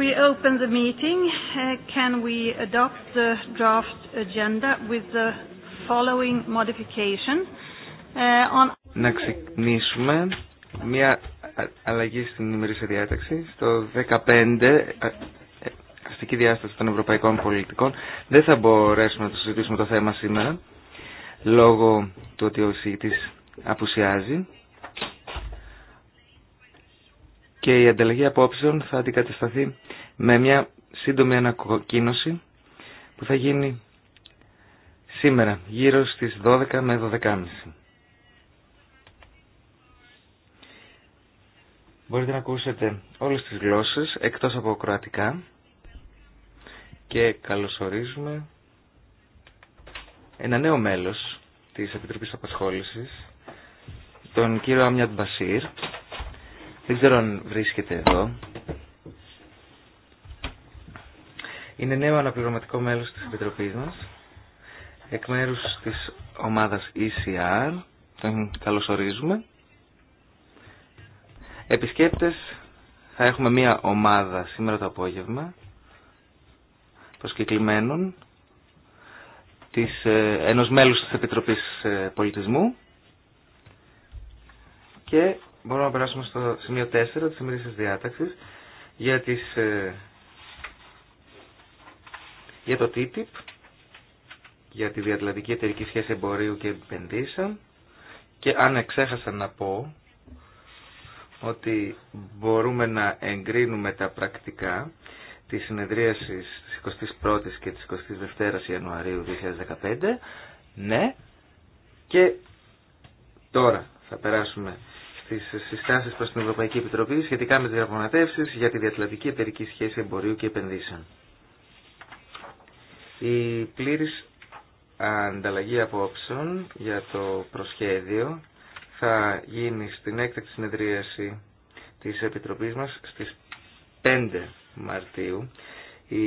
we open the meeting, uh, can we adopt the draft agenda with the following modification? Uh, να ξεκινήσουμε μια αλλαγή στην ημερήσια διάταξη στο 15 ε, αστική διάσταση των ευρωπαϊκών πολιτικών. Δεν θα μπορέσουμε να το συζητήσουμε το θέμα σήμερα λόγω του ότι ο εισηγητής απουσιάζει και η ανταλλαγή απόψεων θα αντικατασταθεί με μια σύντομη ανακοκκίνωση που θα γίνει σήμερα γύρω στις 12 με 12.30. Μπορείτε να ακούσετε όλες τις γλώσσες εκτός από κροατικά και καλωσορίζουμε ένα νέο μέλος της Επιτροπής Απασχόλησης, τον κύριο Άμιαντ Μπασίρ. Δεν ξέρω αν βρίσκεται εδώ, είναι νέο αναπληρωματικό μέλος της Επιτροπής μας, εκ μέρους της ομάδας ECR, τον καλωσορίζουμε. Επισκέπτες θα έχουμε μία ομάδα σήμερα το απόγευμα, προσκεκλημένων, της, ε, ενός μέλους της Επιτροπής ε, Πολιτισμού και μπορούμε να περάσουμε στο σημείο 4 της σημερινής διάταξης για τις ε, για το TTIP, για τη Διατλαντική Εταιρική Σχέση Εμπορίου και Επενδύσεων και αν εξέχασα να πω ότι μπορούμε να εγκρίνουμε τα πρακτικά της συνεδρίασης της 21ης και της 22ης Ιανουαρίου 2015, ναι, και τώρα θα περάσουμε στις συστάσεις προς την Ευρωπαϊκή Επιτροπή σχετικά με τις διαπραγματεύσεις για τη διατλαντική εταιρική σχέση εμπορίου και επενδύσεων. Η πλήρης ανταλλαγή απόψεων για το προσχέδιο θα γίνει στην έκτακτη συνεδρίαση της Επιτροπής μας στις 5 Μαρτίου. Η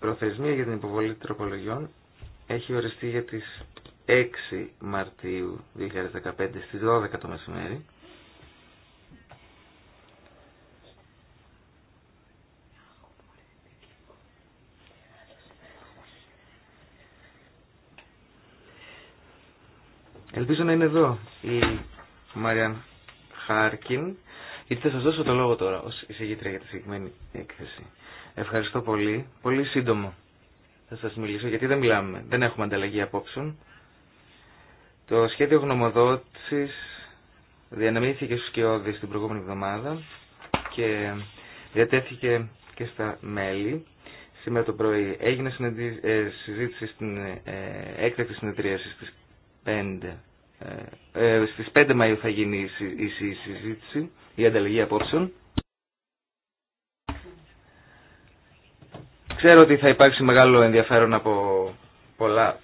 προθεσμία για την υποβολή τροπολογιών έχει οριστεί για τις 6 Μαρτίου 2015 στις 12 το μεσημέρι. Ελπίζω να είναι εδώ η Μαριάν Χάρκιν. Γιατί θα σας δώσω το λόγο τώρα ως εισηγήτρια για τη συγκεκριμένη έκθεση. Ευχαριστώ πολύ. Πολύ σύντομα θα σα μιλήσω γιατί δεν μιλάμε. Δεν έχουμε ανταλλαγή απόψεων. Το σχέδιο γνωμοδότηση διανεμήθηκε στου Κιώδη την προηγούμενη εβδομάδα και διατέθηκε και στα μέλη. Σήμερα το πρωί έγινε ε, συζήτηση στην ε, έκτακτη συνεδρίαση στι 5 ε, ε, στις 5 Μαΐου θα γίνει η συζήτηση, η ανταλλαγή απόψεων. Ξέρω ότι θα υπάρξει μεγάλο ενδιαφέρον από πολλά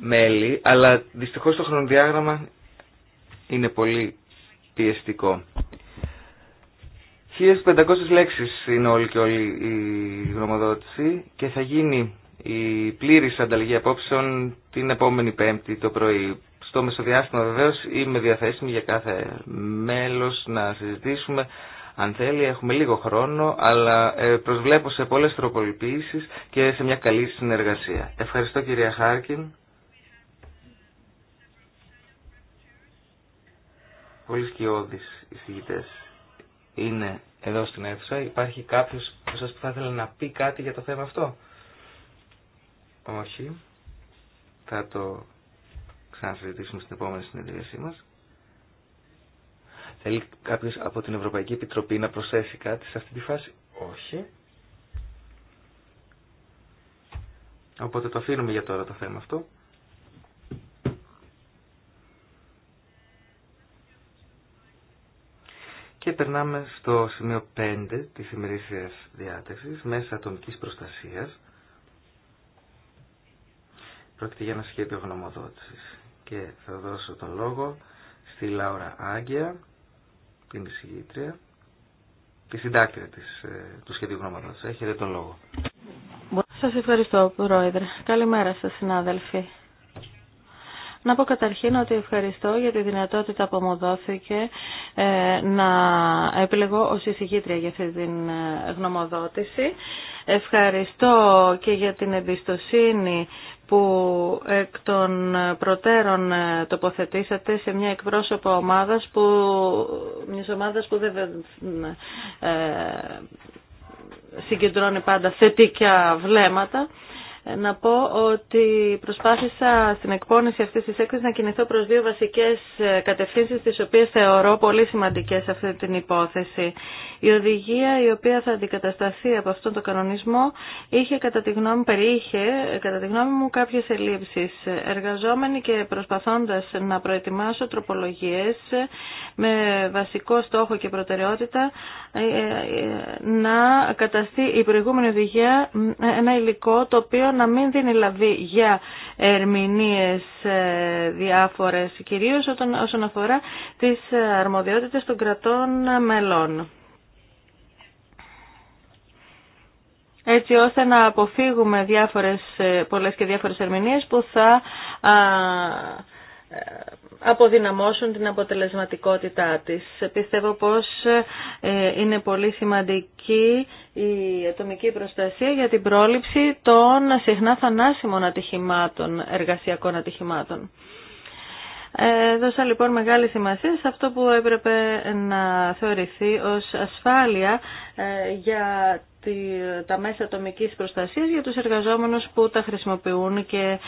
μέλη, αλλά δυστυχώς το χρονοδιάγραμμα είναι πολύ πιεστικό. 1500 λέξεις είναι όλη και όλη η γνωμοδότηση και θα γίνει η πλήρης ανταλλαγή απόψεων την επόμενη πέμπτη το πρωί στο μεσοδιάστημα βεβαίω είμαι διαθέσιμη για κάθε μέλος να συζητήσουμε αν θέλει έχουμε λίγο χρόνο αλλά ε, προσβλέπω σε πολλές τροπολιποιήσεις και σε μια καλή συνεργασία. Ευχαριστώ κυρία Χάρκιν. Πολύ οι εισηγητές είναι εδώ στην αίθουσα. Υπάρχει κάποιος που σας θα ήθελε να πει κάτι για το θέμα αυτό. Όχι. Θα το ξανασυζητήσουμε στην επόμενη συνεδρίασή μα. Θέλει κάποιο από την Ευρωπαϊκή Επιτροπή να προσθέσει κάτι σε αυτή τη φάση. Όχι. Οπότε το αφήνουμε για τώρα το θέμα αυτό. Και περνάμε στο σημείο 5 της ημερήσιας διάταξης, μέσα ατομικής προστασίας. Πρόκειται για ένα σχέδιο γνωμοδότησης και θα δώσω τον λόγο στη Λάουρα Άγγια, την εισηγήτρια, τη συντάκτρια της, ε, του σχεδίου γνώματος. Έχετε τον λόγο. Σας ευχαριστώ, Πρόεδρε. Καλημέρα σας, συνάδελφοι. Να πω καταρχήν ότι ευχαριστώ για τη δυνατότητα που μου δόθηκε ε, να επιλεγώ ως εισηγήτρια για αυτή την ε, γνωμοδότηση. Ευχαριστώ και για την εμπιστοσύνη που εκ των προτέρων ε, τοποθετήσατε σε μια εκπρόσωπο ομάδας που, μιας ομάδας που δεν ε, συγκεντρώνει πάντα θετικά βλέμματα να πω ότι προσπάθησα στην εκπόνηση αυτής της έκθεσης να κινηθώ προς δύο βασικές ε, κατευθύνσεις τις οποίες θεωρώ πολύ σημαντικές σε αυτή την υπόθεση. Η οδηγία η οποία θα αντικατασταθεί από αυτόν τον κανονισμό είχε κατά τη γνώμη, περιείχε ε, κατά τη γνώμη μου κάποιες ελλείψεις. Εργαζόμενοι και προσπαθώντας να προετοιμάσω τροπολογίες ε, με βασικό στόχο και προτεραιότητα να καταστεί η προηγούμενη οδηγία ένα υλικό το οποίο να μην δίνει λαβή για ερμηνείες ε, διάφορες, κυρίως όσον αφορά τις αρμοδιότητες των κρατών μελών. έτσι ώστε να αποφύγουμε διάφορες, ε, πολλές και διάφορες ερμηνείες που θα αποδυναμώσουν την αποτελεσματικότητά της. Πιστεύω πως ε, είναι πολύ σημαντική η ατομική προστασία για την πρόληψη των συχνά θανάσιμων ατυχημάτων, εργασιακών ατυχημάτων. Ε, δώσα λοιπόν μεγάλη σημασία σε αυτό που έπρεπε να θεωρηθεί ως ασφάλεια ε, για τα μέσα ατομικής προστασίας για τους εργαζόμενους που τα χρησιμοποιούν και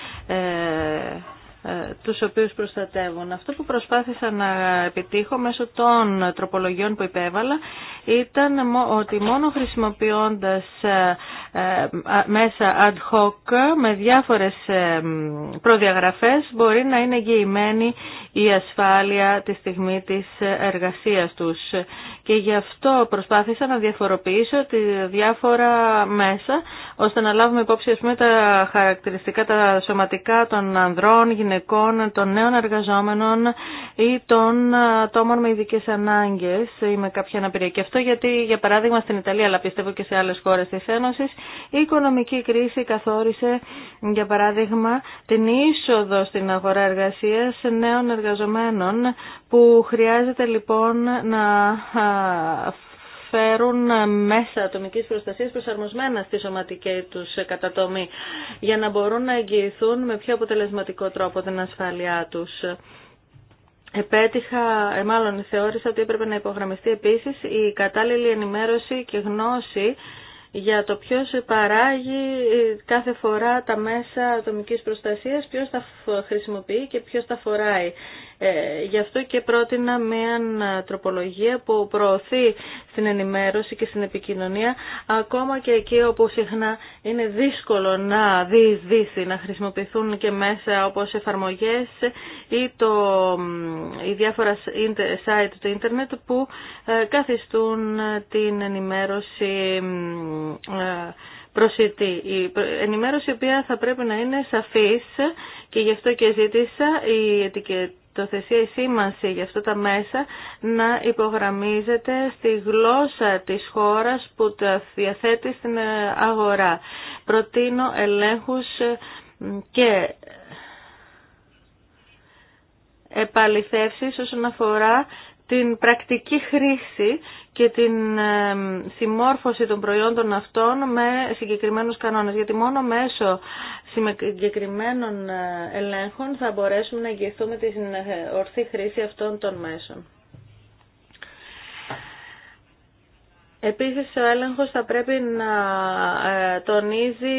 ε, τους οποίους προστατεύουν. Αυτό που προσπάθησα να επιτύχω μέσω των τροπολογιών που υπέβαλα ήταν ότι μόνο χρησιμοποιώντας ε, ε, μέσα ad hoc με διάφορες προδιαγραφές μπορεί να είναι εγγυημένη η ασφάλεια τη στιγμή της εργασίας τους. Και γι' αυτό προσπάθησα να διαφοροποιήσω τη διάφορα μέσα ώστε να λάβουμε υπόψη τα χαρακτηριστικά τα σωματικά των ανδρών, γυναικών, των νέων εργαζόμενων ή των ατόμων με ειδικέ ανάγκε ή με κάποια αναπηρία. Και αυτό γιατί, για παράδειγμα, στην Ιταλία, αλλά πιστεύω και σε άλλε χώρε τη Ένωση, η οικονομική κρίση καθόρισε, για παράδειγμα, την είσοδο στην αγορά εργασία νέων εργαζομένων που χρειάζεται λοιπόν να φέρουν μέσα ατομική προστασίας προσαρμοσμένα στη σωματική τους κατατομή για να μπορούν να εγγυηθούν με πιο αποτελεσματικό τρόπο την ασφάλειά τους. Επέτυχα, ε, μάλλον θεώρησα ότι έπρεπε να υπογραμμιστεί επίσης η κατάλληλη ενημέρωση και γνώση για το ποιος παράγει ε, κάθε φορά τα μέσα ατομική προστασίας, ποιο τα χρησιμοποιεί και ποιο τα φοράει. Ε, γι' αυτό και πρότεινα μια τροπολογία που προωθεί στην ενημέρωση και στην επικοινωνία ακόμα και εκεί όπου συχνά είναι δύσκολο να διεισδύσει, να χρησιμοποιηθούν και μέσα όπως εφαρμογές ή το, η διάφορα site του ίντερνετ που ε, καθιστούν την ενημέρωση ε, προσιτή. Η ενημέρωση η οποία θα πρέπει να είναι σαφής και γι' αυτό και ζήτησα η ετικέτα τοθεσία η σήμανση για αυτά τα μέσα να υπογραμμίζεται στη γλώσσα της χώρας που τα διαθέτει στην αγορά. Προτείνω ελέγχους και επαληθεύσεις όσον αφορά την πρακτική χρήση και την συμμόρφωση των προϊόντων αυτών με συγκεκριμένους κανόνες. Γιατί μόνο μέσω συγκεκριμένων ε, ελέγχων θα μπορέσουμε να εγγυηθούμε την ε, ορθή χρήση αυτών των μέσων. Επίσης ο έλεγχος θα πρέπει να ε, τονίζει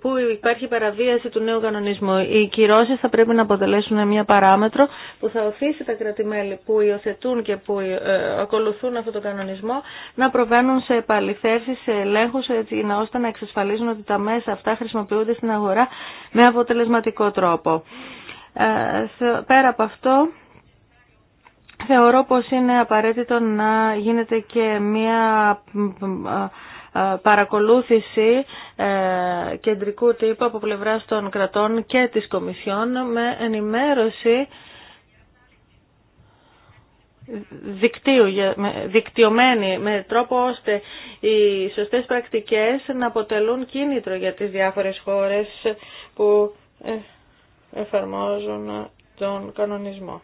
που υπάρχει παραβίαση του νέου κανονισμού. Οι κυρώσεις θα πρέπει να αποτελέσουν μια παράμετρο που θα οθήσει τα κρατημέλη που υιοθετούν και που ε, ακολουθούν αυτό τον κανονισμό να προβαίνουν σε επαληθεύσεις, σε ελέγχους έτσι, ώστε να εξασφαλίζουν ότι τα μέσα αυτά χρησιμοποιούνται στην αγορά με αποτελεσματικό τρόπο. Ε, πέρα από αυτό... Θεωρώ πως είναι απαραίτητο να γίνεται και μία ε, ε, παρακολούθηση ε, κεντρικού τύπου από πλευράς των κρατών και της Κομισιόν με ενημέρωση δικτύου, δικτυωμένη με τρόπο ώστε οι σωστές πρακτικές να αποτελούν κίνητρο για τις διάφορες χώρες που εφαρμόζουν τον κανονισμό.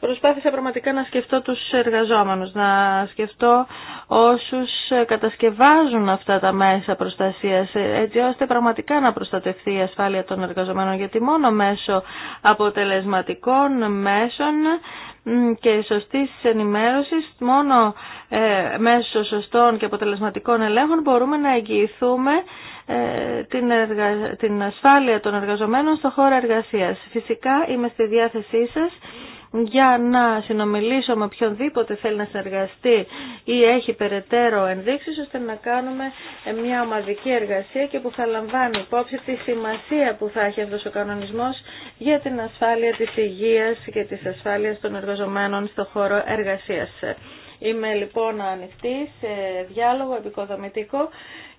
Προσπάθησα πραγματικά να σκεφτώ τους εργαζόμενους, να σκεφτώ όσους κατασκευάζουν αυτά τα μέσα προστασίας, έτσι ώστε πραγματικά να προστατευτεί η ασφάλεια των εργαζομένων, γιατί μόνο μέσω αποτελεσματικών μέσων και σωστής ενημέρωσης, μόνο ε, μέσω σωστών και αποτελεσματικών ελέγχων μπορούμε να εγγυηθούμε ε, την, την ασφάλεια των εργαζομένων στο χώρο εργασίας. Φυσικά είμαι στη διάθεσή σας για να συνομιλήσω με οποιονδήποτε θέλει να συνεργαστεί ή έχει περαιτέρω ενδείξεις ώστε να κάνουμε μια ομαδική εργασία και που θα λαμβάνει υπόψη τη σημασία που θα έχει αυτός ο κανονισμός για την ασφάλεια της υγείας και της ασφάλειας των εργαζομένων στο χώρο εργασίας. Είμαι λοιπόν ανοιχτή σε διάλογο επικοδομητικό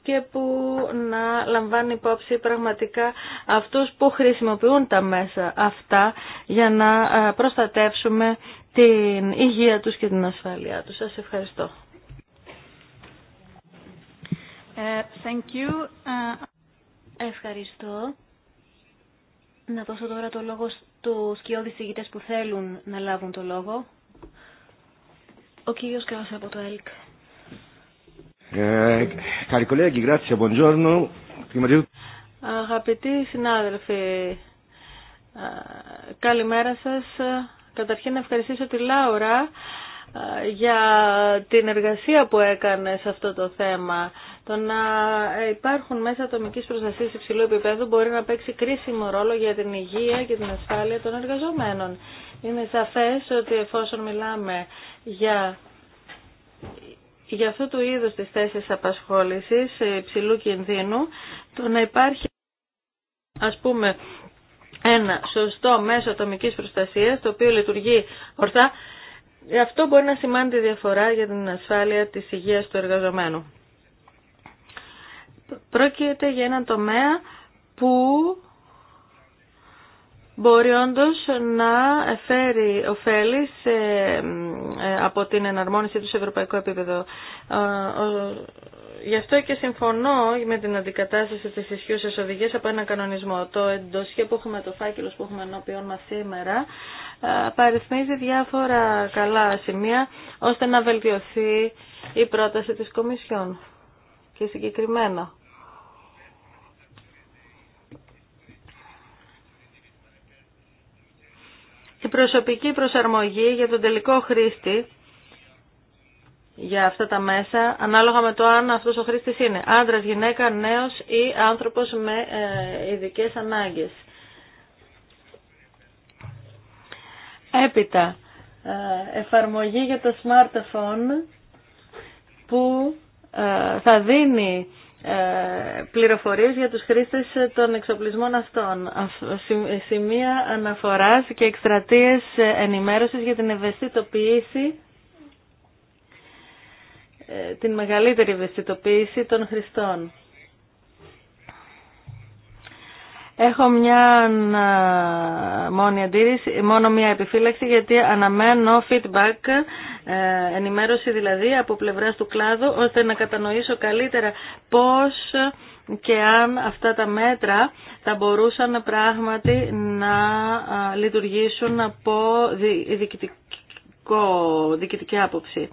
και που να λαμβάνει υπόψη πραγματικά αυτούς που χρησιμοποιούν τα μέσα αυτά για να ε, προστατεύσουμε την υγεία τους και την ασφάλειά τους. Σας ευχαριστώ. Ε, thank ε, Ευχαριστώ. Να δώσω τώρα το λόγο στους κοιόδης ηγητές που θέλουν να λάβουν το λόγο. Ο κύριος Κράσος από το ΕΛΚ. Ε, Cari grazie, buongiorno. Αγαπητοί συνάδελφοι, ε, καλημέρα σας. Καταρχήν να ευχαριστήσω τη Λάουρα ε, για την εργασία που έκανε σε αυτό το θέμα. Το να υπάρχουν μέσα ατομικής προστασίας υψηλού επίπεδου μπορεί να παίξει κρίσιμο ρόλο για την υγεία και την ασφάλεια των εργαζομένων. Είναι σαφές ότι εφόσον μιλάμε για για αυτό το είδος της θέσης απασχόλησης ε, υψηλού κινδύνου το να υπάρχει ας πούμε ένα σωστό μέσο ατομικής προστασίας το οποίο λειτουργεί ορθά αυτό μπορεί να σημάνει τη διαφορά για την ασφάλεια της υγείας του εργαζομένου. Πρόκειται για έναν τομέα που μπορεί όντως να φέρει ωφέλη σε, ε, από την εναρμόνιση του σε ευρωπαϊκό επίπεδο. Ε, γι' αυτό και συμφωνώ με την αντικατάσταση της ισχύουσας οδηγίας από έναν κανονισμό. Το εντοσχέ που έχουμε, το φάκελος που έχουμε ενώπιόν μας σήμερα, ε, παριθμίζει διάφορα καλά σημεία ώστε να βελτιωθεί η πρόταση της Κομισιόν. Και συγκεκριμένα, προσωπική προσαρμογή για τον τελικό χρήστη για αυτά τα μέσα, ανάλογα με το αν αυτός ο χρήστης είναι άντρας, γυναίκα, νέος ή άνθρωπος με ε, ειδικέ ανάγκες. Έπειτα, ε, εφαρμογή για το smartphone που ε, θα δίνει ε, πληροφορίες για τους χρήστες των εξοπλισμών αυτών, σημεία αναφοράς και εκστρατείες ενημέρωσης για την ευαισθητοποίηση, ε, την μεγαλύτερη ευαισθητοποίηση των χρηστών. Έχω μια ε, μόνη αντίρρηση, μόνο μια επιφύλαξη γιατί αναμένω feedback, ε, ενημέρωση δηλαδή από πλευράς του κλάδου ώστε να κατανοήσω καλύτερα πώς και αν αυτά τα μέτρα θα μπορούσαν πράγματι να ε, λειτουργήσουν από δικητική διοικητική άποψη.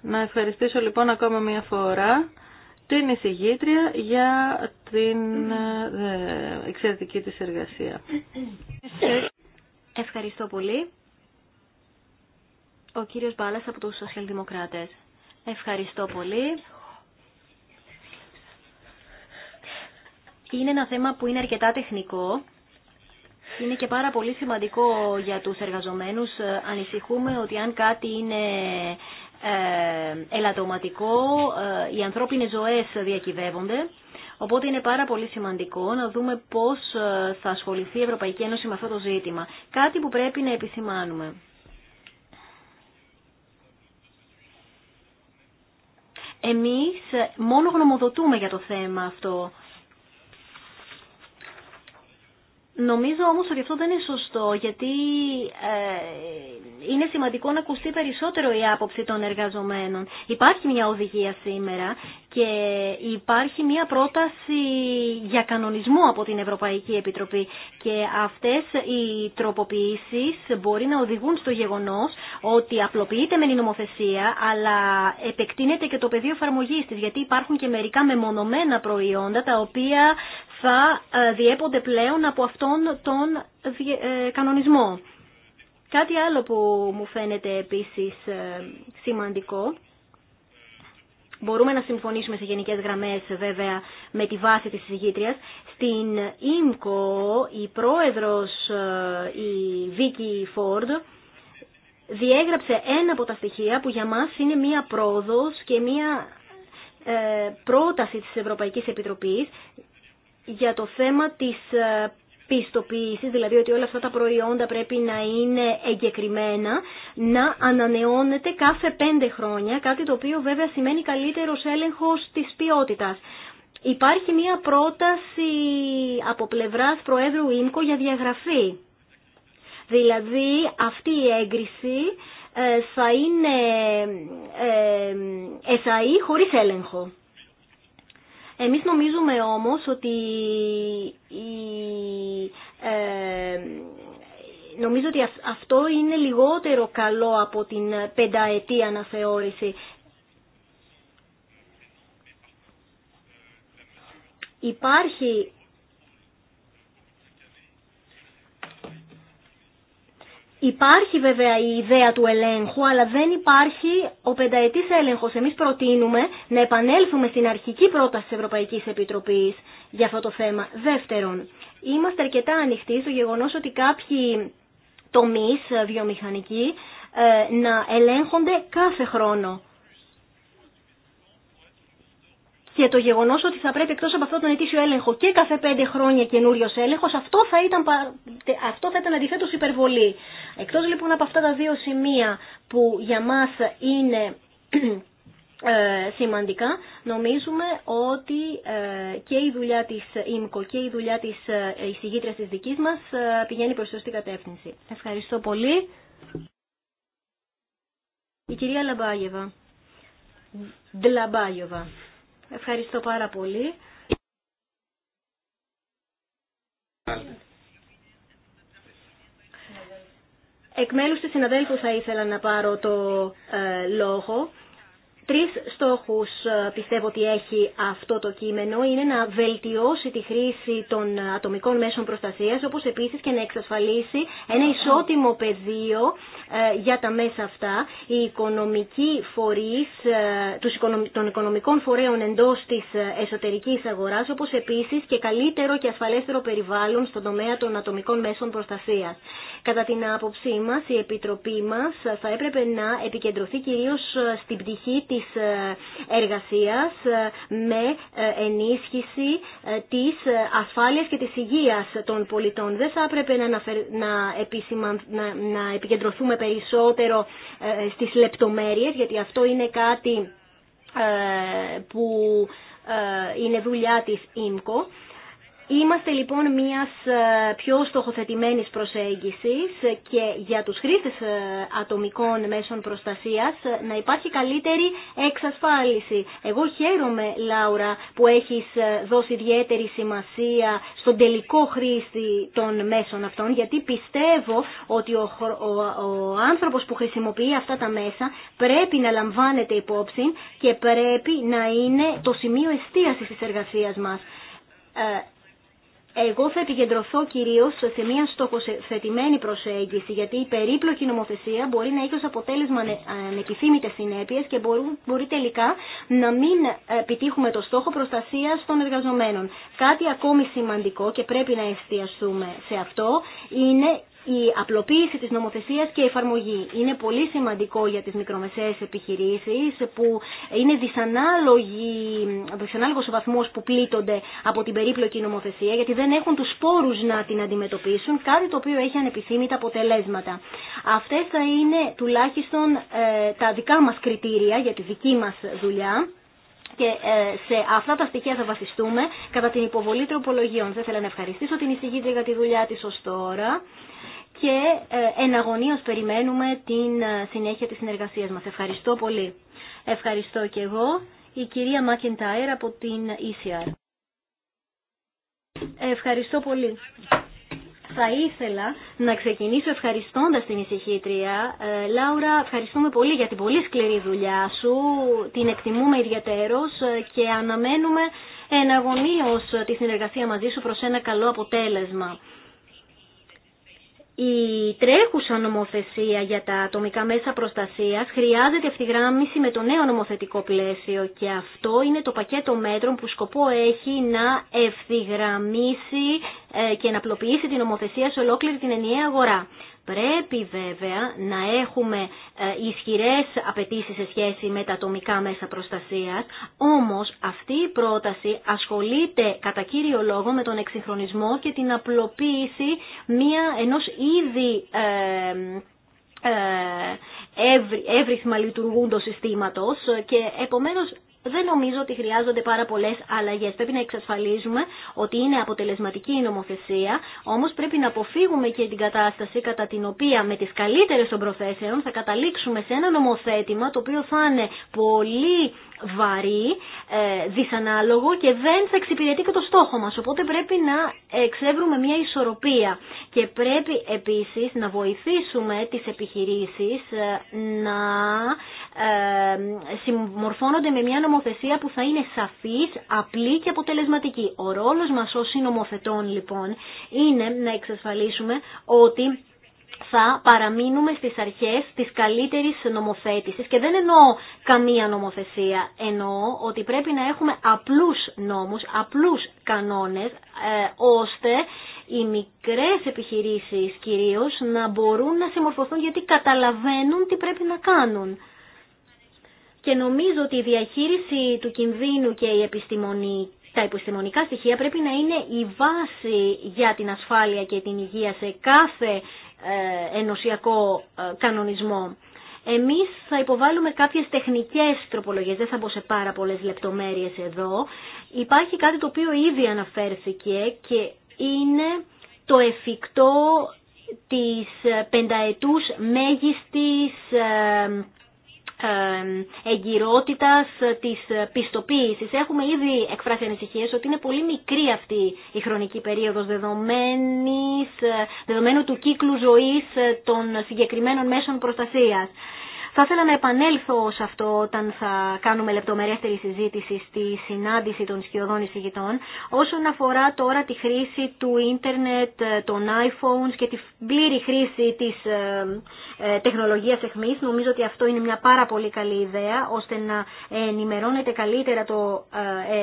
να ευχαριστήσω λοιπόν ακόμα μια φορά την εισηγήτρια για την ε, ε, εξαιρετική της εργασία. Ευχαριστώ πολύ. Ο κύριος Μπάλας από τους Σοσιαλδημοκράτες. Ευχαριστώ πολύ. Είναι ένα θέμα που είναι αρκετά τεχνικό. Είναι και πάρα πολύ σημαντικό για τους εργαζομένους. Ανησυχούμε ότι αν κάτι είναι ε, ελαττωματικό, ε, οι ανθρώπινες ζωές διακυβεύονται. Οπότε είναι πάρα πολύ σημαντικό να δούμε πώς ε, θα ασχοληθεί η Ευρωπαϊκή Ένωση με αυτό το ζήτημα. Κάτι που πρέπει να επισημάνουμε. Εμείς μόνο γνωμοδοτούμε για το θέμα αυτό. Νομίζω όμως ότι αυτό δεν είναι σωστό γιατί ε, είναι σημαντικό να ακουστεί περισσότερο η άποψη των εργαζομένων. Υπάρχει μια οδηγία σήμερα και υπάρχει μια πρόταση για κανονισμό από την Ευρωπαϊκή Επιτροπή και αυτές οι τροποποιήσεις μπορεί να οδηγούν στο γεγονός ότι απλοποιείται με την νομοθεσία αλλά επεκτείνεται και το πεδίο εφαρμογή της γιατί υπάρχουν και μερικά μεμονωμένα προϊόντα τα οποία θα ε, διέπονται πλέον από αυτόν τον ε, κανονισμό. Κάτι άλλο που μου φαίνεται επίσης ε, σημαντικό Μπορούμε να συμφωνήσουμε σε γενικέ γραμμές βέβαια με τη βάση της συζητήτριας. Στην ΙΜΚΟ η πρόεδρο, ε, η Βίκη Φόρντ, διέγραψε ένα από τα στοιχεία που για μας είναι μία πρόοδο και μία ε, πρόταση της Ευρωπαϊκής Επιτροπής για το θέμα της ε, δηλαδή ότι όλα αυτά τα προϊόντα πρέπει να είναι εγκεκριμένα, να ανανεώνεται κάθε πέντε χρόνια, κάτι το οποίο βέβαια σημαίνει καλύτερος έλεγχος της ποιότητας. Υπάρχει μία πρόταση από πλευράς Προέδρου Ίμκο για διαγραφή. Δηλαδή αυτή η έγκριση ε, θα είναι εσαΐ ε, ε, χωρίς έλεγχο. Εμείς νομίζουμε όμως ότι ε, νομίζω ότι αυτό είναι λιγότερο καλό από την πενταετή αναθεώρηση. Υπάρχει Υπάρχει βέβαια η ιδέα του ελέγχου, αλλά δεν υπάρχει ο πενταετής έλεγχος. Εμείς προτείνουμε να επανέλθουμε στην αρχική πρόταση της Ευρωπαϊκής Επιτροπής για αυτό το θέμα. Δεύτερον, είμαστε αρκετά ανοιχτοί στο γεγονός ότι κάποιοι τομείς ε, βιομηχανικοί ε, να ελέγχονται κάθε χρόνο και το γεγονός ότι θα πρέπει εκτός από αυτόν τον ετήσιο έλεγχο και κάθε πέντε χρόνια καινούριο έλεγχος, αυτό θα ήταν, αυτό θα ήταν αντιθέτως υπερβολή. Εκτός λοιπόν από αυτά τα δύο σημεία που για μα είναι ε, σημαντικά, νομίζουμε ότι ε, και η δουλειά της ΙΜΚΟ και η δουλειά της ε, εισηγήτριας της δικής μας πηγαίνει προς σωστή κατεύθυνση. Ευχαριστώ πολύ. Η κυρία Λαμπάγεβα. Ντλαμπάγεβα. Ευχαριστώ πάρα πολύ. Εκ μέλους της συναδέλφου θα ήθελα να πάρω το ε, λόγο Τρεις στόχους ε, πιστεύω ότι έχει αυτό το κείμενο είναι να βελτιώσει τη χρήση των ατομικών μέσων προστασίας όπως επίσης και να εξασφαλίσει ένα ισότιμο πεδίο ε, για τα μέσα αυτά. Οι οικονομικοί φορείς ε, των οικονομικών φορέων εντός της εσωτερικής αγοράς όπως επίσης και καλύτερο και ασφαλέστερο περιβάλλον στον τομέα των ατομικών μέσων προστασίας. Κατά την άποψή μα, η Επιτροπή μας θα έπρεπε να επικεντρωθεί κυρίως στην πτυχή της ε, εργασίας ε, με ε, ενίσχυση της ασφάλειας και της υγεία των πολιτών. Δεν θα έπρεπε να, να επικεντρωθούμε περισσότερο στις λεπτομέρειες, γιατί αυτό είναι κάτι που είναι δουλειά της ΙΜΚΟ Είμαστε λοιπόν μιας ε, πιο στοχοθετημένης προσέγγισης και για τους χρήστες ε, ατομικών μέσων προστασίας ε, να υπάρχει καλύτερη εξασφάλιση. Εγώ χαίρομαι, Λάουρα, που έχεις δώσει ιδιαίτερη σημασία στον τελικό χρήστη των μέσων αυτών, γιατί πιστεύω ότι ο, ο, άνθρωπος που χρησιμοποιεί αυτά τα μέσα πρέπει να λαμβάνεται υπόψη και πρέπει να είναι το σημείο εστίασης της εργασίας μας. Εγώ θα επικεντρωθώ κυρίως σε μια στοχοθετημένη προσέγγιση, γιατί η περίπλοκη νομοθεσία μπορεί να έχει ως αποτέλεσμα ανεπιθύμητες συνέπειες και μπορεί τελικά να μην ε, επιτύχουμε το στόχο προστασίας των εργαζομένων. Κάτι ακόμη σημαντικό και πρέπει να εστιαστούμε σε αυτό είναι η απλοποίηση της νομοθεσίας και η εφαρμογή. Είναι πολύ σημαντικό για τις μικρομεσαίες επιχειρήσεις που είναι δυσανάλογος ο βαθμός που πλήττονται από την περίπλοκη νομοθεσία γιατί δεν έχουν τους σπόρους να την αντιμετωπίσουν, κάτι το οποίο έχει ανεπιθύμητα αποτελέσματα. Αυτές θα είναι τουλάχιστον ε, τα δικά μας κριτήρια για τη δική μας δουλειά και ε, σε αυτά τα στοιχεία θα βασιστούμε κατά την υποβολή τροπολογίων. Θα ήθελα να ευχαριστήσω την εισηγήτρια για τη δουλειά της ως τώρα και ε, εναγωνίως περιμένουμε την ε, συνέχεια της συνεργασίας μας. Ευχαριστώ πολύ. Ευχαριστώ και εγώ. Η κυρία Μάκεντάιρ από την ECR. Ευχαριστώ πολύ. Θα ήθελα να ξεκινήσω ευχαριστώντας την ησυχήτρια. Ε, Λάουρα, ευχαριστούμε πολύ για την πολύ σκληρή δουλειά σου. Την εκτιμούμε ιδιαίτερος ε, και αναμένουμε εναγωνίως τη συνεργασία μαζί σου προς ένα καλό αποτέλεσμα η τρέχουσα νομοθεσία για τα ατομικά μέσα προστασίας χρειάζεται ευθυγράμμιση με το νέο νομοθετικό πλαίσιο και αυτό είναι το πακέτο μέτρων που σκοπό έχει να ευθυγραμμίσει ε, και να απλοποιήσει την νομοθεσία σε ολόκληρη την ενιαία αγορά. Πρέπει βέβαια να έχουμε ε, ισχυρές απαιτήσει σε σχέση με τα ατομικά μέσα προστασίας, όμως αυτή η πρόταση ασχολείται κατά κύριο λόγο με τον εξυγχρονισμό και την απλοποίηση μια, ενός ήδη ε, ε εύρυθμα λειτουργούν συστήματος και επομένως δεν νομίζω ότι χρειάζονται πάρα πολλέ αλλαγέ. Πρέπει να εξασφαλίζουμε ότι είναι αποτελεσματική η νομοθεσία, όμω πρέπει να αποφύγουμε και την κατάσταση κατά την οποία με τι καλύτερε των προθέσεων θα καταλήξουμε σε ένα νομοθέτημα το οποίο θα είναι πολύ βαρύ, ε, δυσανάλογο και δεν θα εξυπηρετεί και το στόχο μας. Οπότε πρέπει να εξεύρουμε μια ισορροπία και πρέπει επίσης να βοηθήσουμε τις επιχειρήσεις ε, να συμμορφώνονται με μια νομοθεσία που θα είναι σαφής, απλή και αποτελεσματική. Ο ρόλος μας ως συνομοθετών λοιπόν είναι να εξασφαλίσουμε ότι θα παραμείνουμε στις αρχές της καλύτερης νομοθέτησης και δεν εννοώ καμία νομοθεσία, εννοώ ότι πρέπει να έχουμε απλούς νόμους, απλούς κανόνες, ε, ώστε οι μικρές επιχειρήσεις κυρίως να μπορούν να συμμορφωθούν γιατί καταλαβαίνουν τι πρέπει να κάνουν και νομίζω ότι η διαχείριση του κινδύνου και η τα επιστημονικά στοιχεία πρέπει να είναι η βάση για την ασφάλεια και την υγεία σε κάθε ε, ενωσιακό ε, κανονισμό. Εμείς θα υποβάλουμε κάποιες τεχνικές τροπολογίες, δεν θα μπω σε πάρα πολλές λεπτομέρειες εδώ. Υπάρχει κάτι το οποίο ήδη αναφέρθηκε και είναι το εφικτό της ε, πενταετούς μέγιστης εγκυρότητας της πιστοποίησης. Έχουμε ήδη εκφράσει ανησυχίες ότι είναι πολύ μικρή αυτή η χρονική περίοδος δεδομένου του κύκλου ζωής των συγκεκριμένων μέσων προστασίας. Θα ήθελα να επανέλθω σε αυτό όταν θα κάνουμε λεπτομερέστερη συζήτηση στη συνάντηση των σκιωδών εισηγητών. Όσον αφορά τώρα τη χρήση του ίντερνετ, των iPhones και τη πλήρη χρήση της ε, ε, τεχνολογίας εχμής, νομίζω ότι αυτό είναι μια πάρα πολύ καλή ιδέα, ώστε να ενημερώνεται καλύτερα το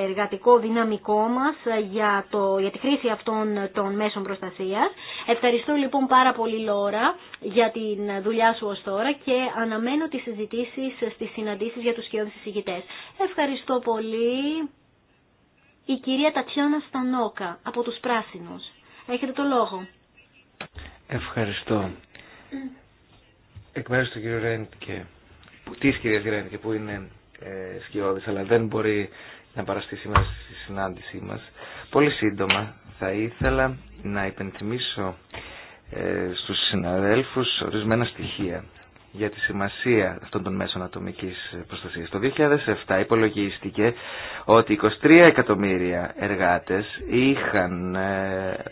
ε, εργατικό δυναμικό μας για, το, για τη χρήση αυτών των μέσων προστασίας. Ευχαριστώ λοιπόν πάρα πολύ Λόρα για την δουλειά σου ως τώρα και αναμένω τις συζητήσεις στις συναντήσεις για τους σκιώδεις εισηγητές. Ευχαριστώ πολύ. Η κυρία Τατσιώνα Στανόκα από τους Πράσινους. Έχετε το λόγο. Ευχαριστώ. Εκ μέρους του κύριου Ρέντκε, της κυρίας Ρέντκε που είναι ε, σκιώδης αλλά δεν μπορεί να παραστεί σήμερα στη συνάντησή μας. Πολύ σύντομα θα ήθελα να υπενθυμίσω ε, στους συναδέλφους ορισμένα στοιχεία για τη σημασία αυτών των μέσων ατομικής προστασίας. Το 2007 υπολογίστηκε ότι 23 εκατομμύρια εργάτες είχαν ε,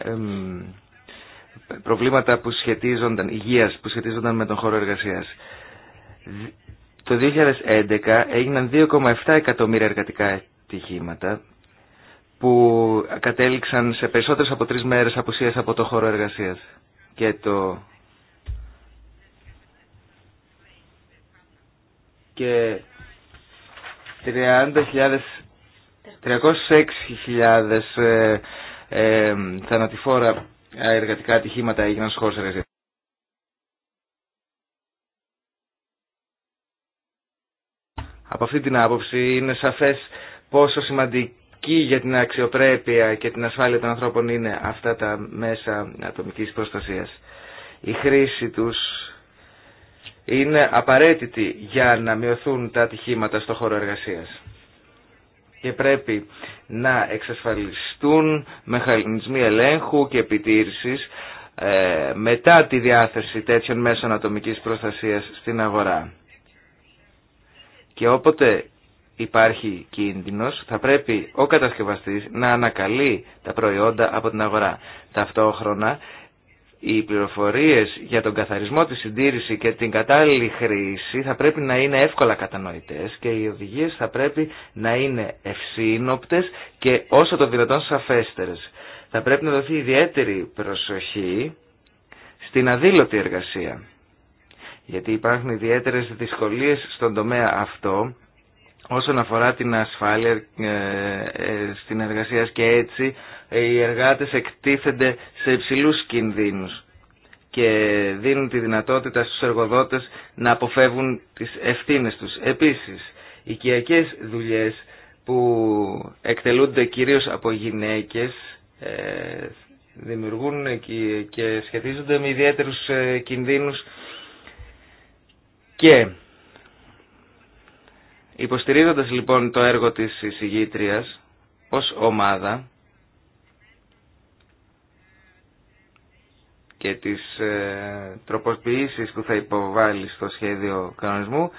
προβλήματα που σχετίζονταν, υγείας που σχετίζονταν με τον χώρο εργασίας. Το 2011 έγιναν 2,7 εκατομμύρια εργατικά ατυχήματα που κατέληξαν σε περισσότερες από τρεις μέρες απουσίας από το χώρο εργασίας και το και 30.000 306.000 ε, ε, θανατηφόρα ε, εργατικά ατυχήματα έγιναν στους χώρους Από αυτή την άποψη είναι σαφές πόσο σημαντική αρκεί για την αξιοπρέπεια και την ασφάλεια των ανθρώπων είναι αυτά τα μέσα ατομικής προστασίας. Η χρήση τους είναι απαραίτητη για να μειωθούν τα ατυχήματα στο χώρο εργασίας. Και πρέπει να εξασφαλιστούν μεχανισμοί ελέγχου και επιτήρησης ε, μετά τη διάθεση τέτοιων μέσων ατομικής προστασίας στην αγορά. Και όποτε υπάρχει κίνδυνος, θα πρέπει ο κατασκευαστής να ανακαλεί τα προϊόντα από την αγορά. Ταυτόχρονα, οι πληροφορίες για τον καθαρισμό, τη συντήρηση και την κατάλληλη χρήση θα πρέπει να είναι εύκολα κατανοητές και οι οδηγίες θα πρέπει να είναι ευσύνοπτες και όσο το δυνατόν σαφέστερες. Θα πρέπει να δοθεί ιδιαίτερη προσοχή στην αδήλωτη εργασία. Γιατί υπάρχουν ιδιαίτερες δυσκολίες στον τομέα αυτό όσον αφορά την ασφάλεια ε, ε, στην εργασία και έτσι ε, οι εργάτες εκτίθενται σε υψηλούς κινδύνους και δίνουν τη δυνατότητα στους εργοδότες να αποφεύγουν τις ευθύνες τους. Επίσης, οικιακές δουλειές που εκτελούνται κυρίως από γυναίκες δημιουργούν και σχετίζονται με ιδιαίτερους κινδύνους και Υποστηρίζοντας λοιπόν το έργο της εισηγήτριας ως ομάδα και τις ε, τροποποιήσεις που θα υποβάλει στο σχέδιο κανονισμού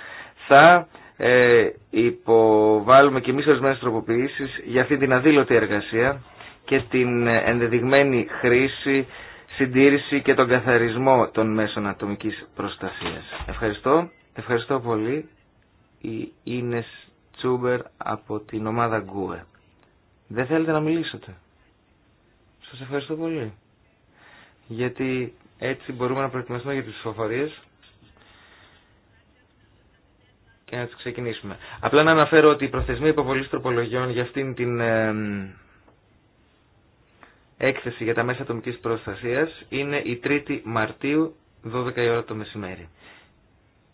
θα ε, υποβάλουμε και εμείς ορισμένες τροποποιήσεις για αυτή την αδήλωτη εργασία και την ενδεδειγμένη χρήση, συντήρηση και τον καθαρισμό των μέσων ατομικής προστασίας. Ευχαριστώ. Ευχαριστώ πολύ η Ίνες Τσούμπερ από την ομάδα Γκούε. Δεν θέλετε να μιλήσετε. Σας ευχαριστώ πολύ. Γιατί έτσι μπορούμε να προετοιμαστούμε για τις ψηφοφορίες και να τις ξεκινήσουμε. Απλά να αναφέρω ότι η προθεσμία υποβολής τροπολογιών για αυτήν την έκθεση για τα μέσα ατομικής προστασίας είναι η 3η Μαρτίου 12 η ώρα το μεσημέρι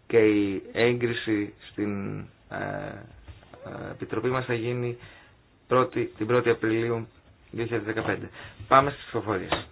και η έγκριση στην ε, ε, Επιτροπή μας θα γίνει την 1η Απριλίου 2015. Πάμε στις ψηφοφορίες.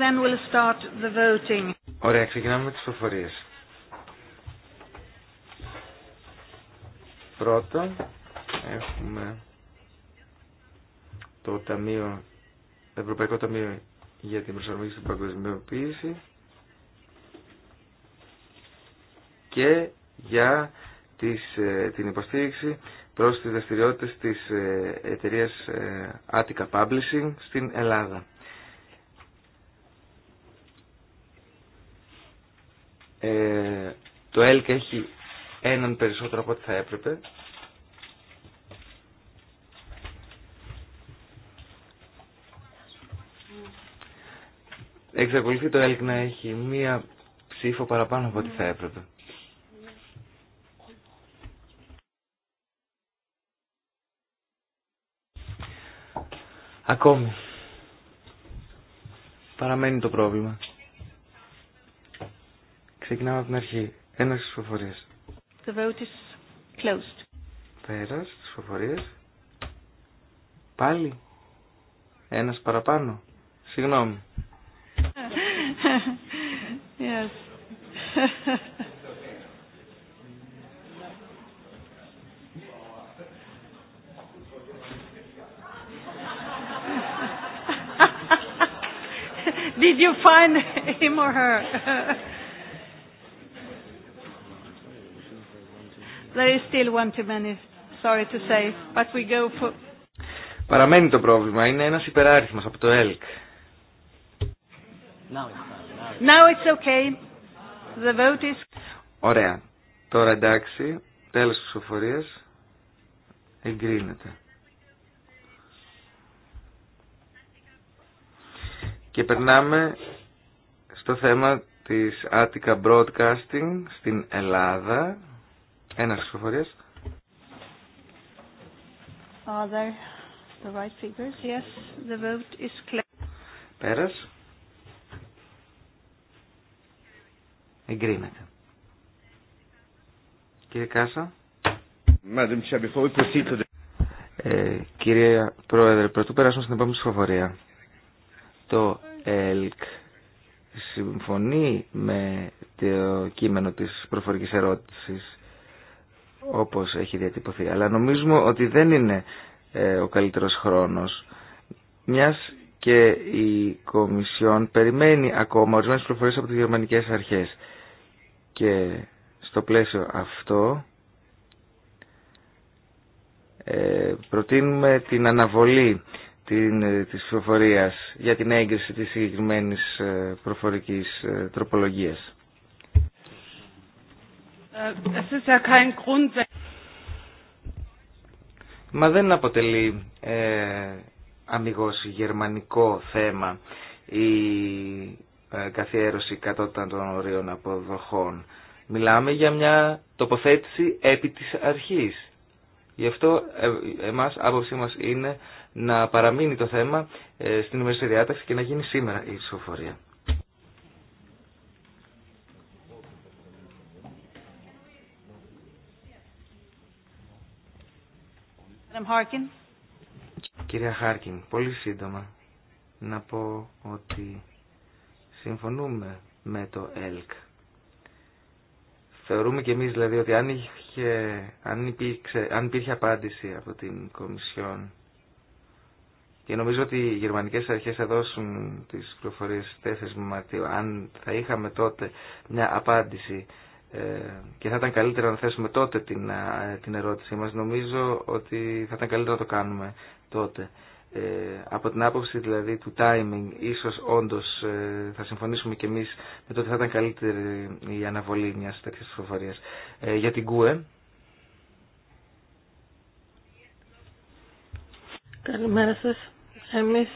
then we'll start the voting. Ωραία, ξεκινάμε με τις προφορίες. Πρώτα έχουμε το Ταμείο, Ευρωπαϊκό Ταμείο για την Προσαρμογή στην Παγκοσμιοποίηση και για ε, την υποστήριξη προς τις δραστηριότητες της ε, εταιρείας ε, Attica Publishing στην Ελλάδα. Το ΕΛΚ έχει έναν περισσότερο από ό,τι θα έπρεπε. Εξακολουθεί το ΕΛΚ να έχει μία ψήφο παραπάνω από ό,τι θα έπρεπε. Ακόμη. Παραμένει το πρόβλημα. Ξεκινάμε από την αρχή. Έναρξη ψηφοφορίας. The vote is closed. Πέρας της ψηφοφορίας. Πάλι. Ένας παραπάνω. Συγγνώμη. yes. Did you find him or her? still sorry to say, but we go Παραμένει το πρόβλημα, είναι ένας υπεράριθμος από το ΕΛΚ. Now it's, okay. The vote is... Ωραία. Τώρα εντάξει, τέλος της ψηφοφορίας, εγκρίνεται. Και περνάμε στο θέμα της Attica Broadcasting στην Ελλάδα, ένας ψηφοφορία. Are there Πέρας. Εγκρίνεται. Κύριε Κάσα. Ε, κύριε Πρόεδρε, πρωτού περάσουμε στην επόμενη ψηφοφορία. Το ΕΛΚ συμφωνεί με το κείμενο της προφορικής ερώτησης όπως έχει διατυπωθεί. Αλλά νομίζουμε ότι δεν είναι ε, ο καλύτερος χρόνος, μιας και η Κομισιόν περιμένει ακόμα ορισμένε προφορίες από τις γερμανικές αρχές. Και στο πλαίσιο αυτό ε, προτείνουμε την αναβολή την, ε, της προφορίας για την έγκριση της συγκεκριμένη ε, προφορικής τροπολογίας. Ε, ε, ε, Μα δεν αποτελεί ε, αμυγός γερμανικό θέμα η ε, καθιέρωση των ορίων αποδοχών. Μιλάμε για μια τοποθέτηση επί της αρχής. Γι' αυτό ε, εμάς, άποψή μας είναι να παραμείνει το θέμα στην ημερήσια και να γίνει σήμερα η ψηφοφορία. Κυρία Χάρκιν, πολύ σύντομα να πω ότι συμφωνούμε με το ΕΛΚ. Θεωρούμε και εμείς δηλαδή ότι αν, αν, υπήρξε, αν υπήρχε απάντηση από την Κομισιόν και νομίζω ότι οι γερμανικές αρχές θα δώσουν τις πληροφορίες 4 Μαρτίου. Αν θα είχαμε τότε μια απάντηση ε, και θα ήταν καλύτερα να θέσουμε τότε την, ε, την ερώτησή μας. Νομίζω ότι θα ήταν καλύτερα να το κάνουμε τότε. Ε, από την άποψη δηλαδή του timing, ίσως όντως θα συμφωνήσουμε και εμείς με το ότι θα ήταν καλύτερη η αναβολή μιας τέτοιας για την ΚΟΕ. Καλημέρα σας. Εμείς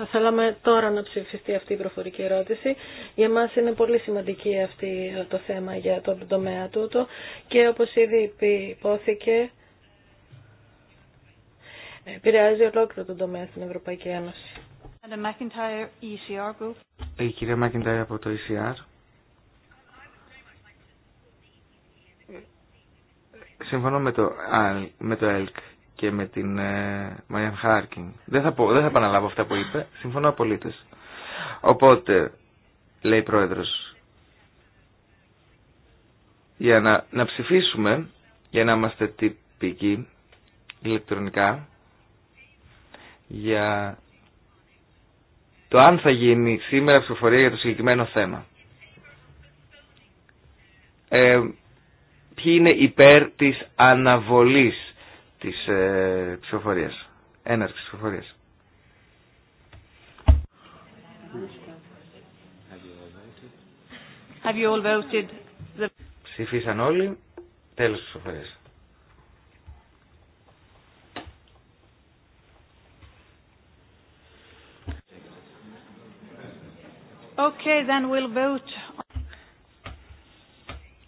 θα θέλαμε τώρα να ψηφιστεί αυτή η προφορική ερώτηση. Για μας είναι πολύ σημαντική αυτή το θέμα για τον τομέα τούτο και όπως ήδη υπόθηκε επηρεάζει ολόκληρο τον τομέα στην Ευρωπαϊκή Ένωση. E η κυρία Μάκιντάιρ από το ECR. Συμφωνώ με το, με το ΕΛΚ και με την ε, Χάρκινγκ. Δεν θα, δεν θα επαναλάβω αυτά που είπε, συμφωνώ απολύτως. Οπότε, λέει η Πρόεδρος, για να, να ψηφίσουμε, για να είμαστε τυπικοί ηλεκτρονικά, για το αν θα γίνει σήμερα ψηφοφορία για το συγκεκριμένο θέμα. Ε, ποιοι είναι υπέρ της αναβολής της ε, ψηφοφορίας. Ένας ψηφοφορίας. Ψηφίσαν όλοι. Τέλος της ψηφοφορίας. Okay, then we'll vote.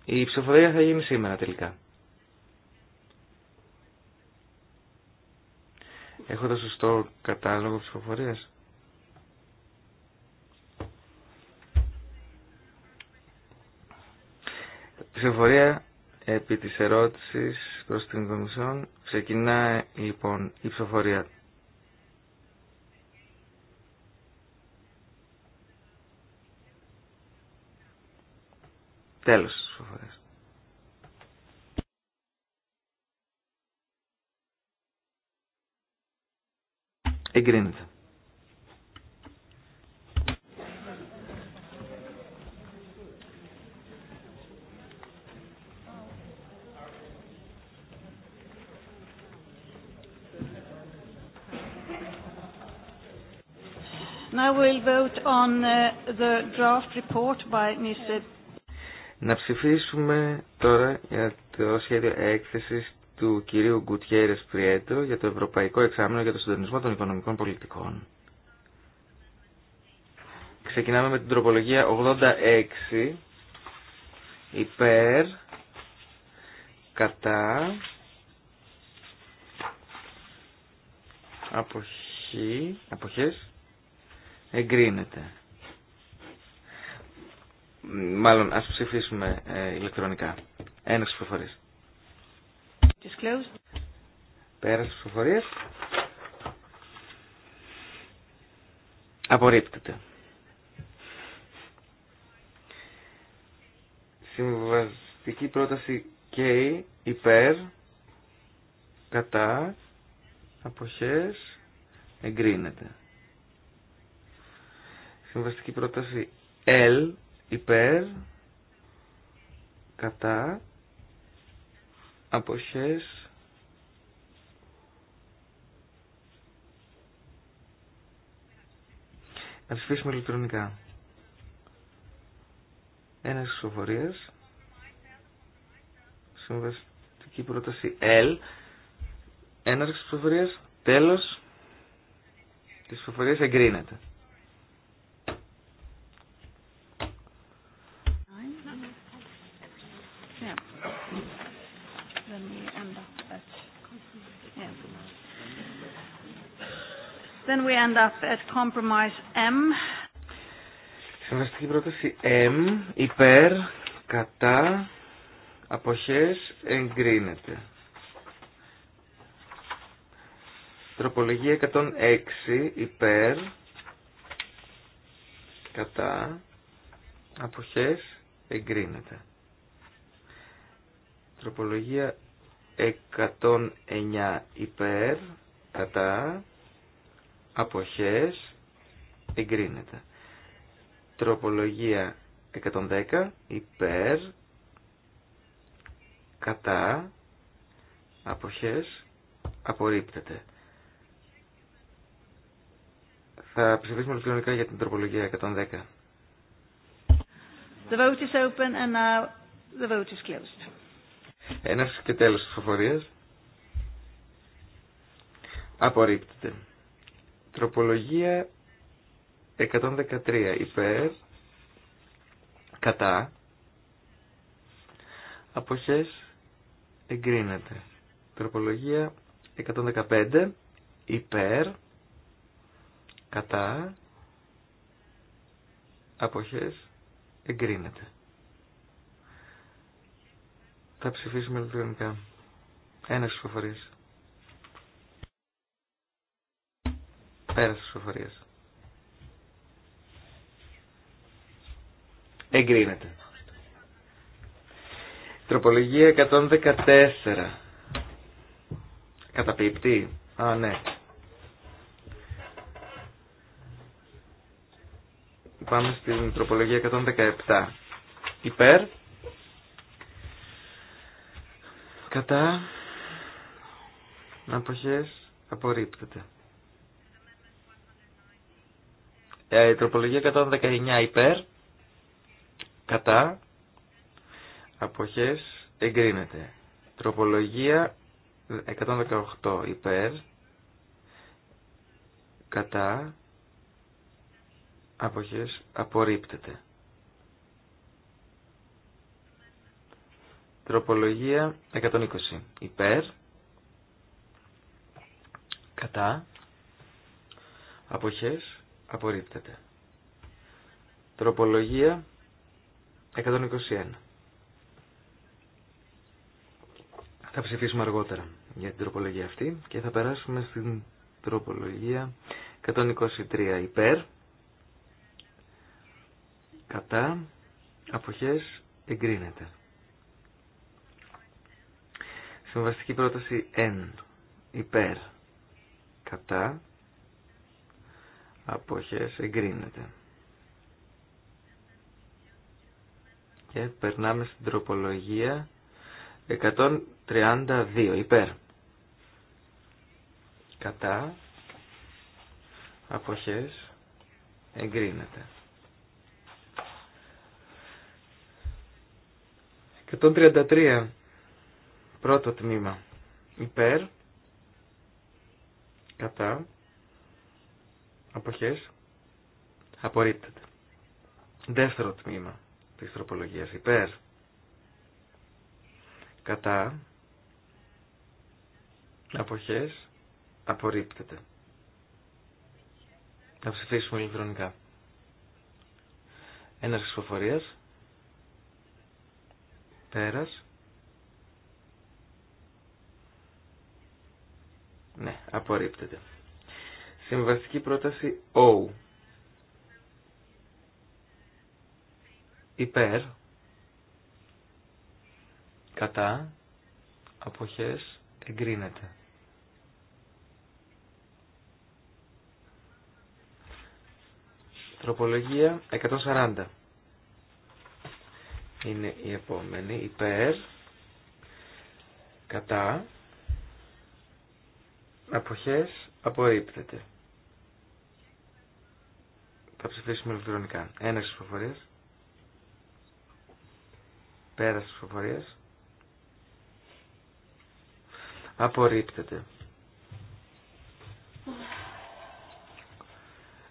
Η ψηφοφορία θα γίνει σήμερα τελικά. Έχω το σωστό κατάλογο ψηφοφορίας. Ψηφοφορία επί της ερώτησης προς την Κομισιόν ξεκινά λοιπόν η ψηφοφορία. Τέλος. Εγκρίνεται. Now we'll vote on uh, the draft report by Mr. Να ψηφίσουμε τώρα για το σχέδιο έκθεσης του κυρίου Γκουτιέρε Πριέτο για το Ευρωπαϊκό Εξάμεινο για το Συντονισμό των Οικονομικών Πολιτικών. Ξεκινάμε με την τροπολογία 86 υπέρ κατά αποχή, αποχές εγκρίνεται. Μάλλον ας ψηφίσουμε ε, ηλεκτρονικά. Ένας ψηφοφορής. Πέρας της ψηφοφορίας. Απορρίπτεται. Συμβαστική πρόταση K υπέρ κατά αποχές εγκρίνεται. Συμβαστική πρόταση L υπέρ κατά αποχές να ψηφίσουμε ηλεκτρονικά ένας εξωφορίας συμβαστική πρόταση L έναρξη εξωφορίας τέλος της προφορία εγκρίνεται Then we end up at compromise M. Συμβαστική πρόταση M, υπέρ, κατά, αποχές, εγκρίνεται. Τροπολογία 106, υπέρ, κατά, αποχές, εγκρίνεται. Τροπολογία 109, υπέρ, κατά, αποχές εγκρίνεται. Τροπολογία 110 υπέρ κατά αποχές απορρίπτεται. Θα ψηφίσουμε ολοκληρωτικά για την τροπολογία 110. The vote is open and now the vote is closed. Ένας και τέλος της φοφορίας. Απορρίπτεται. Τροπολογία 113 υπέρ, κατά, αποχές εγκρίνεται. Τροπολογία 115 υπέρ, κατά, αποχές εγκρίνεται. Θα ψηφίσουμε ηλεκτρονικά. Ένας ψηφοφορίας. Πέρας Εγκρίνεται. Τροπολογία 114. Καταπίπτει. Α, ναι. Πάμε στην τροπολογία 117. Υπέρ. Κατά. Αποχές. Απορρίπτεται. Ε, τροπολογία 119 υπέρ, κατά, αποχές, εγκρίνεται. Τροπολογία 118 υπέρ, κατά, αποχές, απορρίπτεται. Τροπολογία 120 υπέρ, κατά, αποχές, Απορρίπτεται. Τροπολογία 121. Θα ψηφίσουμε αργότερα για την τροπολογία αυτή και θα περάσουμε στην τροπολογία 123 υπέρ, κατά, αποχές, εγκρίνεται. Συμβαστική πρόταση έν, υπέρ, κατά, αποχές εγκρίνεται. Και περνάμε στην τροπολογία 132 υπέρ. Κατά αποχές εγκρίνεται. 133 πρώτο τμήμα υπέρ κατά αποχές απορρίπτεται. Δεύτερο τμήμα της τροπολογίας υπέρ κατά αποχές απορρίπτεται. Να ψηφίσουμε ηλεκτρονικά. Ένας ψηφοφορίας πέρας ναι, απορρίπτεται. Συμβαστική πρόταση O. Υπέρ. Κατά. Αποχές. Εγκρίνεται. Τροπολογία 140. Είναι η επόμενη. Υπέρ. Κατά. Αποχές. Απορρίπτεται. Θα ψηφίσουμε ηλεκτρονικά. Ένα ψηφοφορίε. Πέρα ψηφοφορίε. Απορρίπτεται.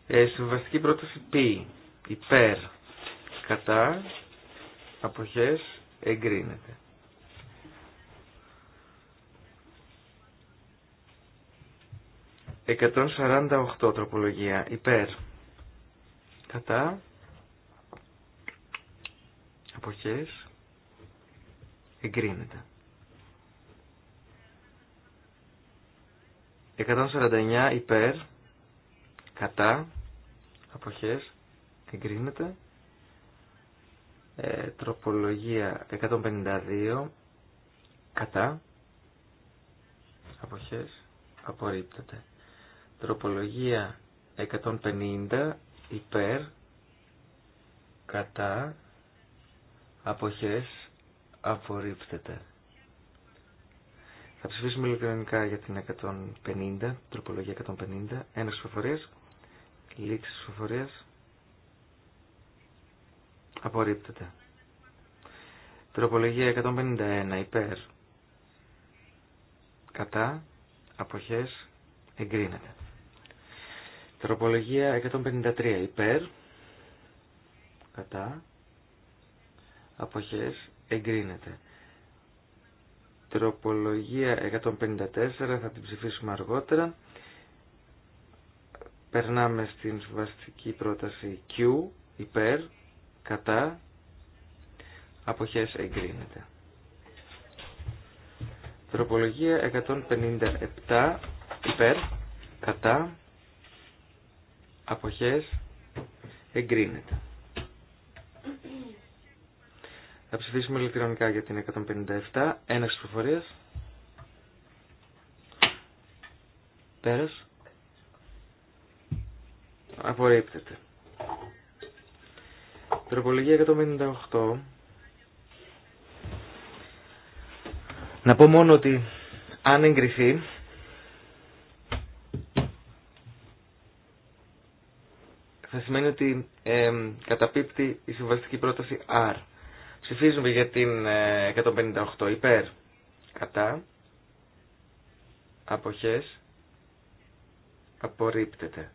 Ε, συμβαστική πρόταση π. Υπέρ. Κατά. Αποχές. Εγκρίνεται. Εκατόν τροπολογία. Υπέρ κατά αποχές εγκρίνεται. 149 υπέρ κατά αποχές εγκρίνεται. Ε, τροπολογία 152 κατά αποχές απορρίπτεται. Τροπολογία 150 υπέρ, κατά, αποχές, απορρίπτεται. Θα ψηφίσουμε ηλεκτρονικά για την 150, τροπολογία 150, ένας ψηφοφορίας, λήξη ψηφοφορίας, απορρίπτεται. Τροπολογία 151, υπέρ, κατά, αποχές, εγκρίνεται. Τροπολογία 153 υπέρ, κατά, αποχές εγκρίνεται. Τροπολογία 154 θα την ψηφίσουμε αργότερα. Περνάμε στην συμβαστική πρόταση Q, υπέρ, κατά, αποχές εγκρίνεται. Τροπολογία 157 υπέρ, κατά, αποχές εγκρίνεται. Θα ψηφίσουμε ηλεκτρονικά για την 157. τη ψηφοφορίας. Πέρας. Απορρίπτεται. Τροπολογία 158. Να πω μόνο ότι αν εγκριθεί σημαίνει ότι καταπίπτει η συμβαστική πρόταση R. Ψηφίζουμε για την 158 ε, υπέρ κατά αποχές απορρίπτεται.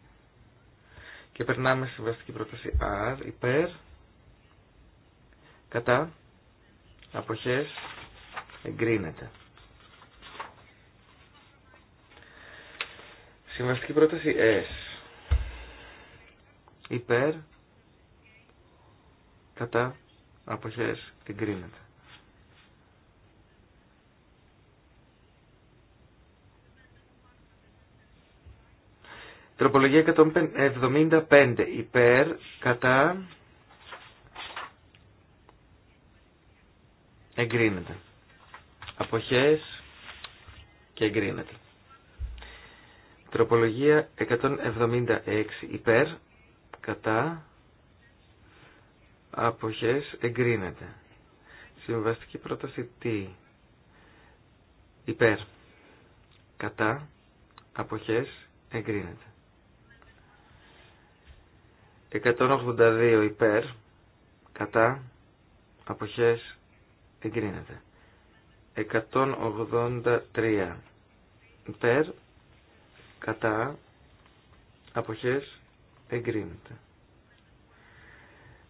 Και περνάμε στη συμβαστική πρόταση R υπέρ κατά αποχές εγκρίνεται. Συμβαστική πρόταση S υπέρ κατά την εγκρίνεται. Τροπολογία 175 ε, υπέρ κατά εγκρίνεται. Αποχές και εγκρίνεται. Τροπολογία 176 υπέρ κατά αποχές εγκρίνεται. Συμβαστική πρόταση τι υπέρ κατά αποχές εγκρίνεται. 182 υπέρ κατά αποχές εγκρίνεται. 183 υπέρ κατά αποχές εγκρίνεται.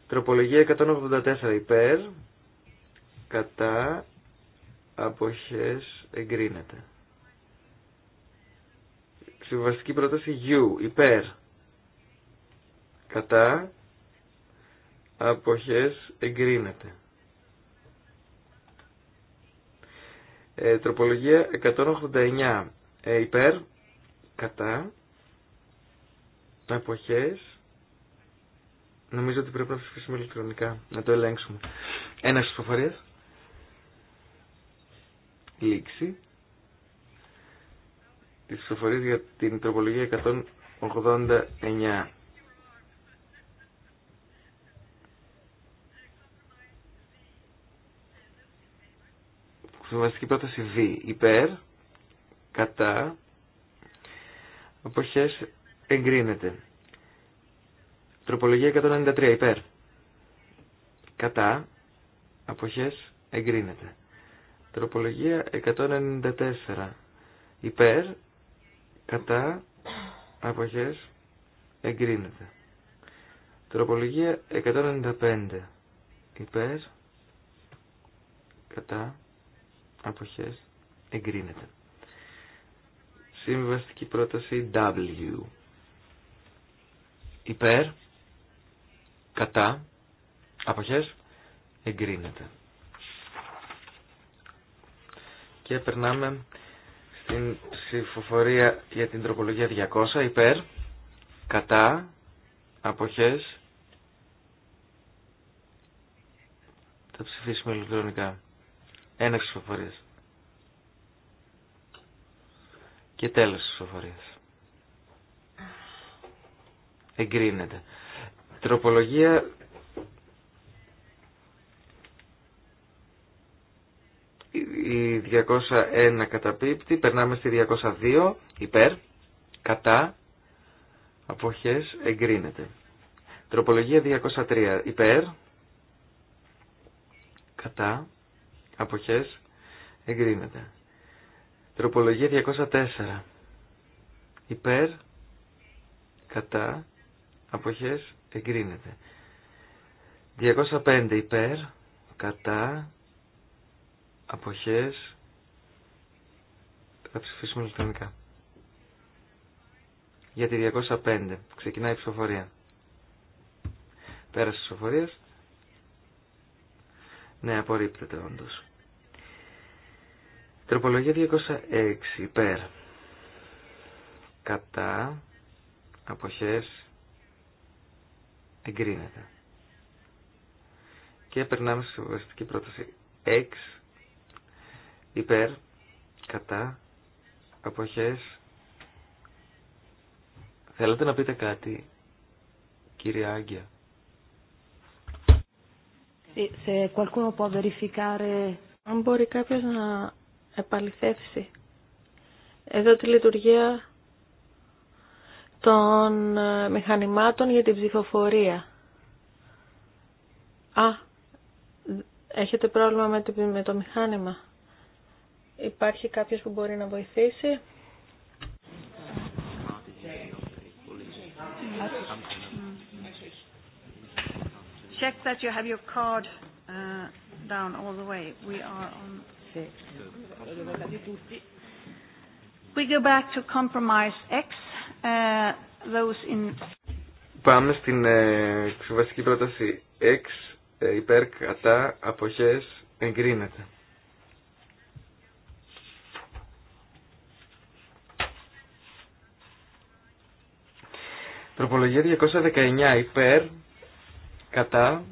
Τροπολογία 184 υπέρ, κατά, αποχές, εγκρίνεται. Συμβαστική πρόταση U, υπέρ, κατά, αποχές, εγκρίνεται. Ε, τροπολογία 189 ε, υπέρ, κατά, Εποχές. Νομίζω ότι πρέπει να ψηφίσουμε ηλεκτρονικά, να το ελέγξουμε. Ένα ψηφοφορία. Λήξη. Τη υποφορία για την τροπολογία 189. Συμβαστική πρόταση Β. Υπέρ. Κατά. Αποχές εγκρίνεται. Τροπολογία 193 υπέρ. Κατά αποχές εγκρίνεται. Τροπολογία 194 υπέρ. Κατά αποχές εγκρίνεται. Τροπολογία 195 υπέρ. Κατά αποχές εγκρίνεται. Συμβαστική πρόταση W υπέρ, κατά, αποχές, εγκρίνεται. Και περνάμε στην ψηφοφορία για την τροπολογία 200, υπέρ, κατά, αποχές, θα ψηφίσουμε ηλεκτρονικά. Ένα ψηφοφορίας. Και τέλος ψηφοφορίας. Εγκρίνεται. Τροπολογία 201 καταπίπτει. Περνάμε στη 202 υπέρ. Κατά. Αποχές εγκρίνεται. Τροπολογία 203 υπέρ. Κατά. Αποχές εγκρίνεται. Τροπολογία 204 υπέρ. Κατά αποχές εγκρίνεται. 205 υπέρ, κατά, αποχές, θα ψηφίσουμε ηλεκτρονικά. Για 205 ξεκινάει η ψηφοφορία. Πέρασε ψηφοφορίες. Ναι, απορρίπτεται όντως. Τροπολογία 206 υπέρ. Κατά αποχές εγκρίνεται. Και περνάμε στη συμβαστική πρόταση έξ, υπέρ κατά αποχές Θέλετε να πείτε κάτι, κύριε Άγγια. Ε, σε Αν μπορεί κάποιος να επαληθεύσει εδώ τη λειτουργία των ε, μηχανημάτων για την ψηφοφορία. Α, έχετε πρόβλημα με το, με το μηχάνημα. Υπάρχει κάποιος που μπορεί να βοηθήσει. Check that you have your card uh, down all the way. We are on. six. We go back to compromise X. Ε, those in... Πάμε στην ε, πρόταση έξ, ε, υπέρ κατά αποχές εγκρίνεται. Τροπολογία 219 υπέρ κατά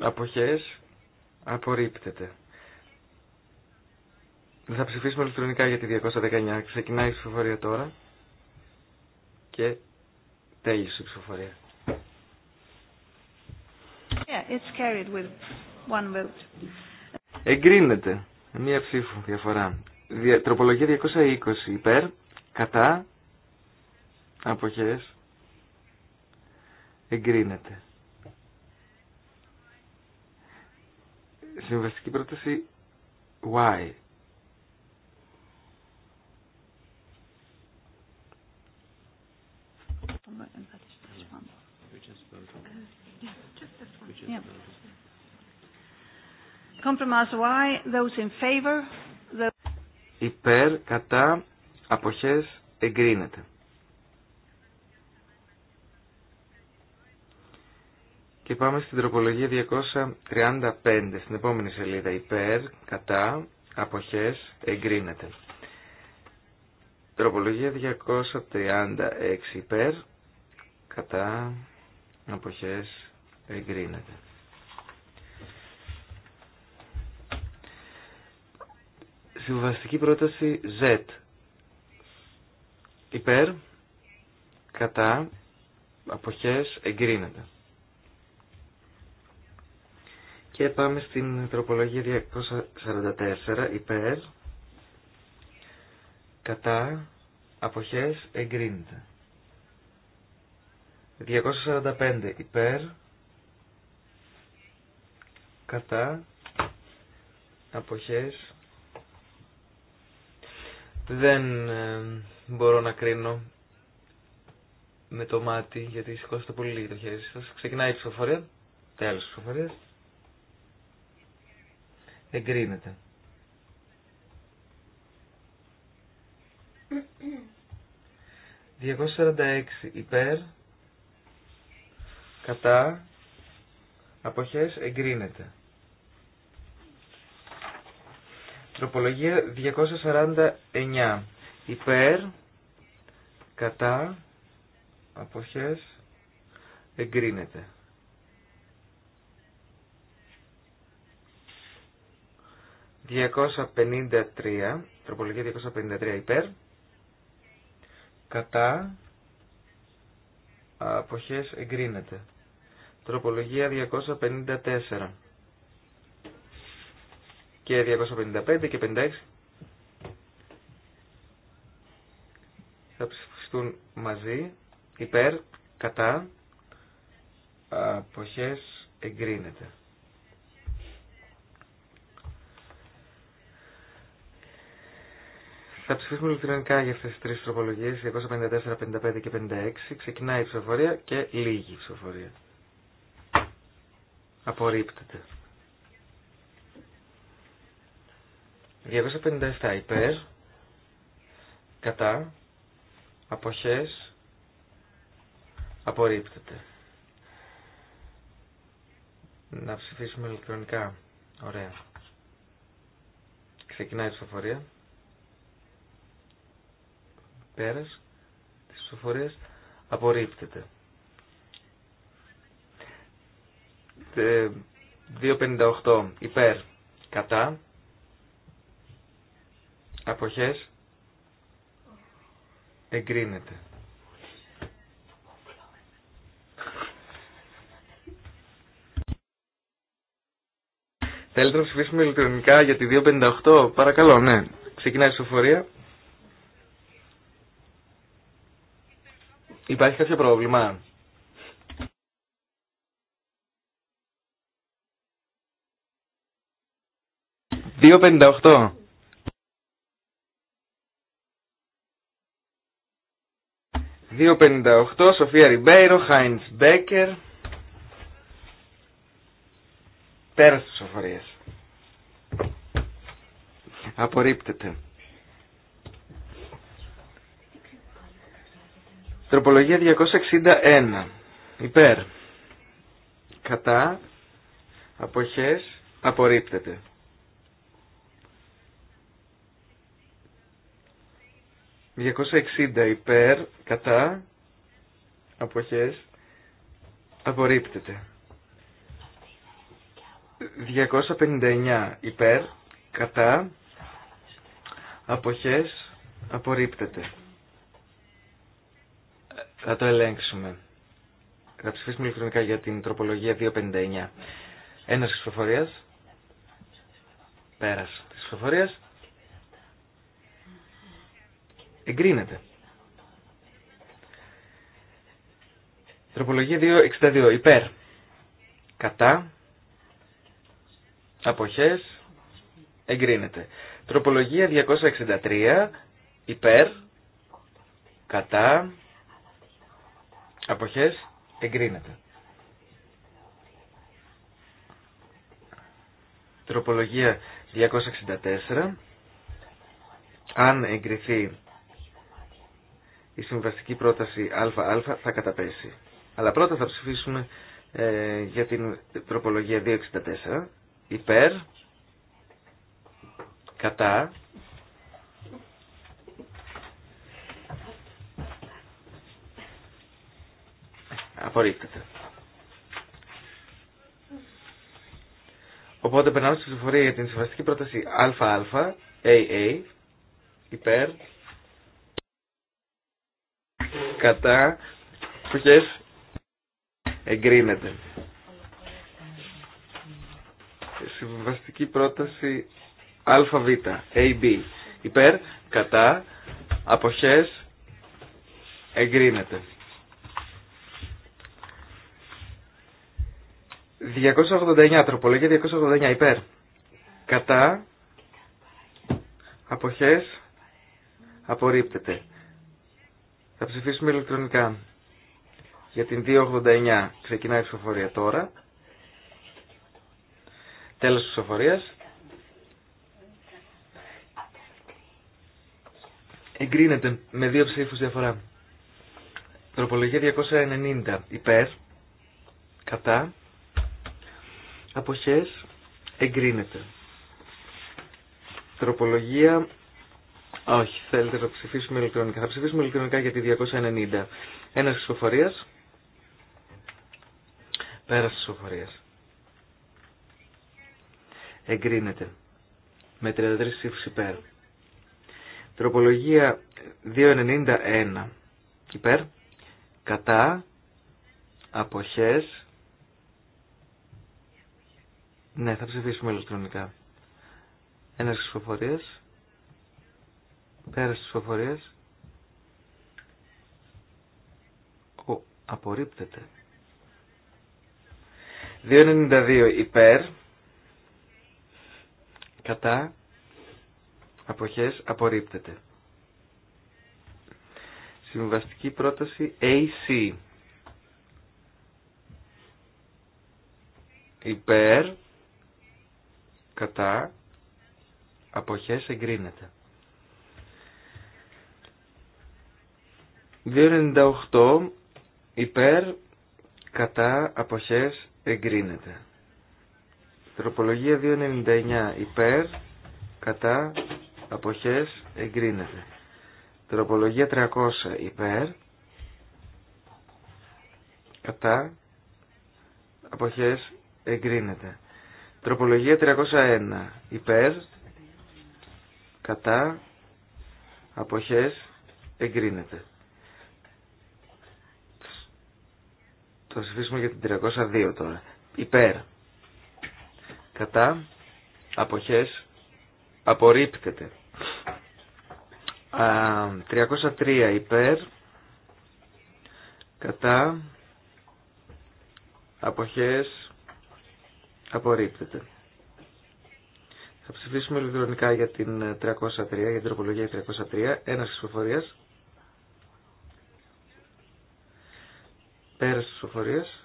αποχές απορρίπτεται. Δεν θα ψηφίσουμε ηλεκτρονικά για τη 219. Ξεκινάει η ψηφοφορία τώρα και τέλειωσε η ψηφοφορία. Yeah, Εγκρίνεται. Μία ψήφο διαφορά. Τροπολογία 220 υπέρ, κατά, αποχές, εγκρίνεται. Συμβαστική πρόταση Why. Uh, υπέρ, κατά, αποχές, εγκρίνεται. Και πάμε στην τροπολογία 235, στην επόμενη σελίδα. Υπέρ, κατά, αποχές, εγκρίνεται. Τροπολογία 236, υπέρ, κατά αποχές εγκρίνεται. Συμβαστική πρόταση Z. Υπέρ, κατά, αποχές εγκρίνεται. Και πάμε στην τροπολογία 244, υπέρ, κατά, αποχές εγκρίνεται. 245 υπέρ, κατά, αποχές. Δεν ε, μπορώ να κρίνω με το μάτι, γιατί σηκώσατε πολύ λίγο το χέρι σας. Ξεκινάει η ψηφοφορία, τέλος της ψηφοφορίας. Εγκρίνεται. 246 υπέρ, κατά αποχές εγκρίνεται. Τροπολογία 249 υπέρ κατά αποχές εγκρίνεται. ...253, τροπολογία 253 υπέρ, κατά, αποχές εγκρίνεται. Τροπολογία 254 και 255 και 56 θα ψηφιστούν μαζί υπέρ, κατά, αποχές εγκρίνεται. Θα ψηφίσουμε ηλεκτρονικά για αυτές τις τρεις τροπολογίες, 254, 55 και 56. Ξεκινάει η ψηφοφορία και λίγη η ψηφοφορία. Απορρίπτεται. 257 υπέρ, κατά, αποχές, απορρίπτεται. Να ψηφίσουμε ηλεκτρονικά. Ωραία. Ξεκινάει η ψηφοφορία. Πέρας της ψηφοφορίας απορρίπτεται. 2.58 ε, υπέρ κατά αποχές εγκρίνεται. Θέλετε να ψηφίσουμε ηλεκτρονικά για τη 2.58. Παρακαλώ, ναι. Ξεκινάει η ψηφοφορία. Υπάρχει κάποιο πρόβλημα. 2.58. Σοφία Ριμπέιρο, Χάιντς Μπέκερ. Πέρας της ψηφοφορίας. Απορρίπτεται. Τροπολογία 261. Υπέρ. Κατά. Αποχές. Απορρίπτεται. 260 υπέρ, κατά, αποχές, απορρίπτεται. 259 υπέρ, κατά, αποχές, απορρίπτεται. Θα το ελέγξουμε. Θα ψηφίσουμε ηλεκτρονικά για την τροπολογία 259. Ένας ψηφοφορίας. Πέρας της ψηφοφορίας εγκρίνεται. Τροπολογία 262 υπέρ. Κατά. Αποχές. Εγκρίνεται. Τροπολογία 263 υπέρ. Κατά. Αποχές. Εγκρίνεται. Τροπολογία 264. Αν εγκριθεί η συμβαστική πρόταση ΑΑ θα καταπέσει. Αλλά πρώτα θα ψηφίσουμε ε, για την τροπολογία 264. Υπέρ, κατά, απορρίπτεται. Οπότε περνάω στη συμφορία για την συμβαστική πρόταση ΑΑ, AA, υπέρ, κατά αποχές εγκρίνεται. Συμβαστική πρόταση ΑΒ, AB, υπέρ, κατά, αποχές, εγκρίνεται. 289, τροπολογία 289, υπέρ, κατά, αποχές, απορρίπτεται. Θα ψηφίσουμε ηλεκτρονικά. Για την 289 ξεκινάει η ψηφοφορία τώρα. Τέλος της ψηφοφορίας. Εγκρίνεται με δύο ψήφους διαφορά. Τροπολογία 290 υπέρ, κατά, αποχές, εγκρίνεται. Τροπολογία όχι, θέλετε να ψηφίσουμε ηλεκτρονικά. Θα ψηφίσουμε ηλεκτρονικά για τη 290. Ένα ψηφοφορία. Πέρα ψηφοφορία. Εγκρίνεται. Με 33 ψήφου υπέρ. Τροπολογία 291. Υπέρ. Κατά. Αποχές. Ναι, θα ψηφίσουμε ηλεκτρονικά. Ένα ψηφοφορία. Πέρσοφορες της ψηφοφορίας. Ο, απορρίπτεται. 2.92 υπέρ. Κατά. Αποχές απορρίπτεται. Συμβαστική πρόταση AC. Υπέρ. Κατά. Αποχές εγκρίνεται. 298 υπέρ κατά αποχές εγκρίνεται. Τροπολογία 299 υπέρ κατά αποχές εγκρίνεται. Τροπολογία 300 υπέρ κατά αποχές εγκρίνεται. Τροπολογία 301 υπέρ κατά αποχές εγκρίνεται. Θα ψηφίσουμε για την 302 τώρα. Υπέρ. Κατά. Αποχές. Απορρίπτεται. 303 υπέρ. Κατά. Αποχές. Απορρίπτεται. Θα ψηφίσουμε ηλεκτρονικά για την 303, για την τροπολογία 303. Ένας ψηφοφορίας. Πέρας της ψηφοφορίας.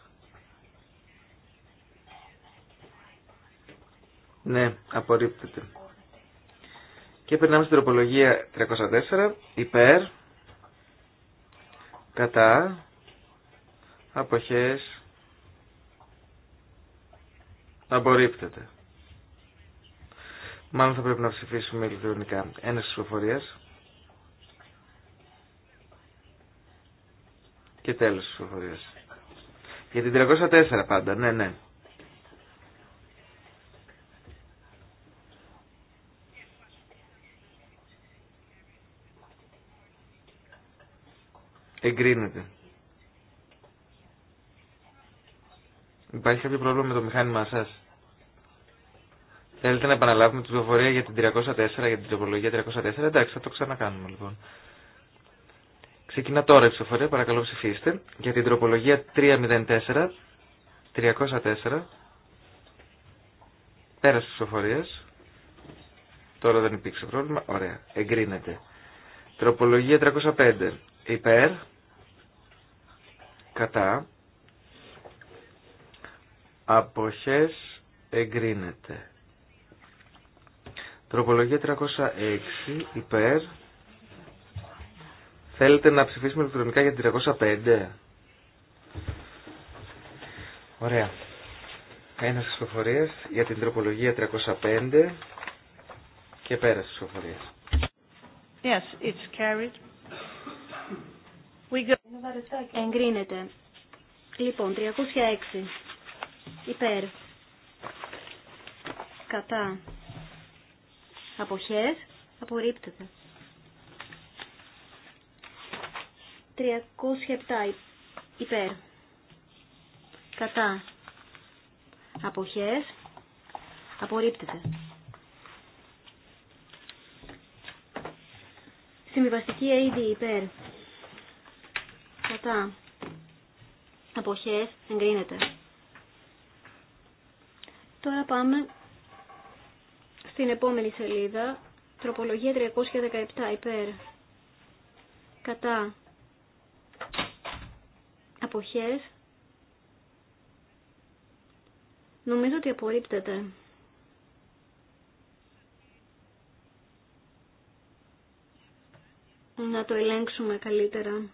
Ναι, απορρίπτεται. Και περνάμε στην τροπολογία 304. Υπέρ. Κατά. Αποχές. Απορρίπτεται. Μάλλον θα πρέπει να ψηφίσουμε ηλεκτρονικά. Ένας ψηφοφορίας. Και τέλος της ψηφοφορίας. Για την 304 πάντα, ναι, ναι. Εγκρίνεται. Υπάρχει κάποιο πρόβλημα με το μηχάνημά σας. Θέλετε να επαναλάβουμε την ψηφοφορία για την 304, για την τροπολογία 304. Εντάξει, θα το ξανακάνουμε λοιπόν. Ξεκινά τώρα η ψηφοφορία, παρακαλώ ψηφίστε, για την τροπολογία 304, 304, Πέρασε της ψηφοφορίας, τώρα δεν υπήρξε πρόβλημα, ωραία, εγκρίνεται. Τροπολογία 305, υπέρ, κατά, αποχές, εγκρίνεται. Τροπολογία 306, υπέρ, Θέλετε να ψηφίσουμε ηλεκτρονικά για την 305. Ωραία. Ένας ψηφοφορίας για την τροπολογία 305 και πέρα ψηφοφορίας. Yes, it's carried. We go... Εγκρίνεται. Λοιπόν, 306. Υπέρ. Κατά. Αποχές. Απορρίπτεται. 307 υπέρ. Κατά. Αποχές. Απορρίπτεται. Συμβιβαστική AD υπέρ. Κατά. Αποχές. Εγκρίνεται. Τώρα πάμε στην επόμενη σελίδα. Τροπολογία 317 υπέρ. Κατά νομίζω ότι απορρίπτεται. Να το ελέγξουμε καλύτερα.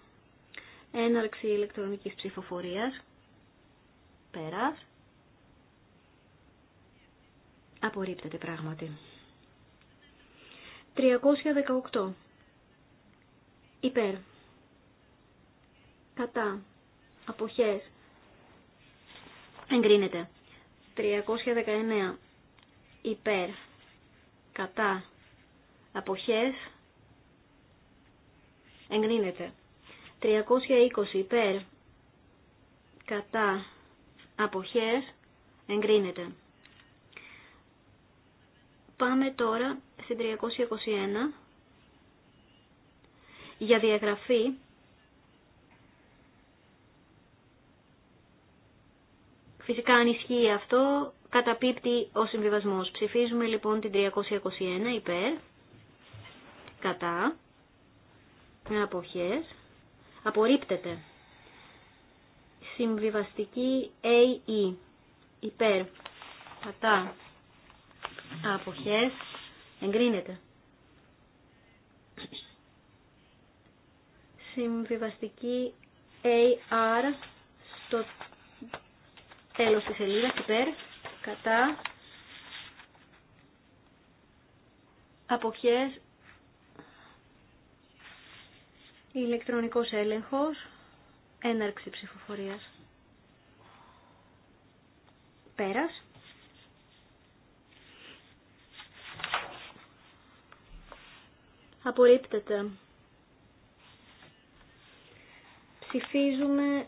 Έναρξη ηλεκτρονικής ψηφοφορίας. Πέρας. Απορρίπτεται πράγματι. 318. Υπέρ. Κατά αποχές εγκρίνεται 319 υπέρ κατά αποχές εγκρίνεται 320 υπέρ κατά αποχές εγκρίνεται Πάμε τώρα στην 321 για διαγραφή Φυσικά αν ισχύει αυτό καταπίπτει ο συμβιβασμός. Ψηφίζουμε λοιπόν την 321 υπέρ, κατά, αποχές, απορρίπτεται. Συμβιβαστική ΑΕ e, υπέρ, κατά, αποχές, εγκρίνεται. Συμβιβαστική AR στο Τέλος της σελίδας υπέρ, κατά, αποχές, ηλεκτρονικός έλεγχος, έναρξη ψηφοφορίας. Πέρας. Απορρίπτεται. Ψηφίζουμε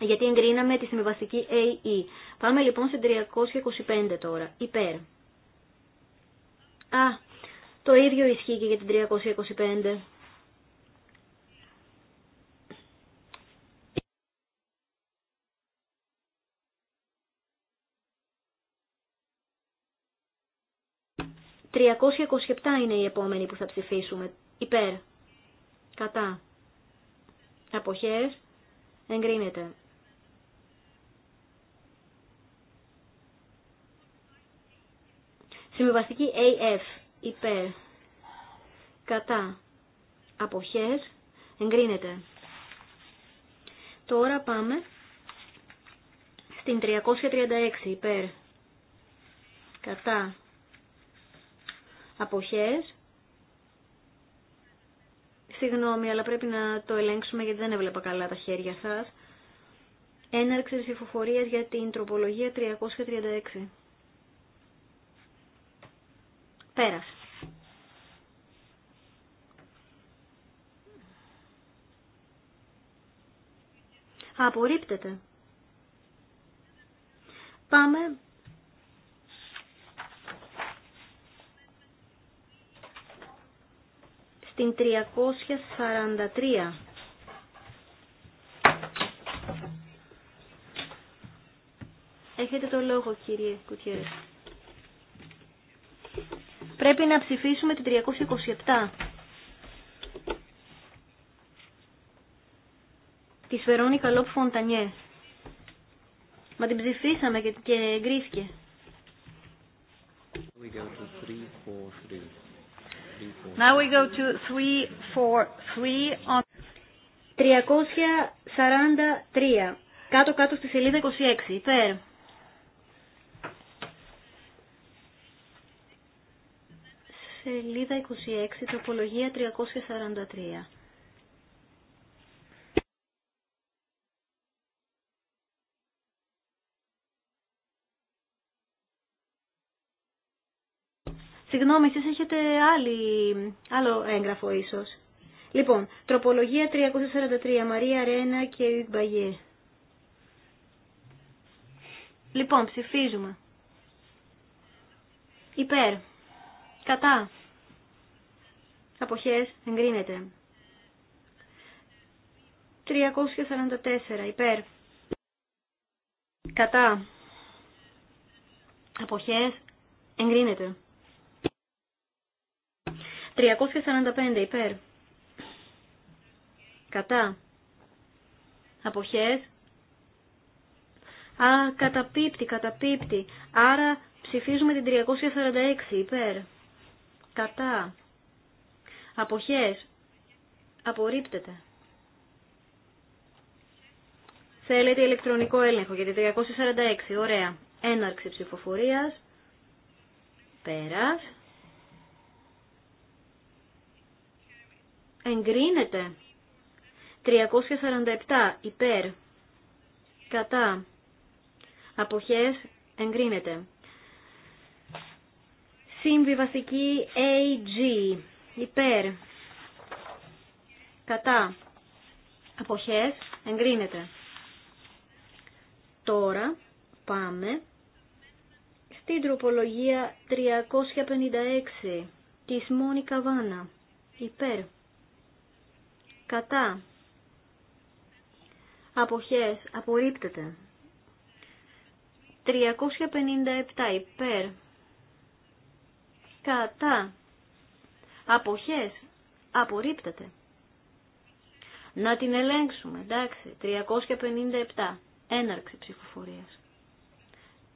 γιατί εγκρίναμε τη συμβιβαστική AE. Πάμε λοιπόν σε 325 τώρα, υπέρ. Α, το ίδιο ισχύει και για την 325. «327 είναι η επόμενη που θα ψηφίσουμε. Υπέρ. Κατά. Αποχές. Εγκρίνεται. Συμβιβαστική AF υπέρ κατά αποχές εγκρίνεται. Τώρα πάμε στην 336 υπέρ κατά αποχές. Συγγνώμη, αλλά πρέπει να το ελέγξουμε γιατί δεν έβλεπα καλά τα χέρια σας. Έναρξη ψηφοφορία για την τροπολογία 336. Πέρασε. Απορρίπτεται. Πάμε. Στην 343. Έχετε το λόγο κύριε Κουτιέρη. Πρέπει να ψηφίσουμε την 327. Τη Βερόνικα Λόπ Φοντανιέ. Μα την ψηφίσαμε και, και εγκρίθηκε. Now 343 343. Κάτω-κάτω στη σελίδα 26. Υπέρ. σελίδα 26, τροπολογία 343. Συγγνώμη, εσείς έχετε άλλη, άλλο έγγραφο ίσως. Λοιπόν, τροπολογία 343, Μαρία Ρένα και Μπαγιέ Λοιπόν, ψηφίζουμε. Υπέρ. Κατά. Αποχές εγκρίνεται. 344 υπέρ. Κατά. Αποχές εγκρίνεται. 345 υπέρ. Κατά. Αποχές. Α, καταπίπτει, καταπίπτει. Άρα ψηφίζουμε την 346 υπέρ κατά, αποχές, απορρίπτεται. Θέλετε ηλεκτρονικό έλεγχο για τη 346, ωραία. Έναρξη ψηφοφορίας, πέρας. Εγκρίνεται. 347 υπέρ. Κατά. Αποχές εγκρίνεται. Συμβιβαστική AG. Υπέρ. Κατά. Αποχές. Εγκρίνεται. Τώρα πάμε στην τροπολογία 356 της Μόνικα Βάνα. Υπέρ. Κατά. Αποχές. Απορρίπτεται. 357 υπέρ κατά αποχές απορρίπτεται. Να την ελέγξουμε, εντάξει, 357, έναρξη ψηφοφορίας.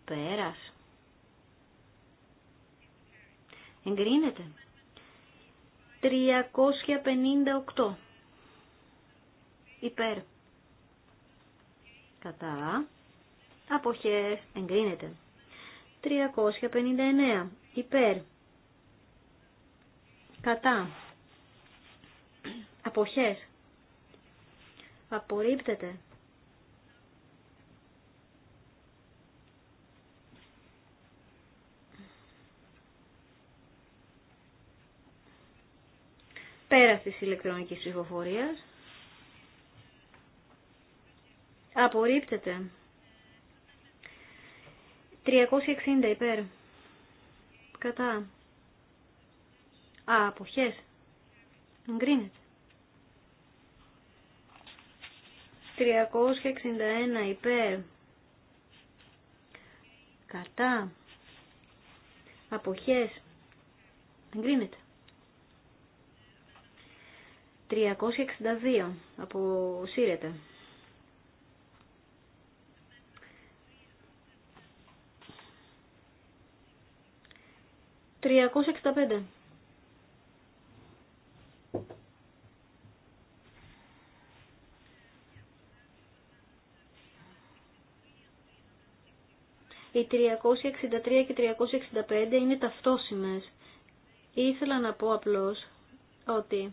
Πέρας. Εγκρίνεται. 358. Υπέρ. Κατά. Αποχές. Εγκρίνεται. 359. Υπέρ κατά αποχές απορρίπτεται πέρα της ηλεκτρονικής ψηφοφορίας απορρίπτεται 360 υπέρ κατά Α, αποχές. Εγκρίνεται. 361 υπέρ. Κατά. Αποχές. Εγκρίνεται. 362. Αποσύρεται. 365. Οι 363 και 365 είναι ταυτόσιμες. Ήθελα να πω απλώς ότι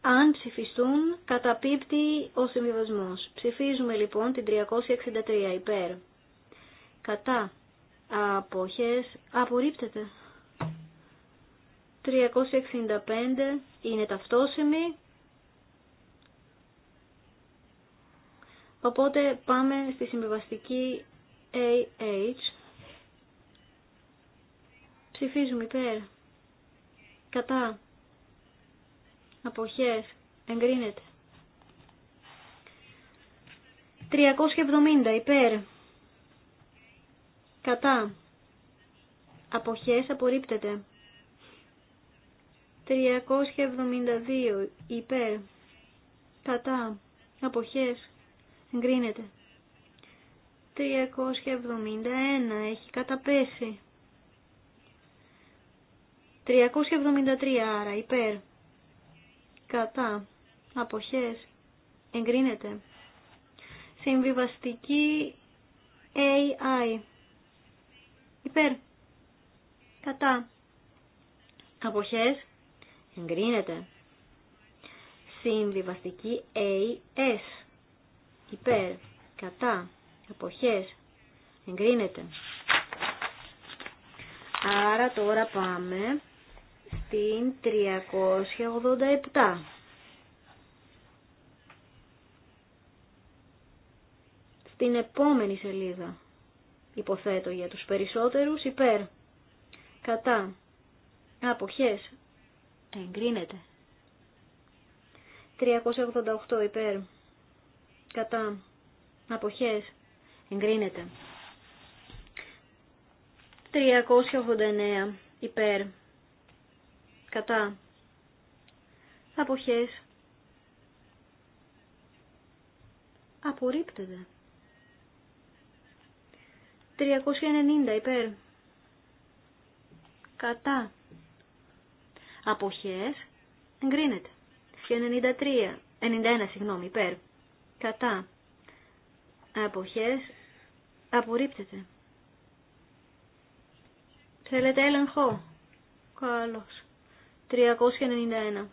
αν ψηφιστούν, καταπίπτει ο συμβιβασμός. Ψηφίζουμε λοιπόν την 363 υπέρ. Κατά. Αποχές. Απορρίπτεται. 365 είναι ταυτόσημη. Οπότε πάμε στη συμβιβαστική AH. Ψηφίζουμε υπέρ. Κατά. Αποχές. Εγκρίνεται. 370 υπέρ. Κατά. Αποχές απορρίπτεται. 372 υπέρ. Κατά. Αποχές. Εγκρίνεται. 371 έχει καταπέσει. 373 άρα υπέρ. Κατά. Αποχές. Εγκρίνεται. Συμβιβαστική AI. Υπέρ. Κατά. Αποχές. Εγκρίνεται. Συμβιβαστική AS. Υπέρ. Κατά εποχές εγκρίνεται. Άρα τώρα πάμε στην 387. Στην επόμενη σελίδα υποθέτω για τους περισσότερους υπέρ. Κατά. Αποχές. Εγκρίνεται. 388 υπέρ. Κατά. Αποχές εγκρίνεται. 389 υπέρ κατά αποχές απορρίπτεται. 390 υπέρ κατά αποχές εγκρίνεται. 93, 91 συγγνώμη υπέρ κατά αποχές απορρίπτεται. Θέλετε έλεγχο. Καλώς. 391.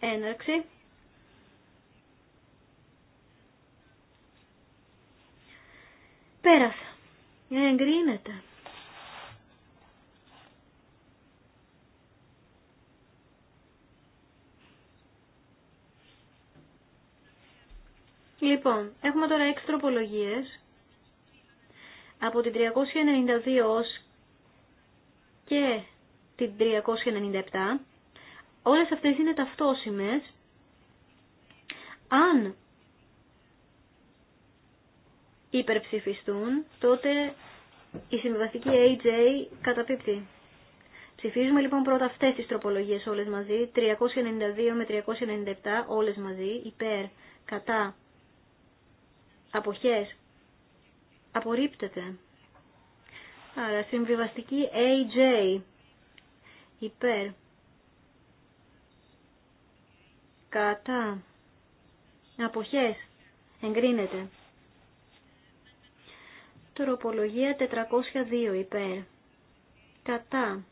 Έναρξη. Πέρασα. Εγκρίνεται. Λοιπόν, έχουμε τώρα έξι τροπολογίες από την 392 ως και την 397. Όλες αυτές είναι ταυτόσιμες. Αν υπερψηφιστούν, τότε η συμβιβαστική AJ καταπίπτει. Ψηφίζουμε λοιπόν πρώτα αυτές τις τροπολογίες όλες μαζί, 392 με 397 όλες μαζί, υπέρ, κατά, αποχές απορρίπτεται. Άρα συμβιβαστική AJ υπέρ κατά αποχές εγκρίνεται. Τροπολογία 402 υπέρ κατά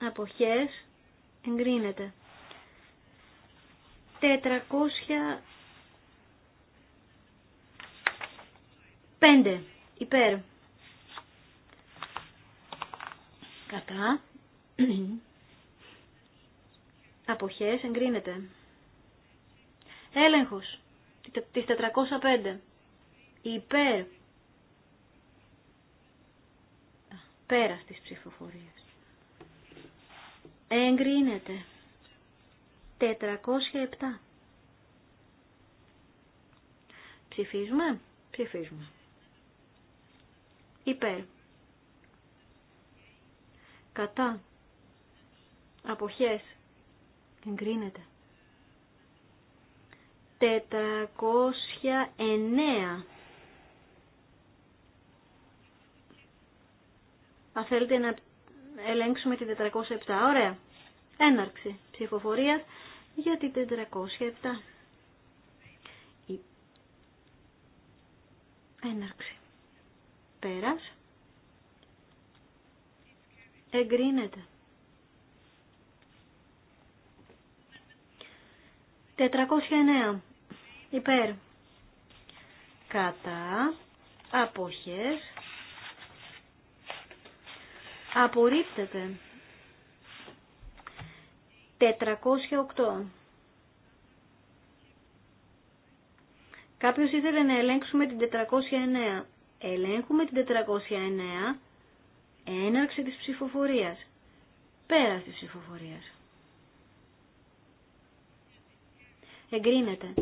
αποχές εγκρίνεται. Πέντε υπέρ. Κατά. Αποχές εγκρίνεται. Έλεγχος της 405. Υπέρ. Πέρα της ψηφοφορίας. Εγκρίνεται. 407. Ψηφίζουμε. Ψηφίζουμε υπέρ. Κατά. Αποχές. Εγκρίνεται. 409. Αν θέλετε να ελέγξουμε τη 407. Ωραία. Έναρξη ψηφοφορία για τη 407. Έναρξη. Πέρας. Εγκρίνεται. 409. Υπέρ. Κατά. Αποχές. Απορρίπτεται. 408. Κάποιος ήθελε να ελέγξουμε την 409. Ελέγχουμε την 409. Έναρξη της ψηφοφορίας. Πέρας της ψηφοφορίας. Εγκρίνεται.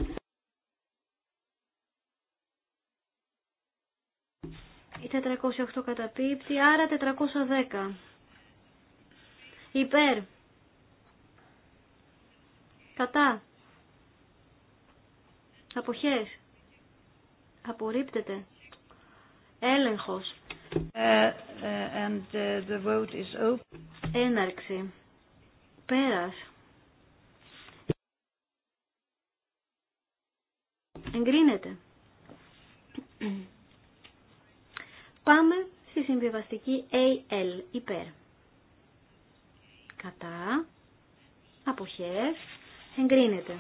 Η 408 καταπίπτει, άρα 410. Υπέρ. Κατά. Αποχές. Απορρίπτεται. Έλεγχος. Ε, ε, ε, Έναρξη. Πέρας. Εγκρίνεται. Πάμε στη συμβιβαστική AL υπέρ. Κατά. Αποχές. Εγκρίνεται.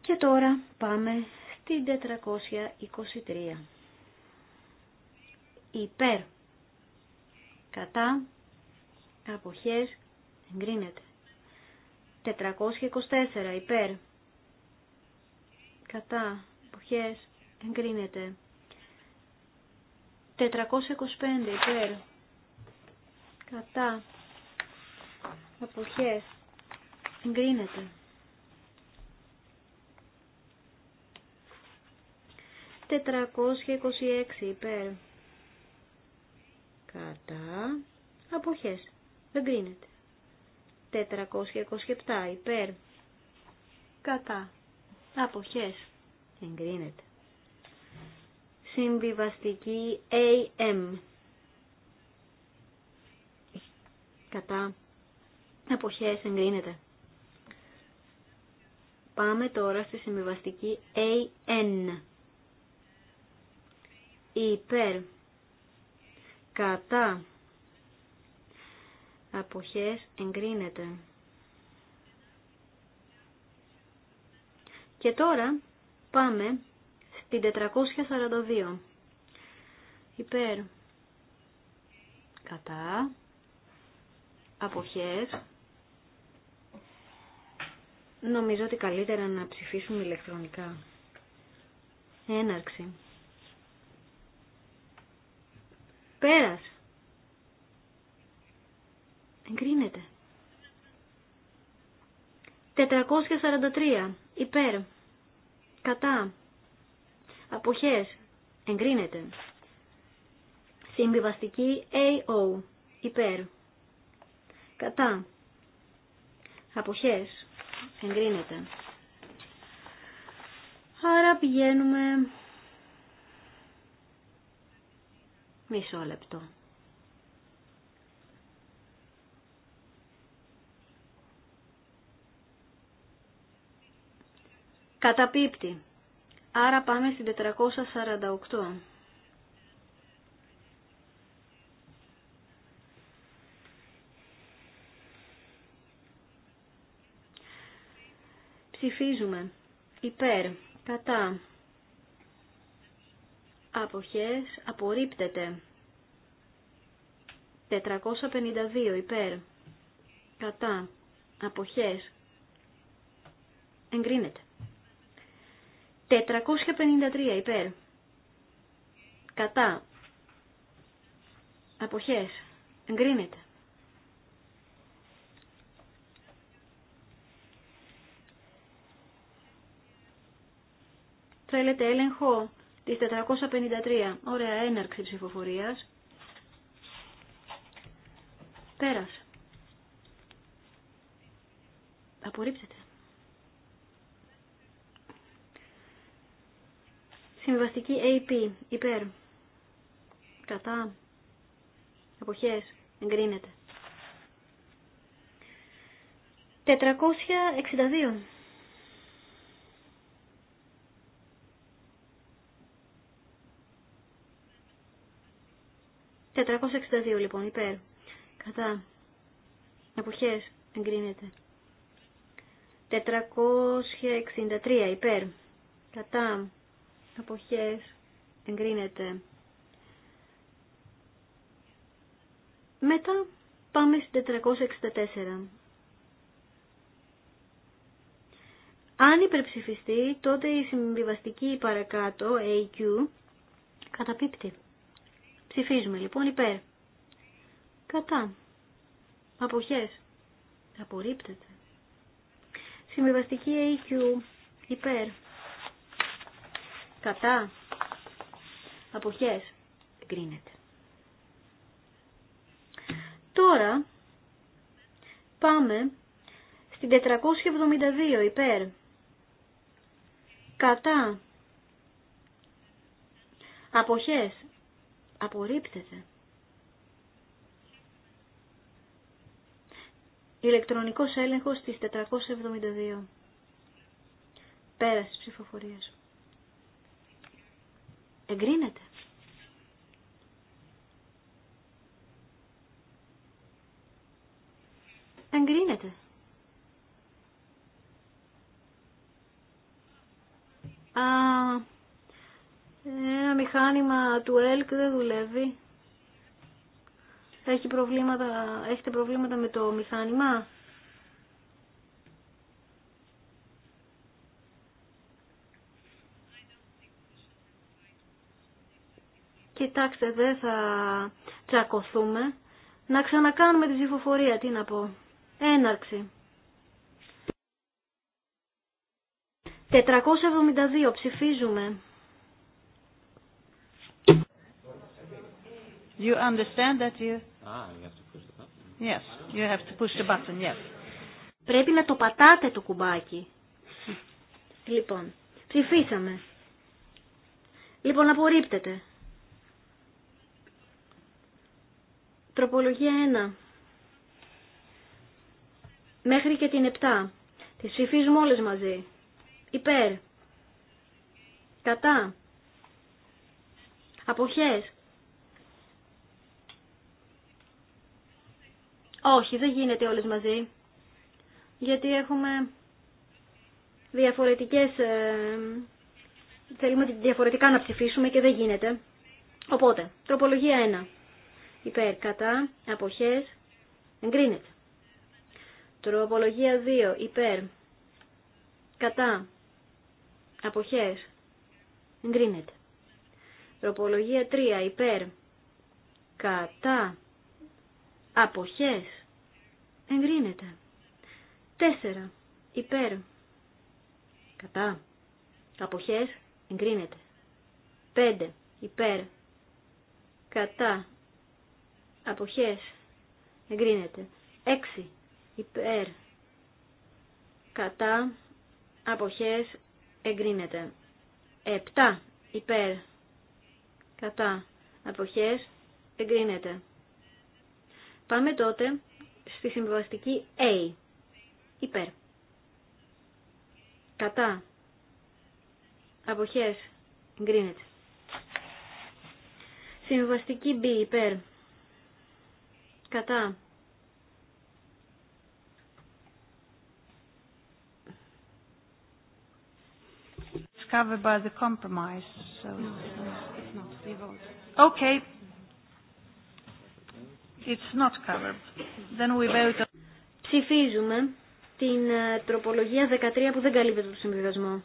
Και τώρα πάμε την 423. Υπέρ. Κατά. Αποχές. Εγκρίνεται. 424. Υπέρ. Κατά. Αποχές. Εγκρίνεται. 425. Υπέρ. Κατά. Αποχές. Εγκρίνεται. 426 υπέρ. Κατά. Αποχές. Εγκρίνεται. 427 υπέρ. Κατά. Αποχές. Εγκρίνεται. Συμβιβαστική AM. Κατά. Αποχές. Εγκρίνεται. Πάμε τώρα στη συμβιβαστική AN υπέρ κατά αποχές εγκρίνεται. Και τώρα πάμε στην 442. Υπέρ κατά αποχές Νομίζω ότι καλύτερα να ψηφίσουμε ηλεκτρονικά. Έναρξη. Πέρας. Εγκρίνεται. 443. Υπέρ. Κατά. Αποχές. Εγκρίνεται. Συμβιβαστική AO. Υπέρ. Κατά. Αποχές. Εγκρίνεται. Άρα πηγαίνουμε Μισό λεπτό. Καταπίπτει. Άρα πάμε στην 448. Ψηφίζουμε. Υπέρ. Κατά αποχές απορρίπτεται. 452 υπέρ κατά αποχές εγκρίνεται. 453 υπέρ κατά αποχές εγκρίνεται. Θέλετε έλεγχο Τη 453. Ωραία, έναρξη ψηφοφορία. Πέρας. Απορρίψετε. Συμβαστική AP. Υπέρ. Κατά. Αποχές. Εγκρίνεται. 462. 462 λοιπόν, υπέρ. Κατά. εποχές εγκρίνεται. 463 υπέρ. Κατά. εποχές εγκρίνεται. Μετά πάμε στην 464. Αν υπερψηφιστεί, τότε η συμβιβαστική παρακάτω, AQ, καταπίπτει. Ψηφίζουμε λοιπόν υπέρ. Κατά. Αποχές. Απορρίπτεται. Συμβιβαστική AQ. Υπέρ. Κατά. Αποχές. Εγκρίνεται. Τώρα πάμε στην 472 υπέρ. Κατά. Αποχές απορρίπτεται. Ηλεκτρονικός έλεγχος της 472. Πέραση ψηφοφορίας. Εγκρίνεται. Εγκρίνεται. Α, ένα μηχάνημα του ΕΛΚ δεν δουλεύει. Έχει προβλήματα, έχετε προβλήματα με το μηχάνημα. Κοιτάξτε, δεν θα τσακωθούμε. Να ξανακάνουμε τη ψηφοφορία, τι να πω. Έναρξη. 472 ψηφίζουμε. You understand that you... Yes, you have to push the button, yes. Πρέπει να το πατάτε το κουμπάκι. Λοιπόν, ψηφίσαμε. Λοιπόν, απορρίπτεται. Τροπολογία 1. Μέχρι και την 7. Τη ψηφίζουμε όλες μαζί. Υπέρ. Κατά. Αποχές. Όχι, δεν γίνεται όλες μαζί. Γιατί έχουμε διαφορετικές... Ε, θέλουμε διαφορετικά να ψηφίσουμε και δεν γίνεται. Οπότε, τροπολογία 1. Υπέρ, κατά, αποχές, εγκρίνεται. Τροπολογία 2. Υπέρ, κατά, αποχές, εγκρίνεται. Τροπολογία 3. Υπέρ, κατά, Αποχές. Εγκρίνεται. 4. Υπέρ. Κατά. Αποχές. Εγκρίνεται. 5. Υπέρ. Κατά. Αποχές. Εγκρίνεται. 6. Υπέρ. Κατά. Αποχές. Εγκρίνεται. 7. Υπέρ. Κατά. Αποχές. Εγκρίνεται. Πάμε τότε στη συμβαστική A. Υπέρ. Κατά. Αποχές. Εγκρίνεται. Συμβαστική B. Υπέρ. Κατά. Covered by the compromise, so it's not, it's not Okay. It's not Then we vote... Ψηφίζουμε την ε, τροπολογία 13 που δεν καλύπτεται το συμβιβασμό.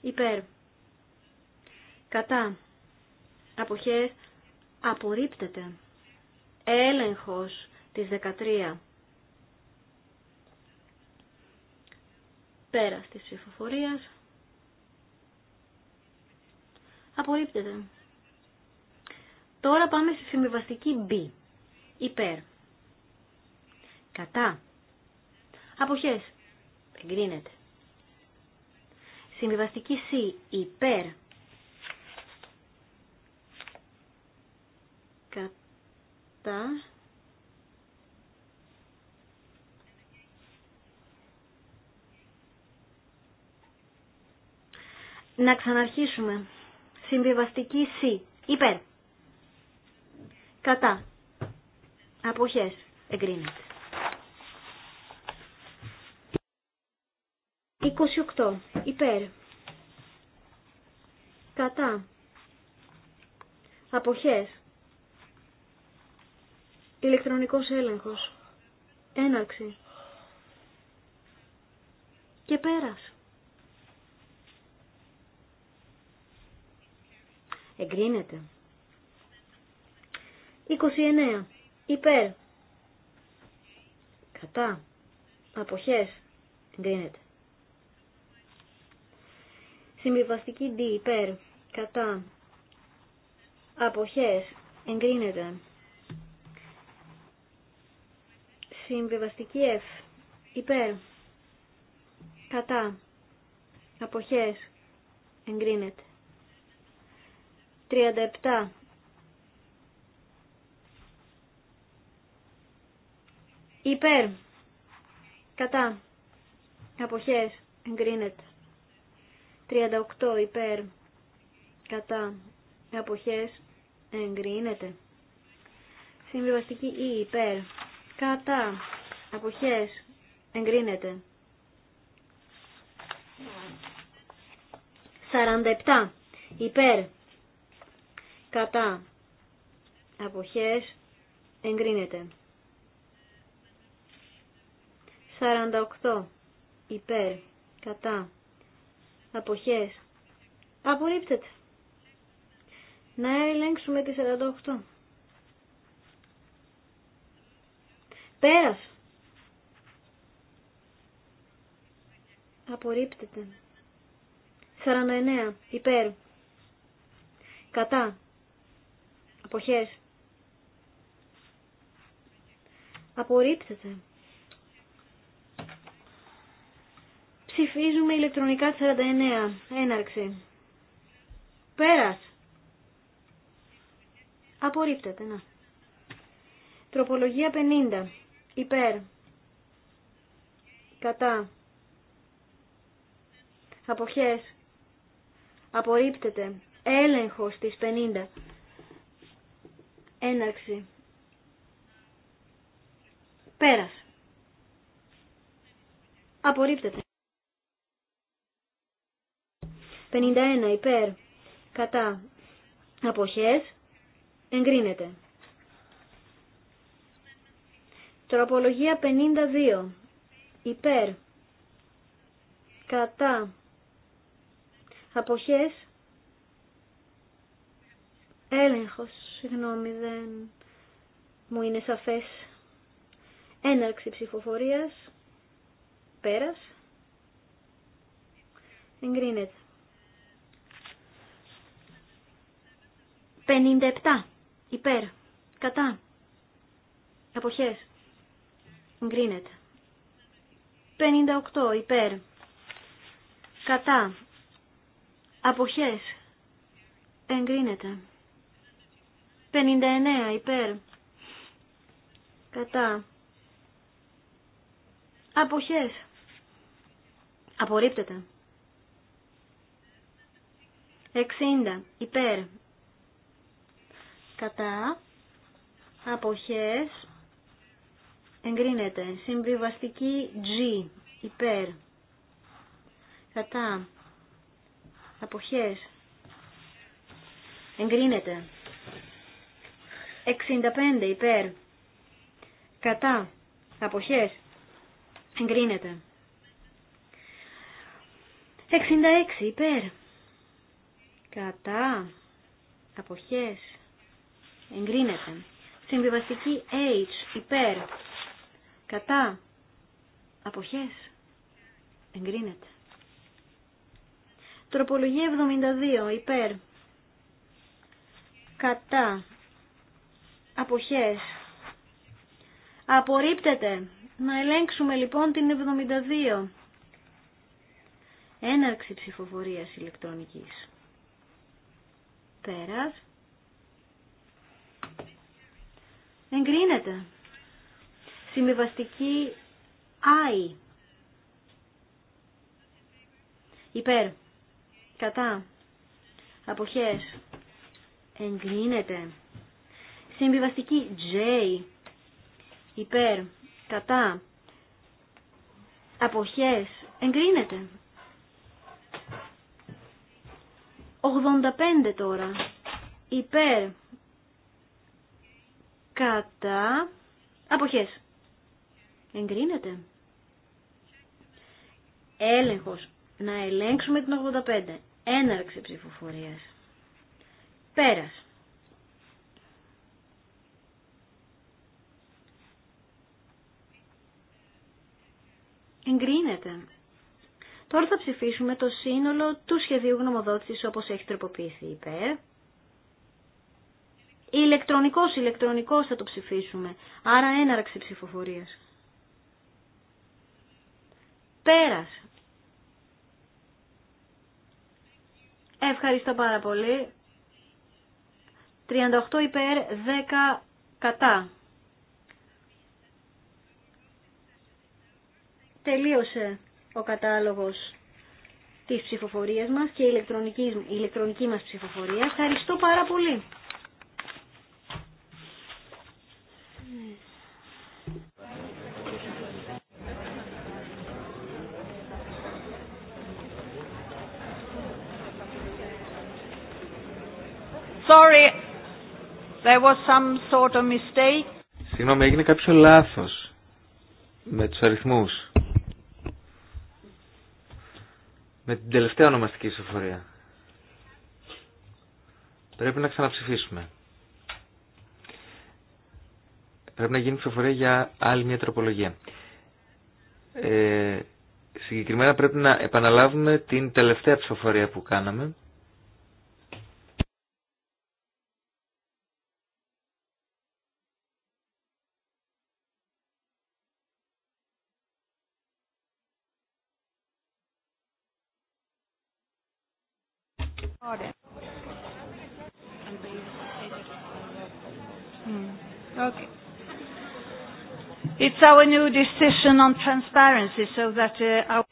Υπέρ. Κατά. Αποχέ. Απορρίπτεται. Έλεγχος της 13. Πέρα της ψηφοφορίας. Απορρίπτεται. Τώρα πάμε στη συμβιβαστική B. Υπέρ. Κατά. Αποχές. Εγκρίνεται. Συμβιβαστική C. Υπέρ. Κατά. Να ξαναρχίσουμε. Συμβιβαστική C. Υπέρ. Κατά. Αποχές. Εγκρίνεται. 28. Υπέρ. Κατά. Αποχές. Ηλεκτρονικός έλεγχος. Έναρξη. Και πέρας. Εγκρίνεται. 29. Υπέρ. Κατά. Αποχές. Εγκρίνεται. Συμβιβαστική D. Υπέρ. Κατά. Αποχές. Εγκρίνεται. Συμβιβαστική F. Υπέρ. Κατά. Αποχές. Εγκρίνεται. 37. Υπέρ. Κατά. Αποχές. Εγκρίνεται. 38. Υπέρ. Κατά. Αποχές. Εγκρίνεται. Συμβιβαστική Ή. E. Υπέρ. Κατά. Αποχές. Εγκρίνεται. 47. Υπέρ. Κατά. Αποχές. Εγκρίνεται. 48 υπέρ κατά αποχές απορρίπτεται. Να ελέγξουμε τη 48. Πέρας. Απορρίπτεται. 49. Υπέρ. Κατά. Αποχές. Απορρίπτεται. Ψηφίζουμε ηλεκτρονικά 49. Έναρξη. Πέρας. Απορρίπτεται, να. Τροπολογία 50. Υπέρ. Κατά. Αποχές. Απορρίπτεται. Έλεγχος της 50. Έναρξη. Πέρας. Απορρίπτεται. 51 υπέρ κατά αποχές εγκρίνεται. Τροπολογία 52 υπέρ κατά αποχές έλεγχος, συγγνώμη δεν μου είναι σαφές έναρξη ψηφοφορίας πέρας εγκρίνεται. 57 υπέρ κατά αποχές εγκρίνεται. 58 υπέρ κατά αποχές εγκρίνεται. 59 υπέρ κατά αποχές απορρίπτεται. 60 υπέρ κατά αποχές εγκρίνεται. Συμβιβαστική G υπέρ κατά αποχές εγκρίνεται. 65 υπέρ κατά αποχές εγκρίνεται. 66 υπέρ κατά αποχές εγκρίνεται. Συμβιβαστική H υπέρ κατά αποχές εγκρίνεται. Τροπολογία 72 υπέρ κατά αποχές απορρίπτεται. Να ελέγξουμε λοιπόν την 72. Έναρξη ψηφοφορίας ηλεκτρονικής. Πέρας. Εγκρίνεται. Συμβιβαστική ΆΙ. Υπέρ. Κατά. Αποχές. Εγκρίνεται. Συμβιβαστική J. Υπέρ. Κατά. Αποχές. Εγκρίνεται. 85 τώρα. Υπέρ κατά αποχές. Εγκρίνεται. Έλεγχος. Να ελέγξουμε την 85. Έναρξη ψηφοφορίας. Πέρας. Εγκρίνεται. Τώρα θα ψηφίσουμε το σύνολο του σχεδίου γνωμοδότησης όπως έχει τροποποιηθεί υπέρ. Ηλεκτρονικός, ηλεκτρονικός θα το ψηφίσουμε. Άρα έναρξη ψηφοφορίας. Πέρας. Ευχαριστώ πάρα πολύ. 38 υπέρ, 10 κατά. Τελείωσε ο κατάλογος της ψηφοφορίας μας και η ηλεκτρονική, η ηλεκτρονική μας ψηφοφορία. Ευχαριστώ πάρα πολύ. Sorry, there was some sort of mistake. Συγγνώμη, έγινε κάποιο λάθος με τους αριθμούς. Με την τελευταία ονομαστική ισοφορία. Πρέπει να ξαναψηφίσουμε. Πρέπει να γίνει ψηφοφορία για άλλη μια τροπολογία. Ε, συγκεκριμένα πρέπει να επαναλάβουμε την τελευταία ψηφοφορία που κάναμε. our new uh,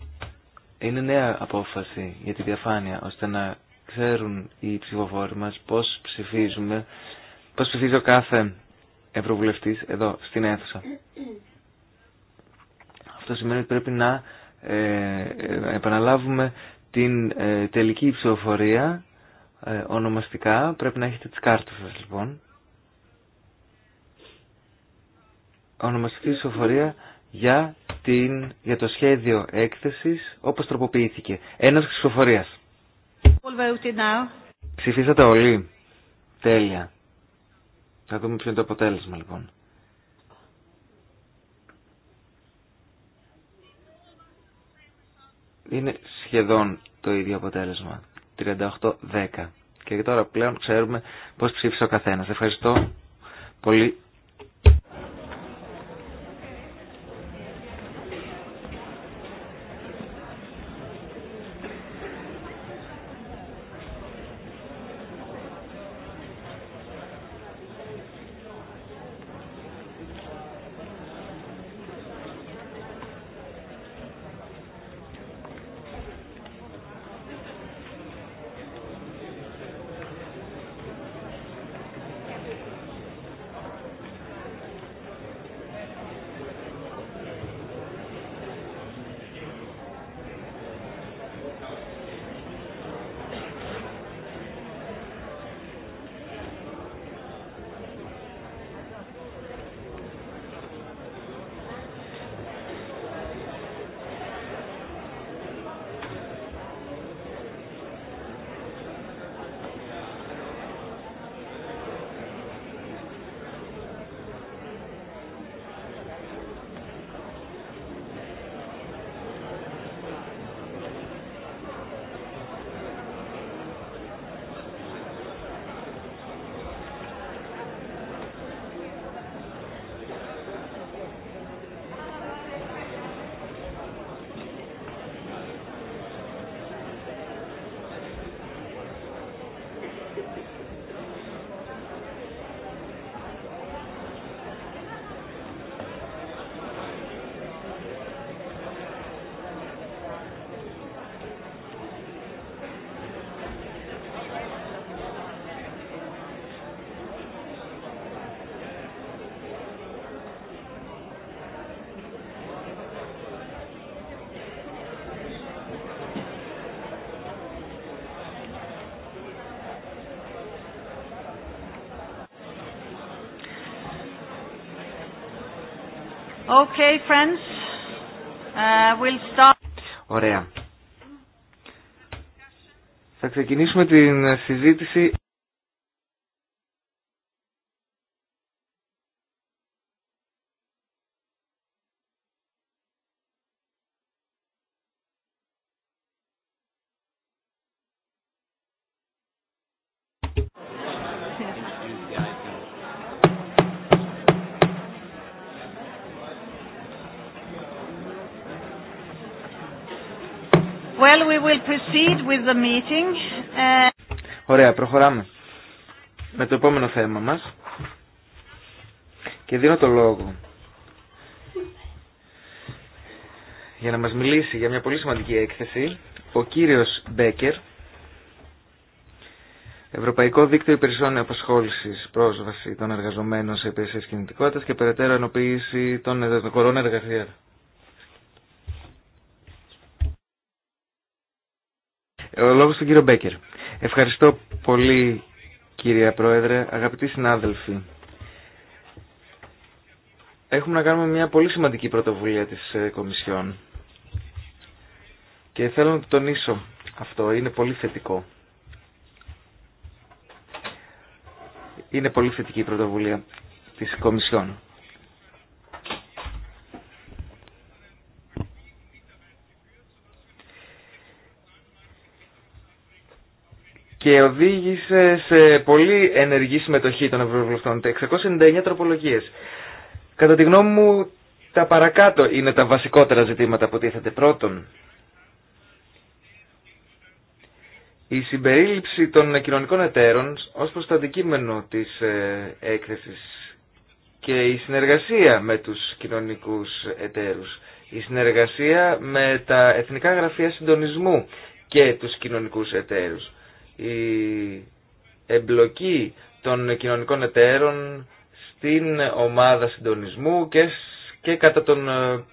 Είναι νέα απόφαση για τη διαφάνεια ώστε να ξέρουν οι ψηφοφόροι μας πώς ψηφίζουμε, πώς ψηφίζει ο κάθε ευρωβουλευτής εδώ στην αίθουσα. Αυτό σημαίνει ότι πρέπει να ε, ε, επαναλάβουμε την ε, τελική ψηφοφορία ονομαστικά. Πρέπει να έχετε τις κάρτες σας λοιπόν. ονομαστική ψηφοφορία για, για το σχέδιο έκθεσης όπως τροποποιήθηκε. Ένας ψηφοφορία. Ψηφίσατε όλοι. Τέλεια. Θα δούμε ποιο είναι το αποτέλεσμα λοιπόν. Είναι σχεδόν το ίδιο αποτέλεσμα. 38-10. Και τώρα πλέον ξέρουμε πώς ψήφισε ο καθένας. Ευχαριστώ πολύ Okay, friends. Uh, we'll start. Ωραία. Θα ξεκινήσουμε την συζήτηση. the meeting. Ε, Ωραία, προχωράμε με το επόμενο θέμα μας και δίνω το λόγο για να μας μιλήσει για μια πολύ σημαντική έκθεση ο κύριος Μπέκερ Ευρωπαϊκό Δίκτυο Υπηρεσιών Απασχόληση, πρόσβαση των εργαζομένων σε υπηρεσίε κινητικότητα και περαιτέρω ενοποίηση των Εργαζομένων εργασία. Ο λόγο στον κύριο Μπέκερ. Ευχαριστώ πολύ κυρία Πρόεδρε, αγαπητοί συνάδελφοι. Έχουμε να κάνουμε μια πολύ σημαντική πρωτοβουλία της ε, Κομισιόν. Και θέλω να το τονίσω αυτό, είναι πολύ θετικό. Είναι πολύ θετική η πρωτοβουλία της Κομισιόν. και οδήγησε σε πολύ ενεργή συμμετοχή των ευρωβουλευτών, 699 τροπολογίες. Κατά τη γνώμη μου, τα παρακάτω είναι τα βασικότερα ζητήματα που τίθεται. Πρώτον, η συμπερίληψη των κοινωνικών εταίρων ως προς το αντικείμενο της ε, έκθεσης και η συνεργασία με τους κοινωνικούς εταίρους, η συνεργασία με τα εθνικά γραφεία συντονισμού και τους κοινωνικούς εταίρους η εμπλοκή των κοινωνικών εταίρων στην ομάδα συντονισμού και, και κατά τον ε,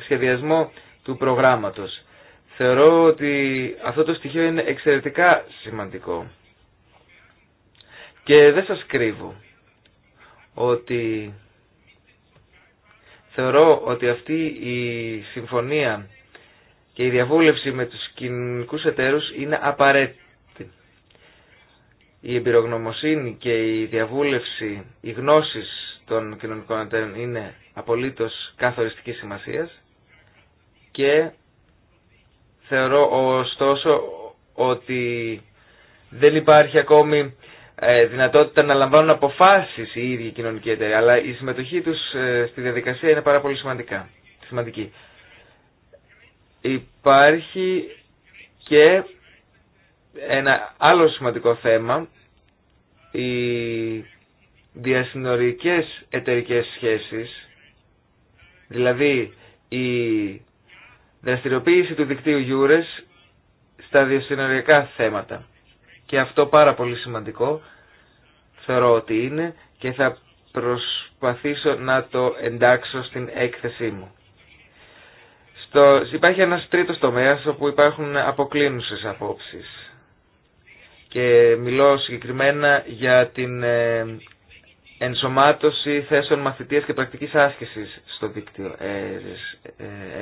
σχεδιασμό του προγράμματος. Θεωρώ ότι αυτό το στοιχείο είναι εξαιρετικά σημαντικό. Και δεν σας κρύβω ότι θεωρώ ότι αυτή η συμφωνία και η διαβούλευση με τους κοινωνικούς εταίρους είναι απαραίτητη η εμπειρογνωμοσύνη και η διαβούλευση, οι γνώσεις των κοινωνικών εταίρων είναι απολύτως κάθοριστική σημασίας και θεωρώ ωστόσο ότι δεν υπάρχει ακόμη ε, δυνατότητα να λαμβάνουν αποφάσεις οι ίδιοι οι κοινωνικοί εταίροι, αλλά η συμμετοχή τους ε, στη διαδικασία είναι πάρα πολύ σημαντικά, σημαντική. Υπάρχει και ένα άλλο σημαντικό θέμα, οι διασυνορικές εταιρικές σχέσεις, δηλαδή η δραστηριοποίηση του δικτύου Γιούρες στα διασυνοριακά θέματα. Και αυτό πάρα πολύ σημαντικό, θεωρώ ότι είναι και θα προσπαθήσω να το εντάξω στην έκθεσή μου. Στο, υπάρχει ένας τρίτος τομέας όπου υπάρχουν αποκλίνουσες απόψεις και μιλώ συγκεκριμένα για την ε, ενσωμάτωση θέσεων μαθητείας και πρακτικής άσκησης στο δίκτυο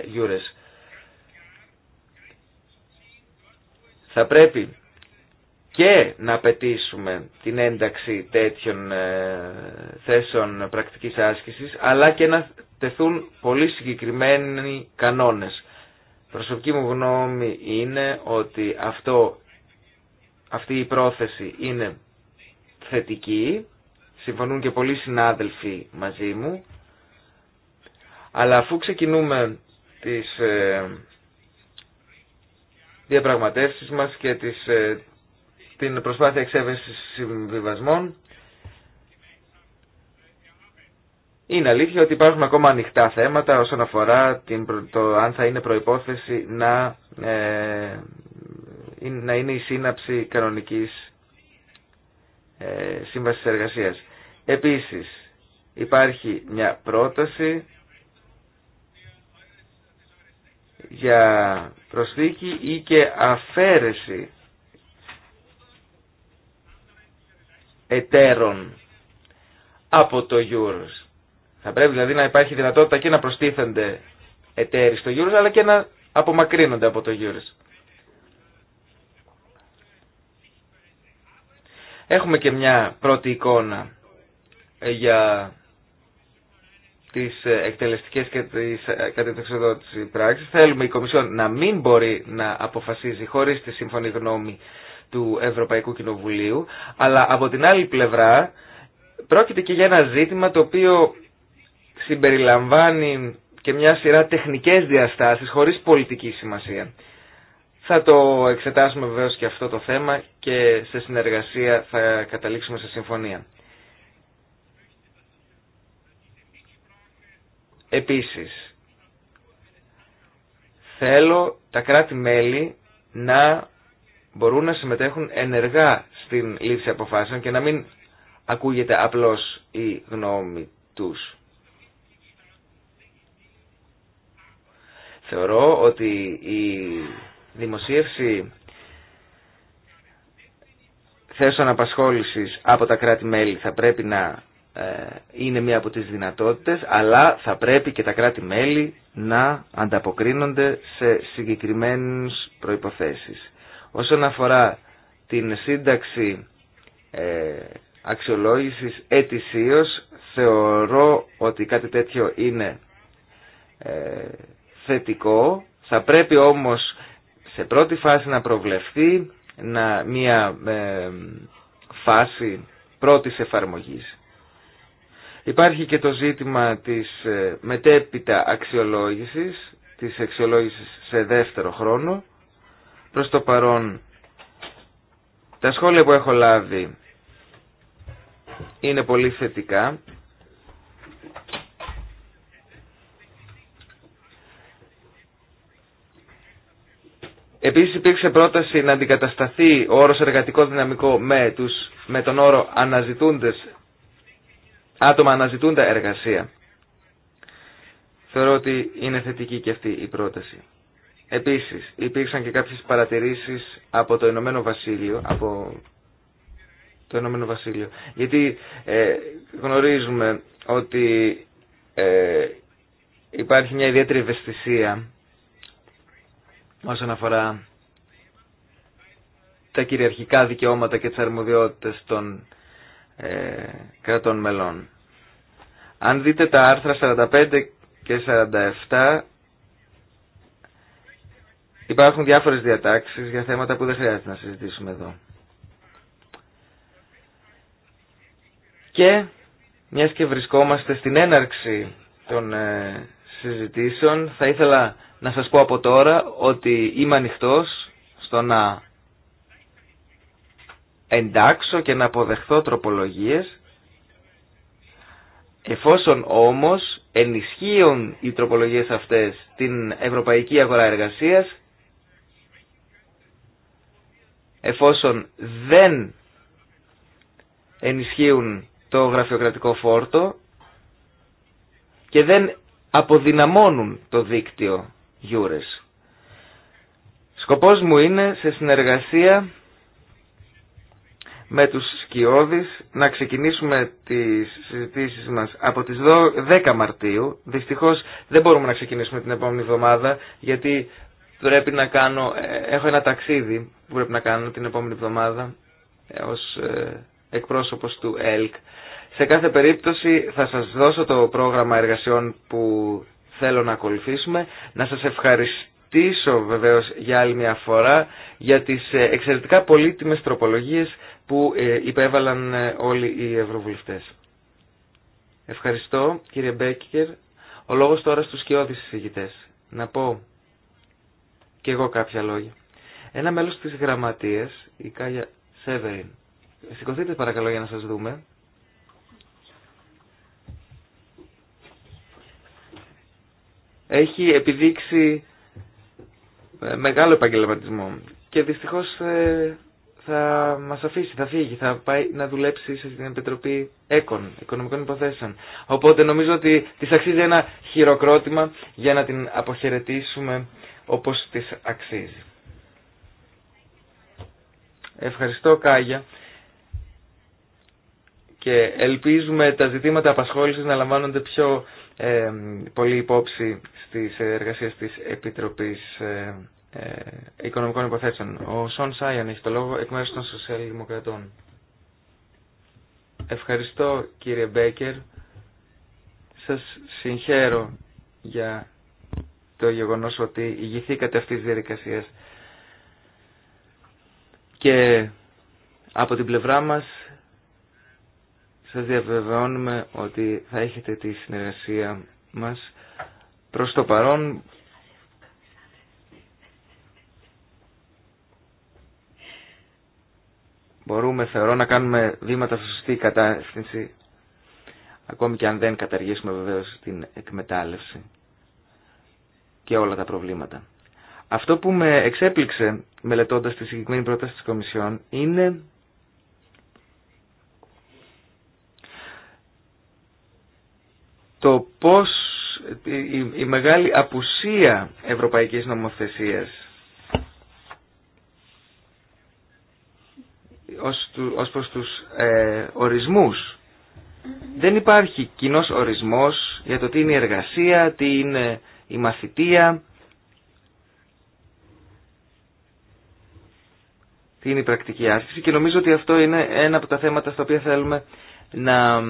Γιούρες. Ε, Θα πρέπει και να απαιτήσουμε την ένταξη τέτοιων ε, θέσεων πρακτικής άσκησης, αλλά και να τεθούν πολύ συγκεκριμένοι κανόνες. Προσωπική μου γνώμη είναι ότι αυτό αυτή η πρόθεση είναι θετική, συμφωνούν και πολλοί συνάδελφοι μαζί μου, αλλά αφού ξεκινούμε τις ε, διαπραγματεύσεις μας και τις, ε, την προσπάθεια εξέβεσης συμβιβασμών, είναι αλήθεια ότι υπάρχουν ακόμα ανοιχτά θέματα όσον αφορά το αν θα είναι προϋπόθεση να ε, να είναι η σύναψη κανονικής ε, σύμβασης εργασίας. Επίσης υπάρχει μια πρόταση για προσθήκη ή και αφαίρεση εταίρων από το γιούρος. Θα πρέπει δηλαδή να υπάρχει δυνατότητα και να προστίθενται εταίροι στο γιούρος αλλά και να απομακρύνονται από το γιούρος. Έχουμε και μια πρώτη εικόνα ε, για τις ε, εκτελεστικές και τις ε, κατεταξιδότητες πράξεις. Θέλουμε η Κομισιόν να μην μπορεί να αποφασίζει χωρίς τη σύμφωνη γνώμη του Ευρωπαϊκού Κοινοβουλίου, αλλά από την άλλη πλευρά πρόκειται και για ένα ζήτημα το οποίο συμπεριλαμβάνει και μια σειρά τεχνικές διαστάσεις χωρίς πολιτική σημασία. Θα το εξετάσουμε βεβαίως και αυτό το θέμα και σε συνεργασία θα καταλήξουμε σε συμφωνία. Επίσης, θέλω τα κράτη-μέλη να μπορούν να συμμετέχουν ενεργά στην λήψη αποφάσεων και να μην ακούγεται απλώς η γνώμη τους. Θεωρώ ότι η δημοσίευση θέσεων απασχόλησης από τα κράτη-μέλη θα πρέπει να ε, είναι μία από τις δυνατότητες, αλλά θα πρέπει και τα κράτη-μέλη να ανταποκρίνονται σε συγκεκριμένες προϋποθέσεις. Όσον αφορά την σύνταξη ε, αξιολόγησης ετησίως, θεωρώ ότι κάτι τέτοιο είναι ε, θετικό. Θα πρέπει όμως σε πρώτη φάση να προβλεφθεί να, μια ε, φάση πρώτης εφαρμογής. Υπάρχει και το ζήτημα της ε, μετέπειτα αξιολόγησης, της αξιολόγησης σε δεύτερο χρόνο. Προς το παρόν, τα σχόλια που έχω λάβει είναι πολύ θετικά Επίσης υπήρξε πρόταση να αντικατασταθεί ο όρος εργατικό δυναμικό με, τους, με τον όρο αναζητούντες, άτομα αναζητούντα εργασία. Θεωρώ ότι είναι θετική και αυτή η πρόταση. Επίσης υπήρξαν και κάποιες παρατηρήσεις από το Ηνωμένο Βασίλειο, από το Ηνωμένο Βασίλειο. Γιατί ε, γνωρίζουμε ότι ε, υπάρχει μια ιδιαίτερη ευαισθησία όσον αφορά τα κυριαρχικά δικαιώματα και τις αρμοδιότητες των ε, κρατών μελών. Αν δείτε τα άρθρα 45 και 47 υπάρχουν διάφορες διατάξεις για θέματα που δεν χρειάζεται να συζητήσουμε εδώ. Και μιας και βρισκόμαστε στην έναρξη των ε, συζητήσεων θα ήθελα να σας πω από τώρα ότι είμαι ανοιχτό στο να εντάξω και να αποδεχθώ τροπολογίες εφόσον όμως ενισχύουν οι τροπολογίες αυτές την ευρωπαϊκή αγορά εργασίας εφόσον δεν ενισχύουν το γραφειοκρατικό φόρτο και δεν αποδυναμώνουν το δίκτυο Γιούρες. Σκοπός μου είναι σε συνεργασία με τους σκιώδεις να ξεκινήσουμε τις συζητήσεις μας από τις 10 Μαρτίου. Δυστυχώς δεν μπορούμε να ξεκινήσουμε την επόμενη εβδομάδα γιατί πρέπει να κάνω, ε, έχω ένα ταξίδι που πρέπει να κάνω την επόμενη εβδομάδα ε, ως ε, εκπρόσωπος του ΕΛΚ. Σε κάθε περίπτωση θα σας δώσω το πρόγραμμα εργασιών που θέλω να ακολουθήσουμε. Να σας ευχαριστήσω βεβαίως για άλλη μια φορά για τις ε, εξαιρετικά πολύτιμες τροπολογίες που ε, υπέβαλαν ε, όλοι οι ευρωβουλευτές. Ευχαριστώ κύριε Μπέκικερ. Ο λόγος τώρα στους σκιώδεις συζητητές. Να πω και εγώ κάποια λόγια. Ένα μέλος της γραμματείας, η Κάλια Σέβεριν. Σηκωθείτε παρακαλώ για να σας δούμε. έχει επιδείξει ε, μεγάλο επαγγελματισμό και δυστυχώς ε, θα μας αφήσει, θα φύγει, θα πάει να δουλέψει στην Επιτροπή ΕΚΟΝ, Οικονομικών Υποθέσεων. Οπότε νομίζω ότι της αξίζει ένα χειροκρότημα για να την αποχαιρετήσουμε όπως της αξίζει. Ευχαριστώ Κάγια και ελπίζουμε τα ζητήματα απασχόλησης να λαμβάνονται πιο πολύ υπόψη στις εργασίες της Επιτροπής ε, ε, Οικονομικών Υποθέσεων. Ο Σον Σάιαν έχει το λόγο εκ μέρους των Σοσιαλδημοκρατών. Ευχαριστώ κύριε Μπέκερ. Σας συγχαίρω για το γεγονός ότι ηγηθήκατε αυτής της διαδικασίας. Και από την πλευρά μας σας διαβεβαιώνουμε ότι θα έχετε τη συνεργασία μας. Προς το παρόν μπορούμε θεωρώ να κάνουμε βήματα στη σωστή κατάσταση ακόμη και αν δεν καταργήσουμε βεβαίως την εκμετάλλευση και όλα τα προβλήματα. Αυτό που με εξέπληξε μελετώντας τη συγκεκριμένη πρόταση της Κομισιόν είναι το πώς η, η μεγάλη απουσία ευρωπαϊκής νομοθεσίας ως, του, ως προς τους ε, ορισμούς. Δεν υπάρχει κοινός ορισμός για το τι είναι η εργασία, τι είναι η μαθητεία, τι είναι η πρακτική άσκηση και νομίζω ότι αυτό είναι ένα από τα θέματα στα οποία θέλουμε να,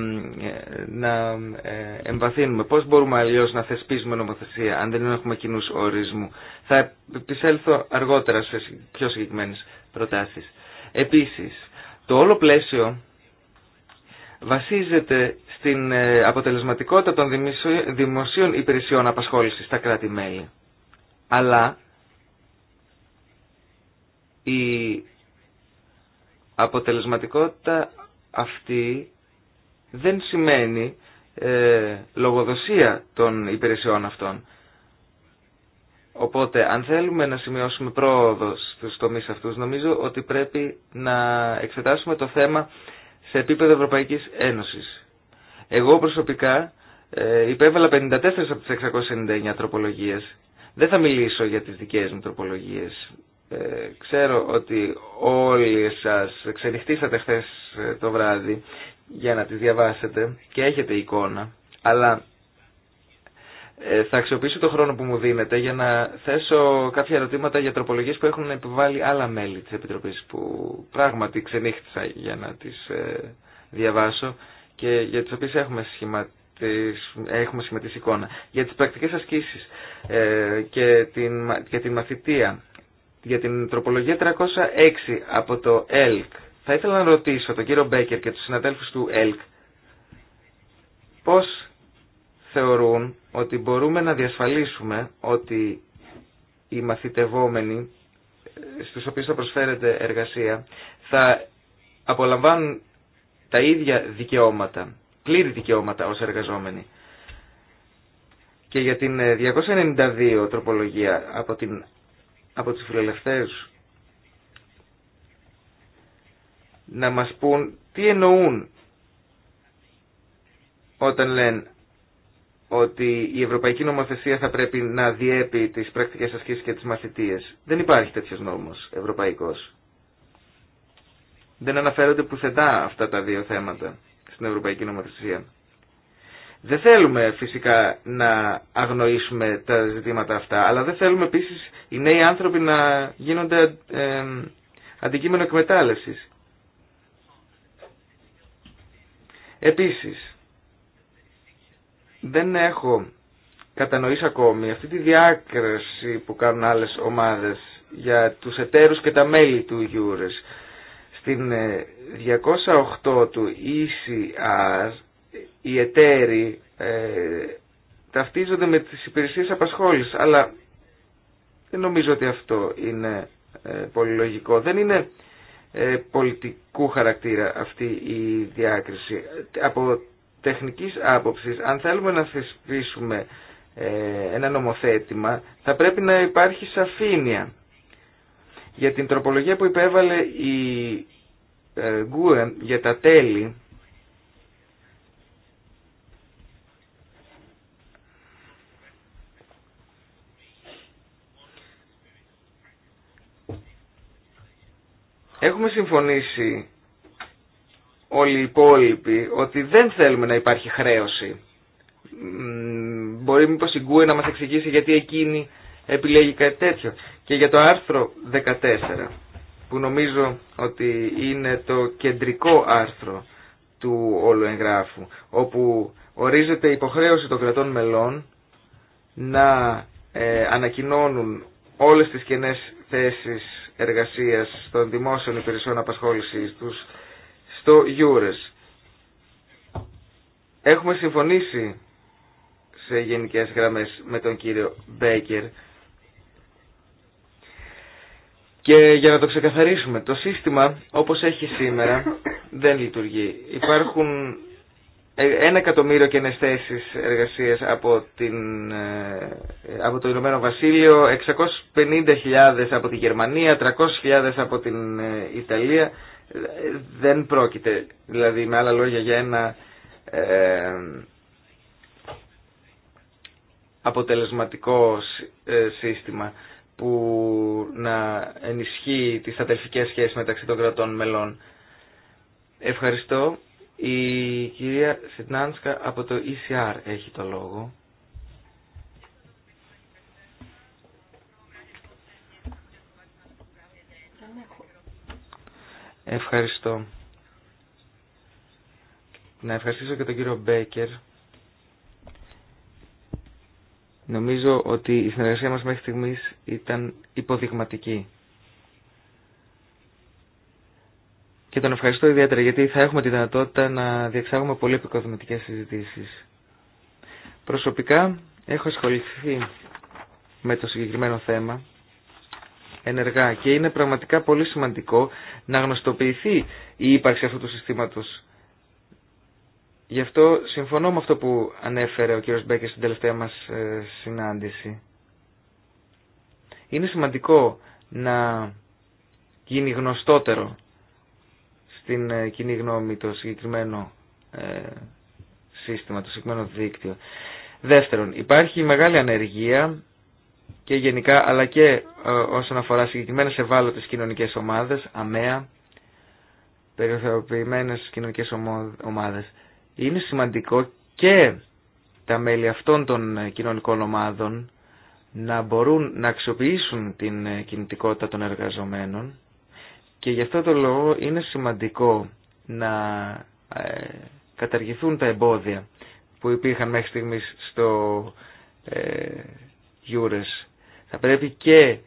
να ε, εμβαθύνουμε. Πώς μπορούμε αλλιώ να θεσπίζουμε νομοθεσία αν δεν έχουμε κοινού ορισμού. Θα επισέλθω αργότερα σε πιο συγκεκριμένε προτάσεις. Επίσης, το όλο πλαίσιο βασίζεται στην ε, αποτελεσματικότητα των δημοσίων υπηρεσιών απασχόλησης στα κράτη-μέλη. Αλλά η αποτελεσματικότητα αυτή δεν σημαίνει ε, λογοδοσία των υπηρεσιών αυτών. Οπότε, αν θέλουμε να σημειώσουμε πρόοδο στους τομείς αυτούς, νομίζω ότι πρέπει να εξετάσουμε το θέμα σε επίπεδο Ευρωπαϊκής Ένωσης. Εγώ προσωπικά ε, υπέβαλα 54 από τις 699 τροπολογίες. Δεν θα μιλήσω για τις δικές μου τροπολογίες. Ε, ξέρω ότι όλοι σας ξενυχτήσατε χθε ε, το βράδυ για να τις διαβάσετε και έχετε εικόνα, αλλά ε, θα αξιοποιήσω το χρόνο που μου δίνετε για να θέσω κάποια ερωτήματα για τροπολογίες που έχουν επιβάλει άλλα μέλη της Επιτροπής που πράγματι ξενύχτησα για να τις ε, διαβάσω και για τις οποίες έχουμε σχηματίσει έχουμε εικόνα για τις πρακτικές ασκήσεις ε, και, την, και την μαθητεία για την τροπολογία 306 από το ΕΛΚ θα ήθελα να ρωτήσω τον κύριο Μπέκερ και τους συναδέλφους του ΕΛΚ πώς θεωρούν ότι μπορούμε να διασφαλίσουμε ότι οι μαθητευόμενοι στους οποίους θα προσφέρεται εργασία θα απολαμβάνουν τα ίδια δικαιώματα, πλήρη δικαιώματα ως εργαζόμενοι. Και για την 292 ε, τροπολογία από, την, από τους φιλελευθέρους να μας πούν τι εννοούν όταν λένε ότι η ευρωπαϊκή νομοθεσία θα πρέπει να διέπει τις πρακτικές ασκήσεις και τις μαθητείες. Δεν υπάρχει τέτοιος νόμος ευρωπαϊκός. Δεν αναφέρονται πουθενά αυτά τα δύο θέματα στην ευρωπαϊκή νομοθεσία. Δεν θέλουμε φυσικά να αγνοήσουμε τα ζητήματα αυτά, αλλά δεν θέλουμε επίσης οι νέοι άνθρωποι να γίνονται ε, αντικείμενο εκμετάλλευσης. Επίσης, δεν έχω κατανοήσει ακόμη αυτή τη διάκριση που κάνουν άλλες ομάδες για τους εταίρους και τα μέλη του Γιούρες. Στην 208 ε, του ECR οι εταίροι ε, ταυτίζονται με τις υπηρεσίες απασχόλησης, αλλά δεν νομίζω ότι αυτό είναι ε, πολύ λογικό. Δεν είναι ε, πολιτικού χαρακτήρα αυτή η διάκριση. Από τεχνικής άποψης, αν θέλουμε να θεσπίσουμε ε, ένα νομοθέτημα, θα πρέπει να υπάρχει σαφήνεια. Για την τροπολογία που υπέβαλε η ε, Γκουεν για τα τέλη, Έχουμε συμφωνήσει όλοι οι υπόλοιποι ότι δεν θέλουμε να υπάρχει χρέωση. Μπορεί μήπως η Γκουέ να μας εξηγήσει γιατί εκείνη επιλέγει κάτι τέτοιο. Και για το άρθρο 14 που νομίζω ότι είναι το κεντρικό άρθρο του όλου εγγράφου όπου ορίζεται η υποχρέωση των κρατών μελών να ε, ανακοινώνουν όλες τις κενές θέσεις εργασίας των δημόσιων υπηρεσιών απασχόλησης τους στο Γιούρες. Έχουμε συμφωνήσει σε γενικές γραμμές με τον κύριο Μπέκερ και για να το ξεκαθαρίσουμε, το σύστημα όπως έχει σήμερα δεν λειτουργεί. Υπάρχουν ε, ένα εκατομμύριο και θέσεις εργασίες από, ε, από το Ηνωμένο Βασίλειο, 650.000 από τη Γερμανία, 300.000 από την ε, Ιταλία. Δεν πρόκειται, δηλαδή με άλλα λόγια, για ένα αποτελεσματικό σύστημα που να ενισχύει τις αδελφικές σχέσεις μεταξύ των κρατών μελών. Ευχαριστώ. Η κυρία Σιτνάνσκα από το ECR έχει το λόγο. Ευχαριστώ. Να ευχαριστήσω και τον κύριο Μπέκερ. Νομίζω ότι η συνεργασία μας μέχρι στιγμής ήταν υποδειγματική. και τον ευχαριστώ ιδιαίτερα γιατί θα έχουμε τη δυνατότητα να διεξάγουμε πολύ επικοδομητικές συζητήσεις. Προσωπικά έχω ασχοληθεί με το συγκεκριμένο θέμα ενεργά και είναι πραγματικά πολύ σημαντικό να γνωστοποιηθεί η ύπαρξη αυτού του συστήματος. Γι' αυτό συμφωνώ με αυτό που ανέφερε ο κύριος Μπέκερ στην τελευταία μας ε, συνάντηση. Είναι σημαντικό να γίνει γνωστότερο στην ε, κοινή γνώμη το συγκεκριμένο ε, σύστημα, το συγκεκριμένο δίκτυο. Δεύτερον, υπάρχει μεγάλη ανεργία και γενικά, αλλά και ε, όσον αφορά συγκεκριμένες ευάλωτες κοινωνικές ομάδες, αμαία, περιοθεροποιημένες κοινωνικές ομάδες. Είναι σημαντικό και τα μέλη αυτών των κοινωνικών ομάδων να μπορούν να αξιοποιήσουν την κινητικότητα των εργαζομένων και γι' αυτό το λόγο είναι σημαντικό να ε, καταργηθούν τα εμπόδια που υπήρχαν μέχρι στιγμής στο ε, Θα πρέπει και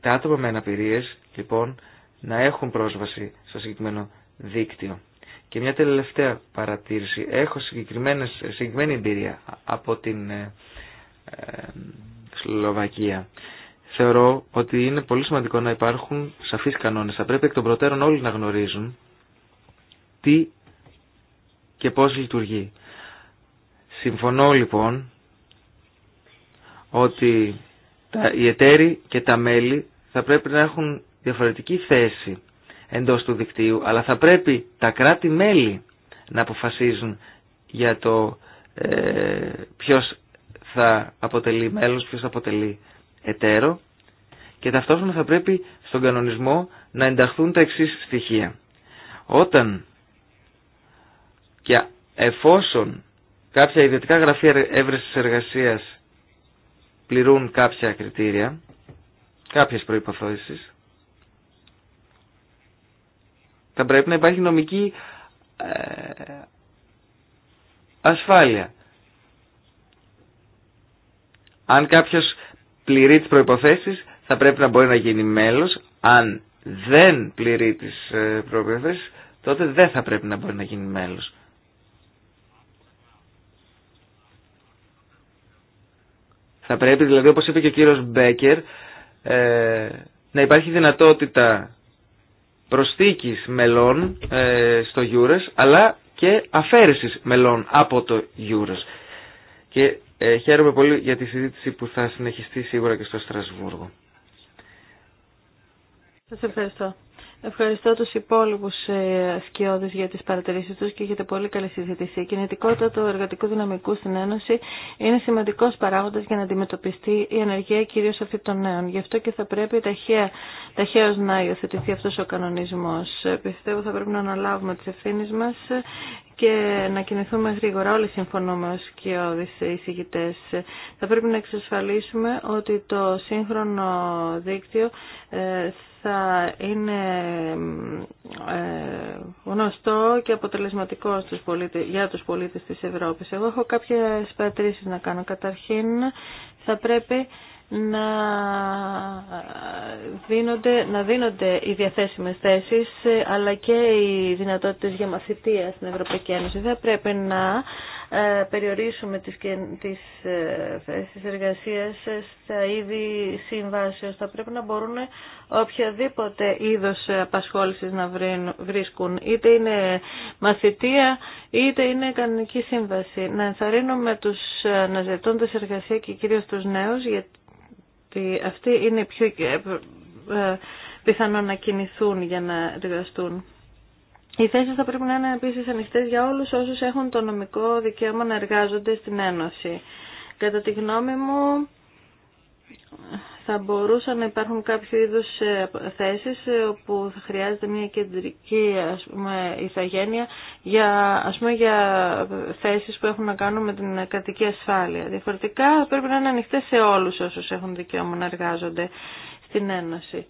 τα άτομα με αναπηρίες, λοιπόν, να έχουν πρόσβαση στο συγκεκριμένο δίκτυο. Και μια τελευταία παρατήρηση. Έχω συγκεκριμένες, συγκεκριμένη εμπειρία από την ε, ε, Σλοβακία θεωρώ ότι είναι πολύ σημαντικό να υπάρχουν σαφείς κανόνες. Θα πρέπει εκ των προτέρων όλοι να γνωρίζουν τι και πώς λειτουργεί. Συμφωνώ λοιπόν ότι τα, οι εταίροι και τα μέλη θα πρέπει να έχουν διαφορετική θέση εντός του δικτύου, αλλά θα πρέπει τα κράτη-μέλη να αποφασίζουν για το ε, ποιος θα αποτελεί μέλος, ποιος θα αποτελεί εταίρο και ταυτόχρονα θα πρέπει στον κανονισμό να ενταχθούν τα εξής στοιχεία. Όταν και εφόσον κάποια ιδιωτικά γραφεία έβρεσης εργασίας πληρούν κάποια κριτήρια, κάποιες προϋποθέσεις, θα πρέπει να υπάρχει νομική ε, ασφάλεια. Αν κάποιος πληρεί τις προϋποθέσεις θα πρέπει να μπορεί να γίνει μέλος. Αν δεν πληρεί τις ε, προϋποθέσεις, τότε δεν θα πρέπει να μπορεί να γίνει μέλος. Θα πρέπει δηλαδή, όπως είπε και ο κύριος Μπέκερ, ε, να υπάρχει δυνατότητα προσθήκης μελών ε, στο Eures, αλλά και αφαίρεσης μελών από το Eures. Και χαίρομαι πολύ για τη συζήτηση που θα συνεχιστεί σίγουρα και στο Στρασβούργο. Σας ευχαριστώ. Ευχαριστώ τους υπόλοιπους ε, σκιώδες για τις παρατηρήσεις τους και για πολύ καλή συζήτηση. Η κινητικότητα του εργατικού δυναμικού στην Ένωση είναι σημαντικός παράγοντας για να αντιμετωπιστεί η ανεργία κυρίως αυτή των νέων. Γι' αυτό και θα πρέπει ταχαία, ταχαίως να υιοθετηθεί αυτός ο κανονισμός. Ε, πιστεύω θα πρέπει να αναλάβουμε τις ευθύνε μας και να κινηθούμε γρήγορα. Όλοι συμφωνούμε ως κοιόδης εισηγητές. Θα πρέπει να εξασφαλίσουμε ότι το σύγχρονο δίκτυο ε, θα είναι ε, γνωστό και αποτελεσματικό στους πολίτες, για τους πολίτες της Ευρώπης. Εγώ έχω κάποιες παρατηρήσεις να κάνω. Καταρχήν θα πρέπει να δίνονται, να δίνονται οι διαθέσιμες θέσεις ε, αλλά και οι δυνατότητες για μαθητεία στην Ευρωπαϊκή Ένωση. Θα πρέπει να ε, περιορίσουμε τις, τις ε, θέσεις εργασίας στα είδη συμβάσεως. Θα πρέπει να μπορούν οποιαδήποτε είδος απασχόλησης να βρίσκουν. Είτε είναι μαθητεία είτε είναι κανονική σύμβαση. Να ενθαρρύνουμε τους αναζητώντες εργασία και κυρίως τους νέους γιατί ότι αυτοί είναι πιο ε, ε, πιθανό να κινηθούν για να εργαστούν. Οι θέσει θα πρέπει να είναι επίση ανοιχτέ για όλου όσου έχουν το νομικό δικαίωμα να εργάζονται στην Ένωση. Κατά τη γνώμη μου, θα μπορούσαν να υπάρχουν κάποιο είδους ε, θέσεις ε, όπου θα χρειάζεται μια κεντρική ας πούμε, ηθαγένεια για, ας πούμε, για θέσεις που έχουν να κάνουν με την κρατική ασφάλεια. Διαφορετικά πρέπει να είναι ανοιχτές σε όλους όσους έχουν δικαίωμα να εργάζονται στην Ένωση.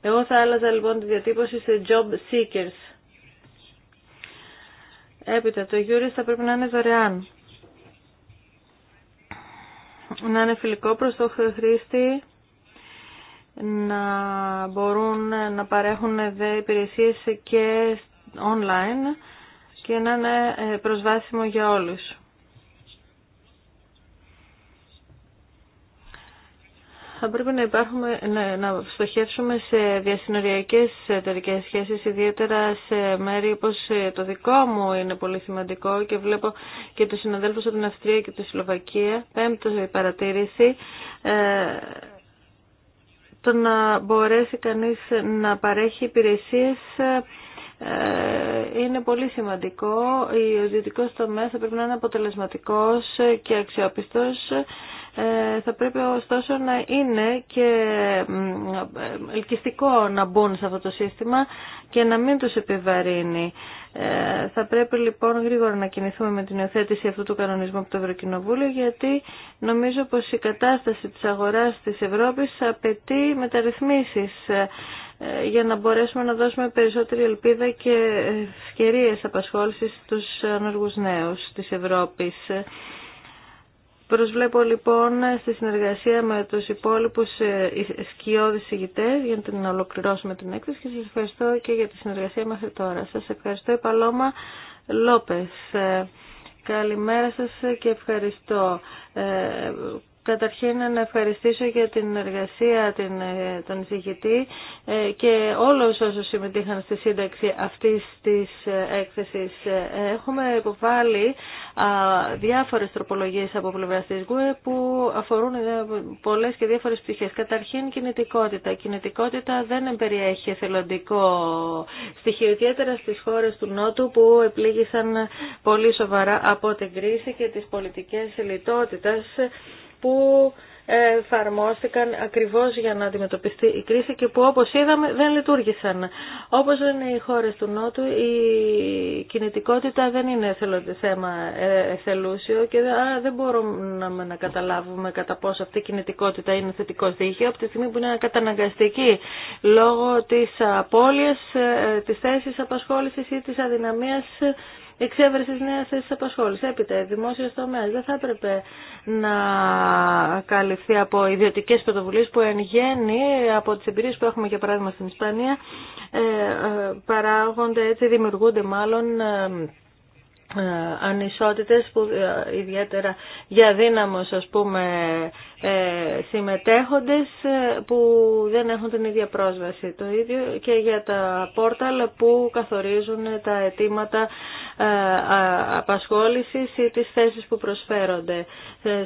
Εγώ θα άλλαζα λοιπόν τη διατύπωση σε job seekers Έπειτα, το γιούρι θα πρέπει να είναι δωρεάν. Να είναι φιλικό προς το χρήστη, να μπορούν να παρέχουν δε υπηρεσίες και online και να είναι ε, προσβάσιμο για όλους. θα πρέπει να, υπάρχουμε, να, στοχεύσουμε σε διασυνοριακές εταιρικέ σχέσεις, ιδιαίτερα σε μέρη όπως ε, το δικό μου είναι πολύ σημαντικό και βλέπω και τους συναδέλφους από την Αυστρία και τη Σλοβακία. Πέμπτο η παρατήρηση. Ε, το να μπορέσει κανείς να παρέχει υπηρεσίες ε, είναι πολύ σημαντικό. Ο ιδιωτικός τομέας θα πρέπει να είναι αποτελεσματικό και αξιόπιστο ε, θα πρέπει ωστόσο να είναι και ελκυστικό να μπουν σε αυτό το σύστημα και να μην τους επιβαρύνει. Ε, θα πρέπει λοιπόν γρήγορα να κινηθούμε με την υιοθέτηση αυτού του κανονισμού από το Ευρωκοινοβούλιο γιατί νομίζω πως η κατάσταση της αγοράς της Ευρώπης απαιτεί μεταρρυθμίσεις ε, για να μπορέσουμε να δώσουμε περισσότερη ελπίδα και ευκαιρίες απασχόλησης στους ανεργούς νέους της Ευρώπης. Προσβλέπω λοιπόν στη συνεργασία με τους υπόλοιπους ε, σκιώδεις ηγητές για να την ολοκληρώσουμε την έκθεση και σας ευχαριστώ και για τη συνεργασία μας τώρα. Σας ευχαριστώ η Παλώμα Λόπες. Ε, καλημέρα σας και ευχαριστώ. Ε, Καταρχήν να ευχαριστήσω για την εργασία την, ε, τον εισηγητή ε, και όλους όσους συμμετείχαν στη σύνταξη αυτής της ε, έκθεσης. Έχουμε υποβάλει διάφορες τροπολογίες από πλευρά της ΓΟΕ που αφορούν πολλές και διάφορες πτυχές. Καταρχήν κινητικότητα. κινητικότητα δεν περιέχει θελοντικό στοιχείο, ιδιαίτερα στις χώρες του Νότου που επλήγησαν πολύ σοβαρά από την κρίση και τις πολιτικές λιτότητας που εφαρμόστηκαν ακριβώς για να αντιμετωπιστεί η κρίση και που όπως είδαμε δεν λειτουργήσαν. Όπως λένε οι χώρες του Νότου, η κινητικότητα δεν είναι θέμα ε, εθελούσιο και δεν μπορούμε να καταλάβουμε κατά πόσο αυτή η κινητικότητα είναι θετικό στοιχείο από τη στιγμή που είναι καταναγκαστική λόγω της απώλειας ε, της θέσης απασχόλησης ή της αδυναμίας εξέβρεση νέα θέση απασχόληση. Έπειτα, δημόσιο τομέα δεν θα έπρεπε να καλυφθεί από ιδιωτικέ πρωτοβουλίε που εν γέννη από τι εμπειρίε που έχουμε για παράδειγμα στην Ισπανία ε, ε, παράγονται έτσι, δημιουργούνται μάλλον ε, ανισότητες που ιδιαίτερα για δύναμος ας πούμε ε, συμμετέχοντες ε, που δεν έχουν την ίδια πρόσβαση. Το ίδιο και για τα πόρταλ που καθορίζουν τα αιτήματα ε, απασχόλησης ή τις θέσεις που προσφέρονται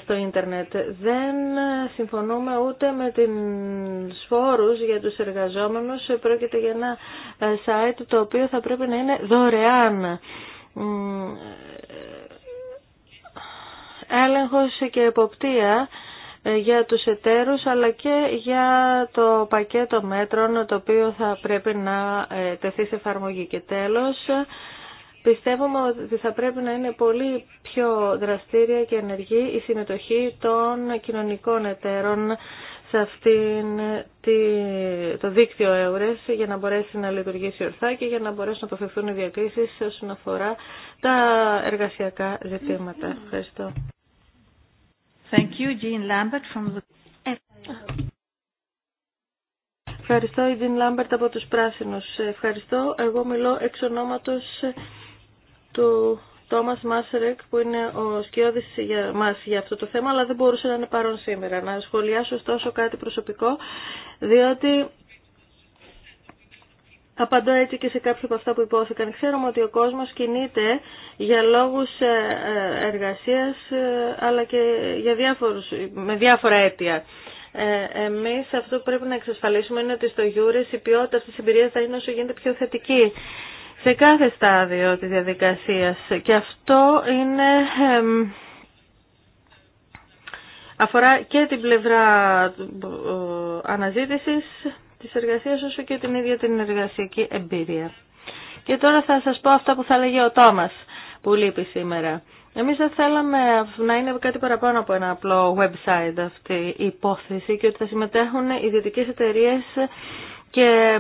στο ίντερνετ. Δεν συμφωνούμε ούτε με την φόρους για τους εργαζόμενους. Πρόκειται για ένα site το οποίο θα πρέπει να είναι δωρεάν έλεγχος και εποπτεία ε, για τους εταίρους αλλά και για το πακέτο μέτρων το οποίο θα πρέπει να ε, τεθεί σε εφαρμογή. Και τέλος, Πιστεύουμε ότι θα πρέπει να είναι πολύ πιο δραστήρια και ενεργή η συμμετοχή των κοινωνικών εταίρων σε αυτήν τη, το δίκτυο ΕΟΡΕΣ για να μπορέσει να λειτουργήσει ορθά και για να μπορέσουν να αποφευθούν οι διακρίσεις όσον αφορά τα εργασιακά ζητήματα. Ευχαριστώ. Thank you, Jean Lambert from the... Ευχαριστώ, η Jean Lambert από τους Πράσινους. Ευχαριστώ. Εγώ μιλώ εξ ονόματος ε, του Τόμας Μάσερεκ που είναι ο σκιώδης για μας για αυτό το θέμα αλλά δεν μπορούσε να είναι παρόν σήμερα. Να σχολιάσω ωστόσο κάτι προσωπικό διότι Απαντώ έτσι και σε κάποια από αυτά που υπόθηκαν. Ξέρουμε ότι ο κόσμος κινείται για λόγους ε, ε, εργασίας ε, αλλά και για διάφορους, με διάφορα αίτια. Ε, εμείς αυτό που πρέπει να εξασφαλίσουμε είναι ότι στο Γιούρι η ποιότητα αυτής της εμπειρίας θα είναι όσο γίνεται πιο θετική σε κάθε στάδιο της διαδικασίας. Και αυτό είναι... αφορά και την πλευρά αναζήτησης της εργασίας όσο και την ίδια την εργασιακή εμπειρία. Και τώρα θα σας πω αυτά που θα λέγει ο Τόμας που λείπει σήμερα. Εμείς θα θέλαμε να είναι κάτι παραπάνω από ένα απλό website αυτή η υπόθεση και ότι θα συμμετέχουν ιδιωτικές εταιρείες και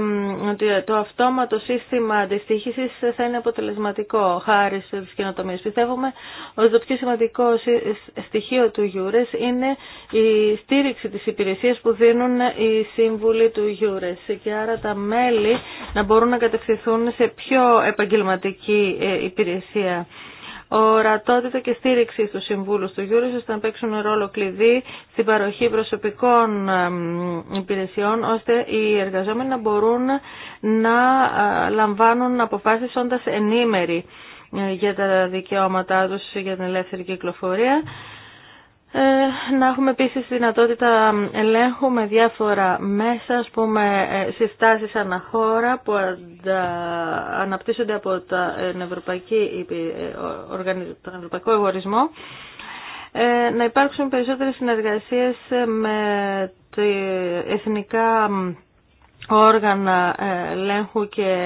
ότι το αυτόματο σύστημα αντιστοίχηση θα είναι αποτελεσματικό χάρη στις καινοτομίε. Πιστεύουμε ότι το πιο σημαντικό στοιχείο του Γιούρες είναι η στήριξη της υπηρεσίας που δίνουν οι σύμβουλοι του Γιούρες και άρα τα μέλη να μπορούν να κατευθυνθούν σε πιο επαγγελματική ε, υπηρεσία ορατότητα και στήριξη στους συμβούλους του Γιούρις ώστε να παίξουν ρόλο κλειδί στην παροχή προσωπικών υπηρεσιών ώστε οι εργαζόμενοι να μπορούν να ε, λαμβάνουν αποφάσεις όντας ενήμεροι ε, για τα δικαιώματά τους για την ελεύθερη κυκλοφορία ε, να έχουμε επίσης δυνατότητα ελέγχου με διάφορα μέσα, ας πούμε ε, συστάσεις αναχώρα που αναπτύσσονται από ε, τον Ευρωπαϊκό Εγωρισμό, να υπάρξουν περισσότερες συνεργασίες με εθνικά όργανα ελέγχου και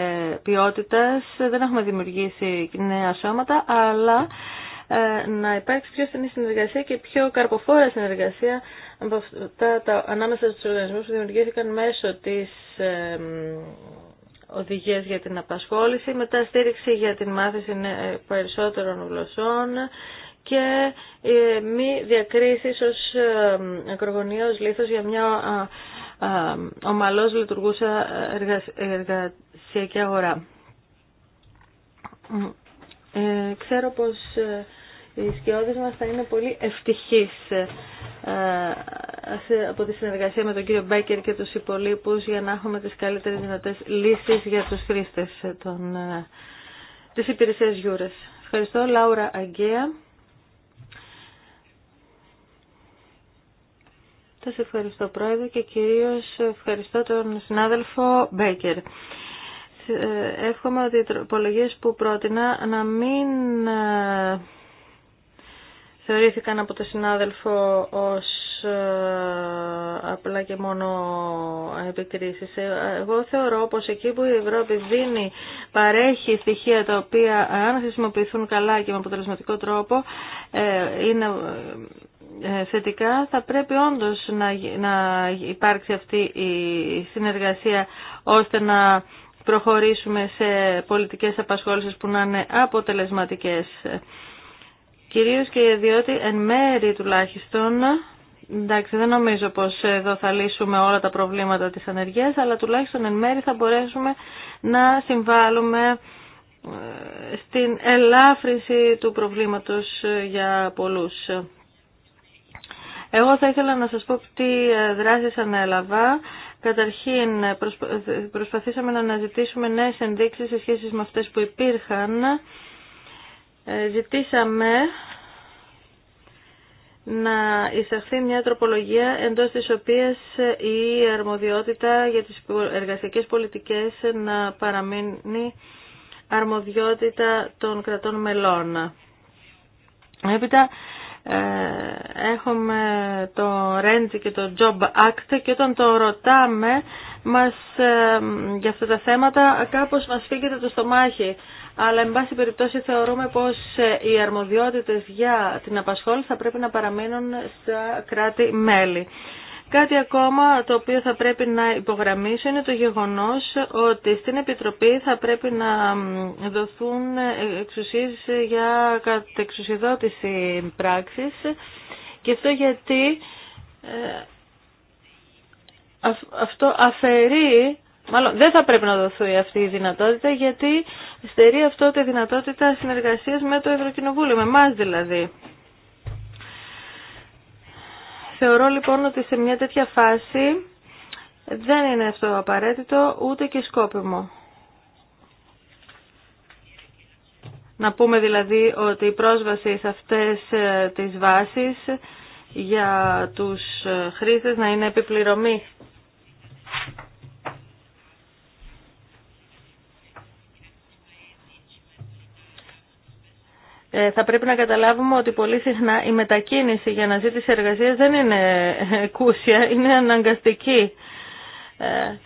ποιότητας. Δεν έχουμε δημιουργήσει νέα σώματα, αλλά ε, να υπάρξει πιο στενή συνεργασία και πιο καρποφόρα συνεργασία από αυτά, τα, ανάμεσα στους οργανισμούς που δημιουργήθηκαν μέσω της οδηγίες για την απασχόληση, μετά στήριξη για την μάθηση ε, περισσότερων γλωσσών και ε, μη διακρίσεις ως ακρογωνίος λήθος για μια ομαλώς λειτουργούσα εργασιακή αγορά. Ε, ξέρω πως ε, οι σκιώδεις μας θα είναι πολύ ευτυχείς ε, ε, από τη συνεργασία με τον κύριο Μπέκερ και τους υπολείπους για να έχουμε τις καλύτερες δυνατές λύσεις για τους χρήστες των, της υπηρεσίας Γιούρες. Ευχαριστώ. Λάουρα Αγγέα, Σας ευχαριστώ Πρόεδρε και κυρίως ευχαριστώ τον συνάδελφο Μπέκερ. Ε, εύχομαι ότι οι που πρότεινα να μην ε, θεωρήθηκαν από το συνάδελφο ως ε, απλά και μόνο επικρίσεις. Εγώ θεωρώ πως εκεί που η Ευρώπη δίνει, παρέχει στοιχεία τα οποία αν χρησιμοποιηθούν καλά και με αποτελεσματικό τρόπο είναι θετικά θα πρέπει όντως να, να υπάρξει αυτή η συνεργασία ώστε να προχωρήσουμε σε πολιτικές απασχόλησεις που να είναι αποτελεσματικές. Κυρίως και διότι εν μέρη τουλάχιστον, εντάξει δεν νομίζω πως εδώ θα λύσουμε όλα τα προβλήματα της ανεργίας, αλλά τουλάχιστον εν μέρη θα μπορέσουμε να συμβάλλουμε ε, στην ελάφρυνση του προβλήματος ε, για πολλούς. Εγώ θα ήθελα να σας πω τι ε, δράσεις ανέλαβα Καταρχήν προσπαθήσαμε να αναζητήσουμε νέες ενδείξεις σε σχέση με αυτές που υπήρχαν. Ε, ζητήσαμε να εισαχθεί μια τροπολογία εντός της οποίας η αρμοδιότητα για τις εργασιακές πολιτικές να παραμείνει αρμοδιότητα των κρατών μελών. Έπειτα ε, έχουμε το Ρέντζι και το Job Act και όταν το ρωτάμε μας, ε, για αυτά τα θέματα κάπως μας φύγεται το στομάχι. Αλλά, εν πάση περιπτώσει, θεωρούμε πως ε, οι αρμοδιότητες για την απασχόληση θα πρέπει να παραμείνουν στα κράτη-μέλη. Κάτι ακόμα το οποίο θα πρέπει να υπογραμμίσω είναι το γεγονός ότι στην Επιτροπή θα πρέπει να δοθούν εξουσίες για κατεξουσιδότηση πράξης και αυτό γιατί ε, αυτό αφαιρεί Μάλλον δεν θα πρέπει να δοθεί αυτή η δυνατότητα γιατί στερεί αυτό τη δυνατότητα συνεργασίας με το Ευρωκοινοβούλιο, με εμά δηλαδή. Θεωρώ λοιπόν ότι σε μια τέτοια φάση δεν είναι αυτό απαραίτητο ούτε και σκόπιμο. Να πούμε δηλαδή ότι η πρόσβαση σε αυτές ε, τις βάσεις για τους ε, χρήστες να είναι επιπληρωμή Ε, θα πρέπει να καταλάβουμε ότι πολύ συχνά η μετακίνηση για να αναζήτηση εργασίας δεν είναι ε, κούσια, είναι αναγκαστική. Ε,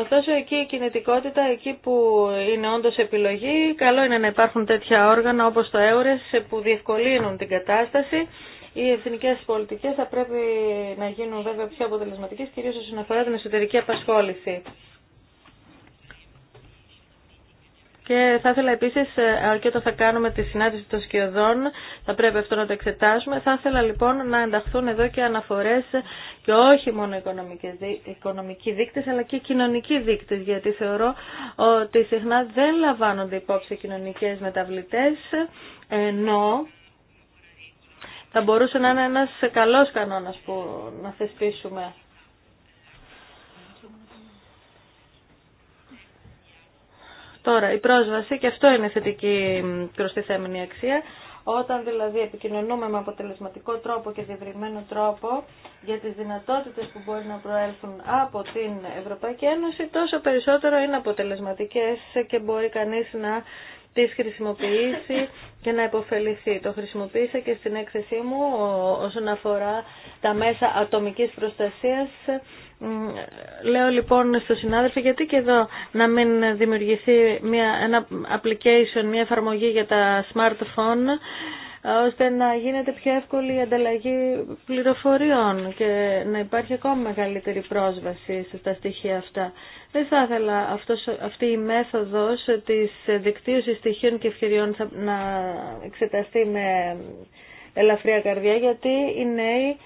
ωστόσο εκεί η κινητικότητα, εκεί που είναι όντως επιλογή, καλό είναι να υπάρχουν τέτοια όργανα όπως το ΕΟΡΕΣ που διευκολύνουν την κατάσταση. Οι εθνικέ πολιτικές θα πρέπει να γίνουν βέβαια πιο αποτελεσματικέ, κυρίως όσον αφορά την εσωτερική απασχόληση. Και θα ήθελα επίσης, ε, και όταν θα κάνουμε τη συνάντηση των σκιωδών, θα πρέπει αυτό να το εξετάσουμε. Θα ήθελα λοιπόν να ενταχθούν εδώ και αναφορές και όχι μόνο οικονομικοί δείκτες, αλλά και κοινωνικοί δείκτες, γιατί θεωρώ ότι συχνά δεν λαμβάνονται υπόψη κοινωνικές μεταβλητές, ενώ θα μπορούσε να είναι ένας καλός κανόνας που να θεσπίσουμε Τώρα, η πρόσβαση, και αυτό είναι θετική προστιθέμενη αξία, όταν δηλαδή επικοινωνούμε με αποτελεσματικό τρόπο και διευρυγμένο τρόπο για τις δυνατότητες που μπορεί να προέλθουν από την Ευρωπαϊκή Ένωση, τόσο περισσότερο είναι αποτελεσματικές και μπορεί κανείς να τις χρησιμοποιήσει και να υποφεληθεί. Το χρησιμοποίησα και στην έκθεσή μου όσον αφορά τα μέσα ατομικής προστασίας Λέω λοιπόν στο συνάδελφο γιατί και εδώ να μην δημιουργηθεί μια, ένα application, μια εφαρμογή για τα smartphone ώστε να γίνεται πιο εύκολη η ανταλλαγή πληροφοριών και να υπάρχει ακόμα μεγαλύτερη πρόσβαση στα στοιχεία αυτά. Δεν θα ήθελα αυτός, αυτή η μέθοδος της δικτύωσης στοιχείων και ευκαιριών να εξεταστεί με ελαφριά καρδιά γιατί οι νέοι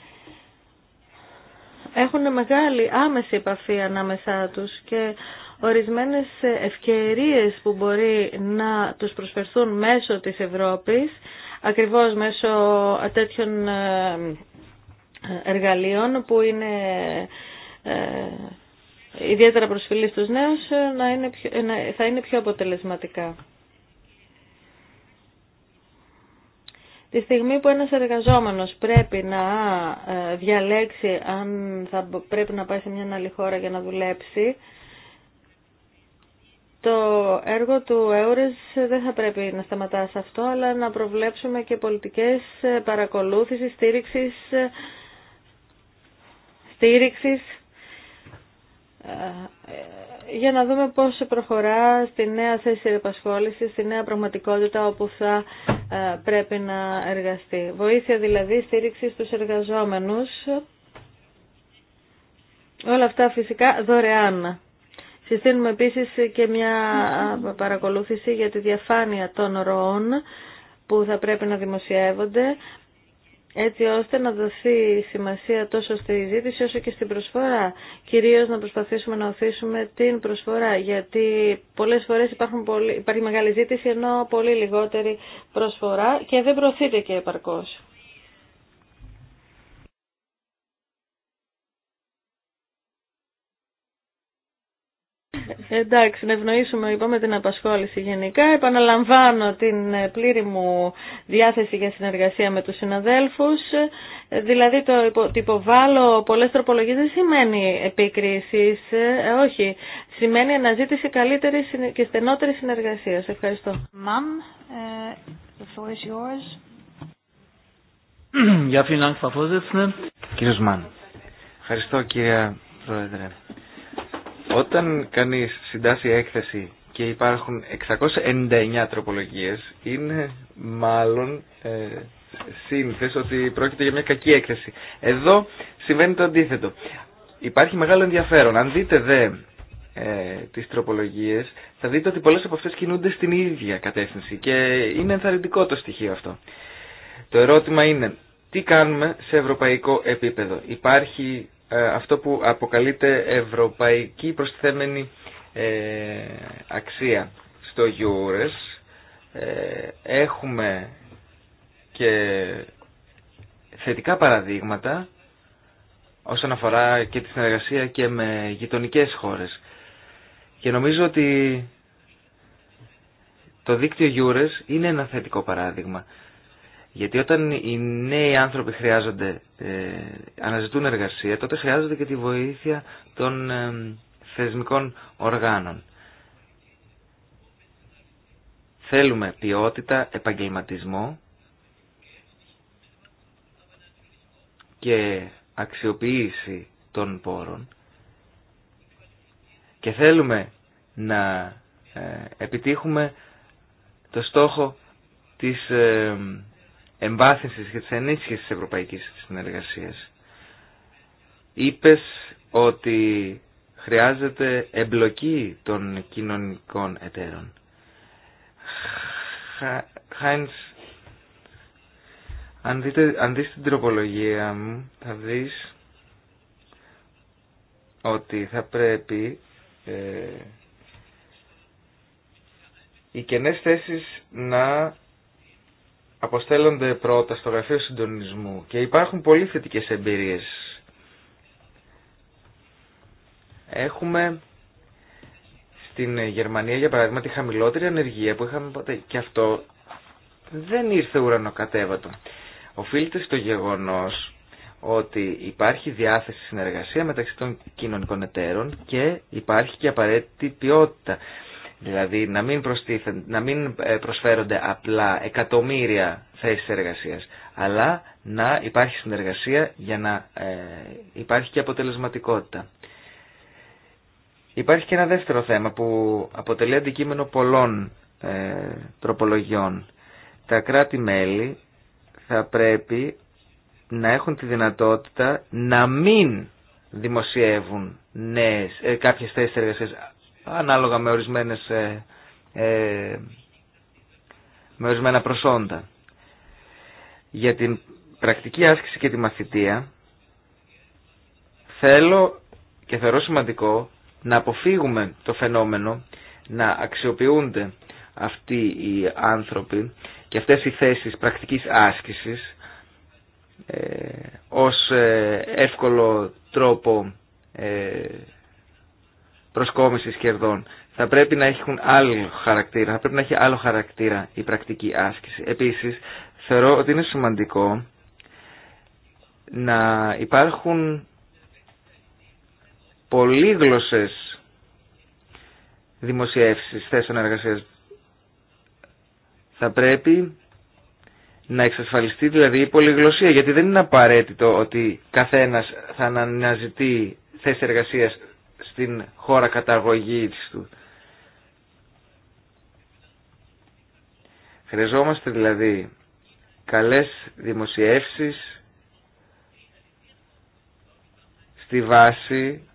έχουν μεγάλη άμεση επαφή ανάμεσά τους και ορισμένες ευκαιρίες που μπορεί να τους προσφερθούν μέσω της Ευρώπης, ακριβώς μέσω τέτοιων ε, εργαλείων που είναι ε, ιδιαίτερα προσφυλή στους νέους, ε, να είναι θα είναι πιο αποτελεσματικά. Τη στιγμή που ένας εργαζόμενος πρέπει να ε, διαλέξει αν θα πρέπει να πάει σε μια άλλη χώρα για να δουλέψει, το έργο του ΕΟΡΕΣ δεν θα πρέπει να σταματά σε αυτό, αλλά να προβλέψουμε και πολιτικές ε, παρακολούθησης, στήριξης, ε, στήριξης για να δούμε πώς προχωρά στη νέα θέση επασχόλησης, στη νέα πραγματικότητα όπου θα ε, πρέπει να εργαστεί. Βοήθεια δηλαδή στήριξη στους εργαζόμενους. Όλα αυτά φυσικά δωρεάν. Συστήνουμε επίσης και μια ε, παρακολούθηση για τη διαφάνεια των ροών που θα πρέπει να δημοσιεύονται έτσι ώστε να δοθεί σημασία τόσο στη ζήτηση όσο και στην προσφορά. Κυρίως να προσπαθήσουμε να οθήσουμε την προσφορά, γιατί πολλές φορές υπάρχουν πολύ, υπάρχει μεγάλη ζήτηση ενώ πολύ λιγότερη προσφορά και δεν προωθείται και επαρκώς. Ε, εντάξει, να ευνοήσουμε λοιπόν την απασχόληση γενικά. Επαναλαμβάνω την ε, πλήρη μου διάθεση για συνεργασία με τους συναδέλφους. Ε, δηλαδή το υποβάλλω πολλές τροπολογίες δεν σημαίνει επίκρισεις, όχι. Σημαίνει αναζήτηση καλύτερης και στενότερης συνεργασίας. Ευχαριστώ. Μαμ, the yours. Μαν, ευχαριστώ κύριε Πρόεδρε. Όταν κανείς συντάσσει έκθεση και υπάρχουν 699 τροπολογίες, είναι μάλλον ε, ότι πρόκειται για μια κακή έκθεση. Εδώ συμβαίνει το αντίθετο. Υπάρχει μεγάλο ενδιαφέρον. Αν δείτε δε ε, τις τροπολογίες, θα δείτε ότι πολλές από αυτές κινούνται στην ίδια κατεύθυνση και είναι ενθαρρυντικό το στοιχείο αυτό. Το ερώτημα είναι, τι κάνουμε σε ευρωπαϊκό επίπεδο. Υπάρχει ε, αυτό που αποκαλείται ευρωπαϊκή προστιθέμενη ε, αξία στο EURES. Ε, έχουμε και θετικά παραδείγματα όσον αφορά και τη συνεργασία και με γειτονικές χώρες. Και νομίζω ότι το δίκτυο EURES είναι ένα θετικό παράδειγμα. Γιατί όταν οι νέοι άνθρωποι χρειάζονται, ε, αναζητούν εργασία, τότε χρειάζονται και τη βοήθεια των ε, θεσμικών οργάνων. Θέλουμε ποιότητα, επαγγελματισμό και αξιοποίηση των πόρων και θέλουμε να ε, επιτύχουμε το στόχο της εμβάθυνσης και της ενίσχυσης της ευρωπαϊκής συνεργασίας. Είπες ότι χρειάζεται εμπλοκή των κοινωνικών εταίρων. Χάινς, αν, δεις την τροπολογία μου, θα δεις ότι θα πρέπει ε, οι κενές θέσεις να αποστέλλονται πρώτα στο γραφείο συντονισμού και υπάρχουν πολύ θετικέ εμπειρίες. Έχουμε στην Γερμανία για παράδειγμα τη χαμηλότερη ανεργία που είχαμε ποτέ και αυτό δεν ήρθε ουρανοκατέβατο. Οφείλεται στο γεγονός ότι υπάρχει διάθεση συνεργασία μεταξύ των κοινωνικών εταίρων και υπάρχει και απαραίτητη ποιότητα. Δηλαδή να μην, να μην ε, προσφέρονται απλά εκατομμύρια θέσεις εργασίας, αλλά να υπάρχει συνεργασία για να ε, υπάρχει και αποτελεσματικότητα. Υπάρχει και ένα δεύτερο θέμα που αποτελεί αντικείμενο πολλών ε, τροπολογιών. Τα κράτη-μέλη θα πρέπει να έχουν τη δυνατότητα να μην δημοσιεύουν νέες, ε, κάποιες θέσεις εργασίας ανάλογα με, ορισμένες, ε, ε, με ορισμένα προσόντα. Για την πρακτική άσκηση και τη μαθητεία θέλω και θεωρώ σημαντικό να αποφύγουμε το φαινόμενο να αξιοποιούνται αυτοί οι άνθρωποι και αυτές οι θέσεις πρακτικής άσκησης ε, ως ε, εύκολο τρόπο ε, προσκόμιση κερδών. Θα πρέπει να έχουν άλλο χαρακτήρα, θα πρέπει να έχει άλλο χαρακτήρα η πρακτική άσκηση. Επίσης, θεωρώ ότι είναι σημαντικό να υπάρχουν πολύγλωσσες δημοσιεύσεις θέσεων εργασία, Θα πρέπει να εξασφαλιστεί δηλαδή η πολυγλωσία, γιατί δεν είναι απαραίτητο ότι καθένας θα αναζητεί θέση εργασίας στην χώρα καταγωγής του. Χρειαζόμαστε δηλαδή καλές δημοσιεύσεις στη βάση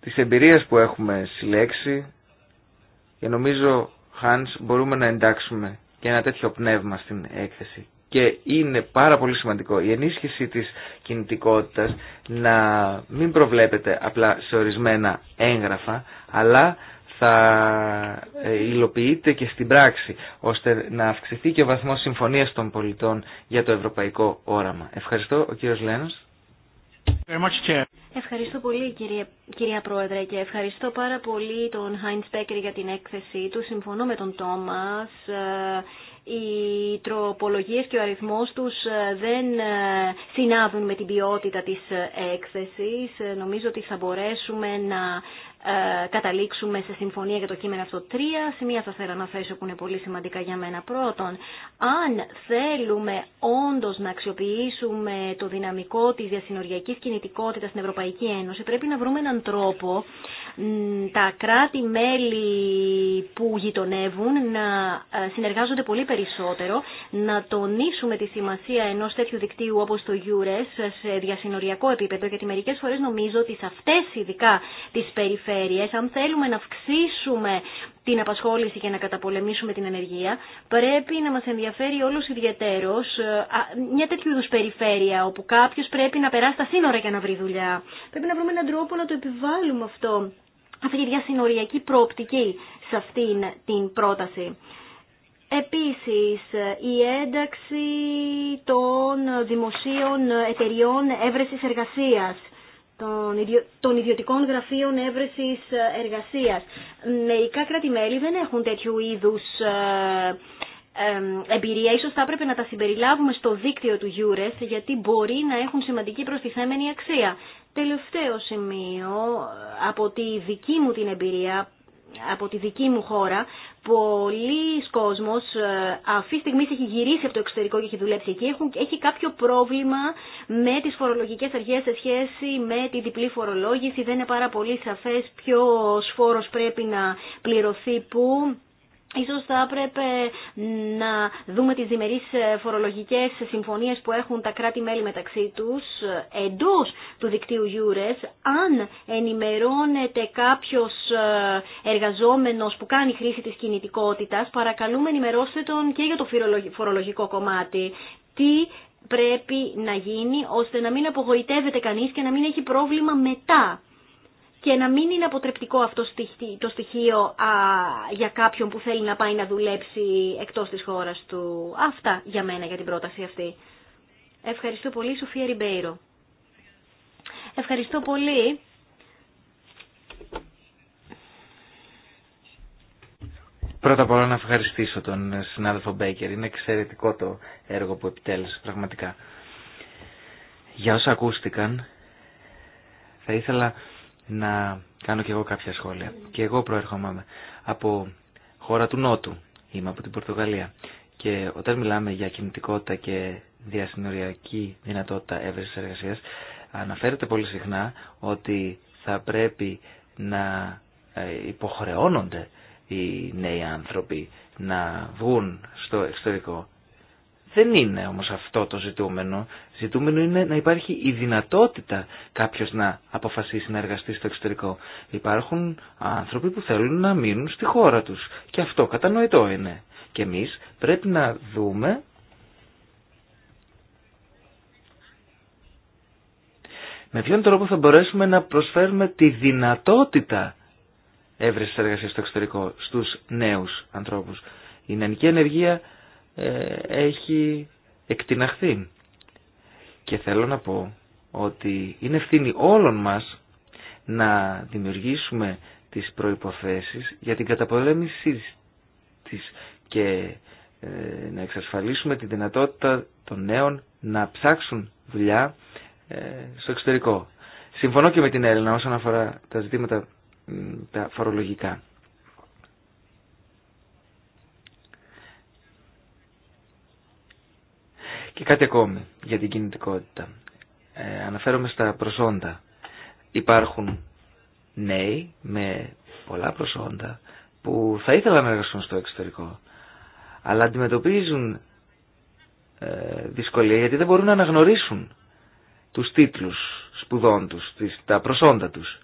της εμπειρίας που έχουμε συλλέξει και νομίζω, Χάνς, μπορούμε να εντάξουμε και ένα τέτοιο πνεύμα στην έκθεση και είναι πάρα πολύ σημαντικό η ενίσχυση της κινητικότητας να μην προβλέπεται απλά σε ορισμένα έγγραφα, αλλά θα ε, υλοποιείται και στην πράξη, ώστε να αυξηθεί και ο βαθμός συμφωνίας των πολιτών για το ευρωπαϊκό όραμα. Ευχαριστώ, ο κύριος Λένος. Ευχαριστώ πολύ κυρία Πρόεδρε και ευχαριστώ πάρα πολύ τον Χάιντ Πέκερ για την έκθεσή του. Συμφωνώ με τον Τόμας ε, οι τροπολογίες και ο αριθμός τους ε, δεν ε, συνάδουν με την ποιότητα της ε, έκθεσης. Νομίζω ότι θα μπορέσουμε να ε, καταλήξουμε σε συμφωνία για το κείμενο αυτό. Τρία σημεία θα θέλω να θέσω που είναι πολύ σημαντικά για μένα. Πρώτον, αν θέλουμε όντως να αξιοποιήσουμε το δυναμικό της διασυνοριακής κινητικότητας στην Ευρωπαϊκή Ένωση, πρέπει να βρούμε έναν τρόπο τα κράτη-μέλη που γειτονεύουν να ε, συνεργάζονται πολύ περισσότερο, να τονίσουμε τη σημασία ενός τέτοιου δικτύου όπως το EURES σε διασυνοριακό επίπεδο, γιατί μερικές φορές νομίζω ότι σε αυτές ειδικά τις περιφέρειες αν θέλουμε να αυξήσουμε την απασχόληση και να καταπολεμήσουμε την ενεργεία, πρέπει να μας ενδιαφέρει όλος ιδιαίτερος ε, μια τέτοιου είδους περιφέρεια, όπου κάποιος πρέπει να περάσει τα σύνορα για να βρει δουλειά. Πρέπει να βρούμε έναν τρόπο να το επιβάλλουμε αυτό, αυτή τη διασυνοριακή προοπτική σε αυτήν την πρόταση. Επίσης, η ένταξη των δημοσίων εταιριών έβρεσης εργασίας των ιδιωτικών γραφείων έβρεσης ε, εργασίας. Μερικά κράτη-μέλη δεν έχουν τέτοιου είδους ε, ε, εμπειρία. Ίσως θα έπρεπε να τα συμπεριλάβουμε στο δίκτυο του Eures γιατί μπορεί να έχουν σημαντική προστιθέμενη αξία. Τελευταίο σημείο από τη δική μου την εμπειρία από τη δική μου χώρα πολλοί κόσμος ε, αυτή τη στιγμή έχει γυρίσει από το εξωτερικό και έχει δουλέψει εκεί. Έχουν, έχει κάποιο πρόβλημα με τις φορολογικές αρχές σε σχέση με τη διπλή φορολόγηση. Δεν είναι πάρα πολύ σαφές ποιος φόρος πρέπει να πληρωθεί που. Ίσως θα έπρεπε να δούμε τις διμερείς φορολογικές συμφωνίες που έχουν τα κράτη-μέλη μεταξύ τους εντός του δικτύου Eures. Αν ενημερώνεται κάποιος ε, εργαζόμενος που κάνει χρήση της κινητικότητας, παρακαλούμε ενημερώστε τον και για το φορολογικό κομμάτι. Τι πρέπει να γίνει ώστε να μην απογοητεύεται κανείς και να μην έχει πρόβλημα μετά και να μην είναι αποτρεπτικό αυτό το στοιχείο για κάποιον που θέλει να πάει να δουλέψει εκτός της χώρας του. Αυτά για μένα για την πρόταση αυτή. Ευχαριστώ πολύ, Σοφία Ριμπέιρο. Ευχαριστώ πολύ. Πρώτα απ' όλα να ευχαριστήσω τον συνάδελφο Μπέικερ. Είναι εξαιρετικό το έργο που επιτέλεσε πραγματικά. Για όσα ακούστηκαν, θα ήθελα να κάνω και εγώ κάποια σχόλια. Και εγώ προέρχομαι από χώρα του Νότου, είμαι από την Πορτογαλία. Και όταν μιλάμε για κινητικότητα και διασυνοριακή δυνατότητα έβρεσης εργασίας, αναφέρεται πολύ συχνά ότι θα πρέπει να ε, υποχρεώνονται οι νέοι άνθρωποι να βγουν στο εξωτερικό δεν είναι όμως αυτό το ζητούμενο. Ζητούμενο είναι να υπάρχει η δυνατότητα κάποιος να αποφασίσει να εργαστεί στο εξωτερικό. Υπάρχουν άνθρωποι που θέλουν να μείνουν στη χώρα τους. Και αυτό κατανοητό είναι. Και εμείς πρέπει να δούμε με ποιον τρόπο θα μπορέσουμε να προσφέρουμε τη δυνατότητα έβρεσης εργασίας στο εξωτερικό στους νέους ανθρώπους. Η νεανική ενεργία... Ε, έχει εκτιναχθεί. Και θέλω να πω ότι είναι ευθύνη όλων μας να δημιουργήσουμε τις προϋποθέσεις για την καταπολέμηση της και ε, να εξασφαλίσουμε τη δυνατότητα των νέων να ψάξουν δουλειά ε, στο εξωτερικό. Συμφωνώ και με την Έλληνα όσον αφορά τα ζητήματα τα φορολογικά. Και κάτι ακόμη για την κινητικότητα. Ε, αναφέρομαι στα προσόντα. Υπάρχουν νέοι με πολλά προσόντα που θα ήθελαν να εργαστούν στο εξωτερικό, αλλά αντιμετωπίζουν ε, δυσκολία γιατί δεν μπορούν να αναγνωρίσουν τους τίτλους σπουδών τους, τις, τα προσόντα τους.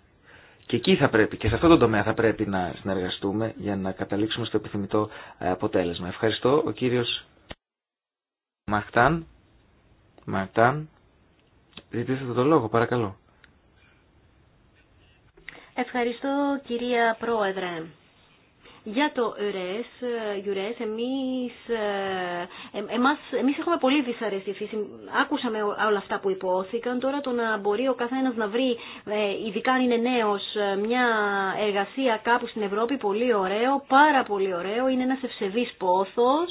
Και εκεί θα πρέπει, και σε αυτό το τομέα θα πρέπει να συνεργαστούμε για να καταλήξουμε στο επιθυμητό ε, αποτέλεσμα. Ευχαριστώ. Ο κύριος Μαχτάν, Μαχτάν, ζητήσατε το λόγο, παρακαλώ. Ευχαριστώ κυρία Πρόεδρε. Για το ΕΡΕΣ, ΙΡΕΣ, εμείς, ε, ε, εμάς, εμείς έχουμε πολύ δυσαρεστή φύση. Άκουσαμε όλα αυτά που υπόθηκαν. Τώρα το να μπορεί ο καθένας να βρει, ε, ειδικά αν είναι νέος, ε, μια εργασία κάπου στην Ευρώπη, πολύ ωραίο, πάρα πολύ ωραίο. Είναι ένας ευσεβής πόθος.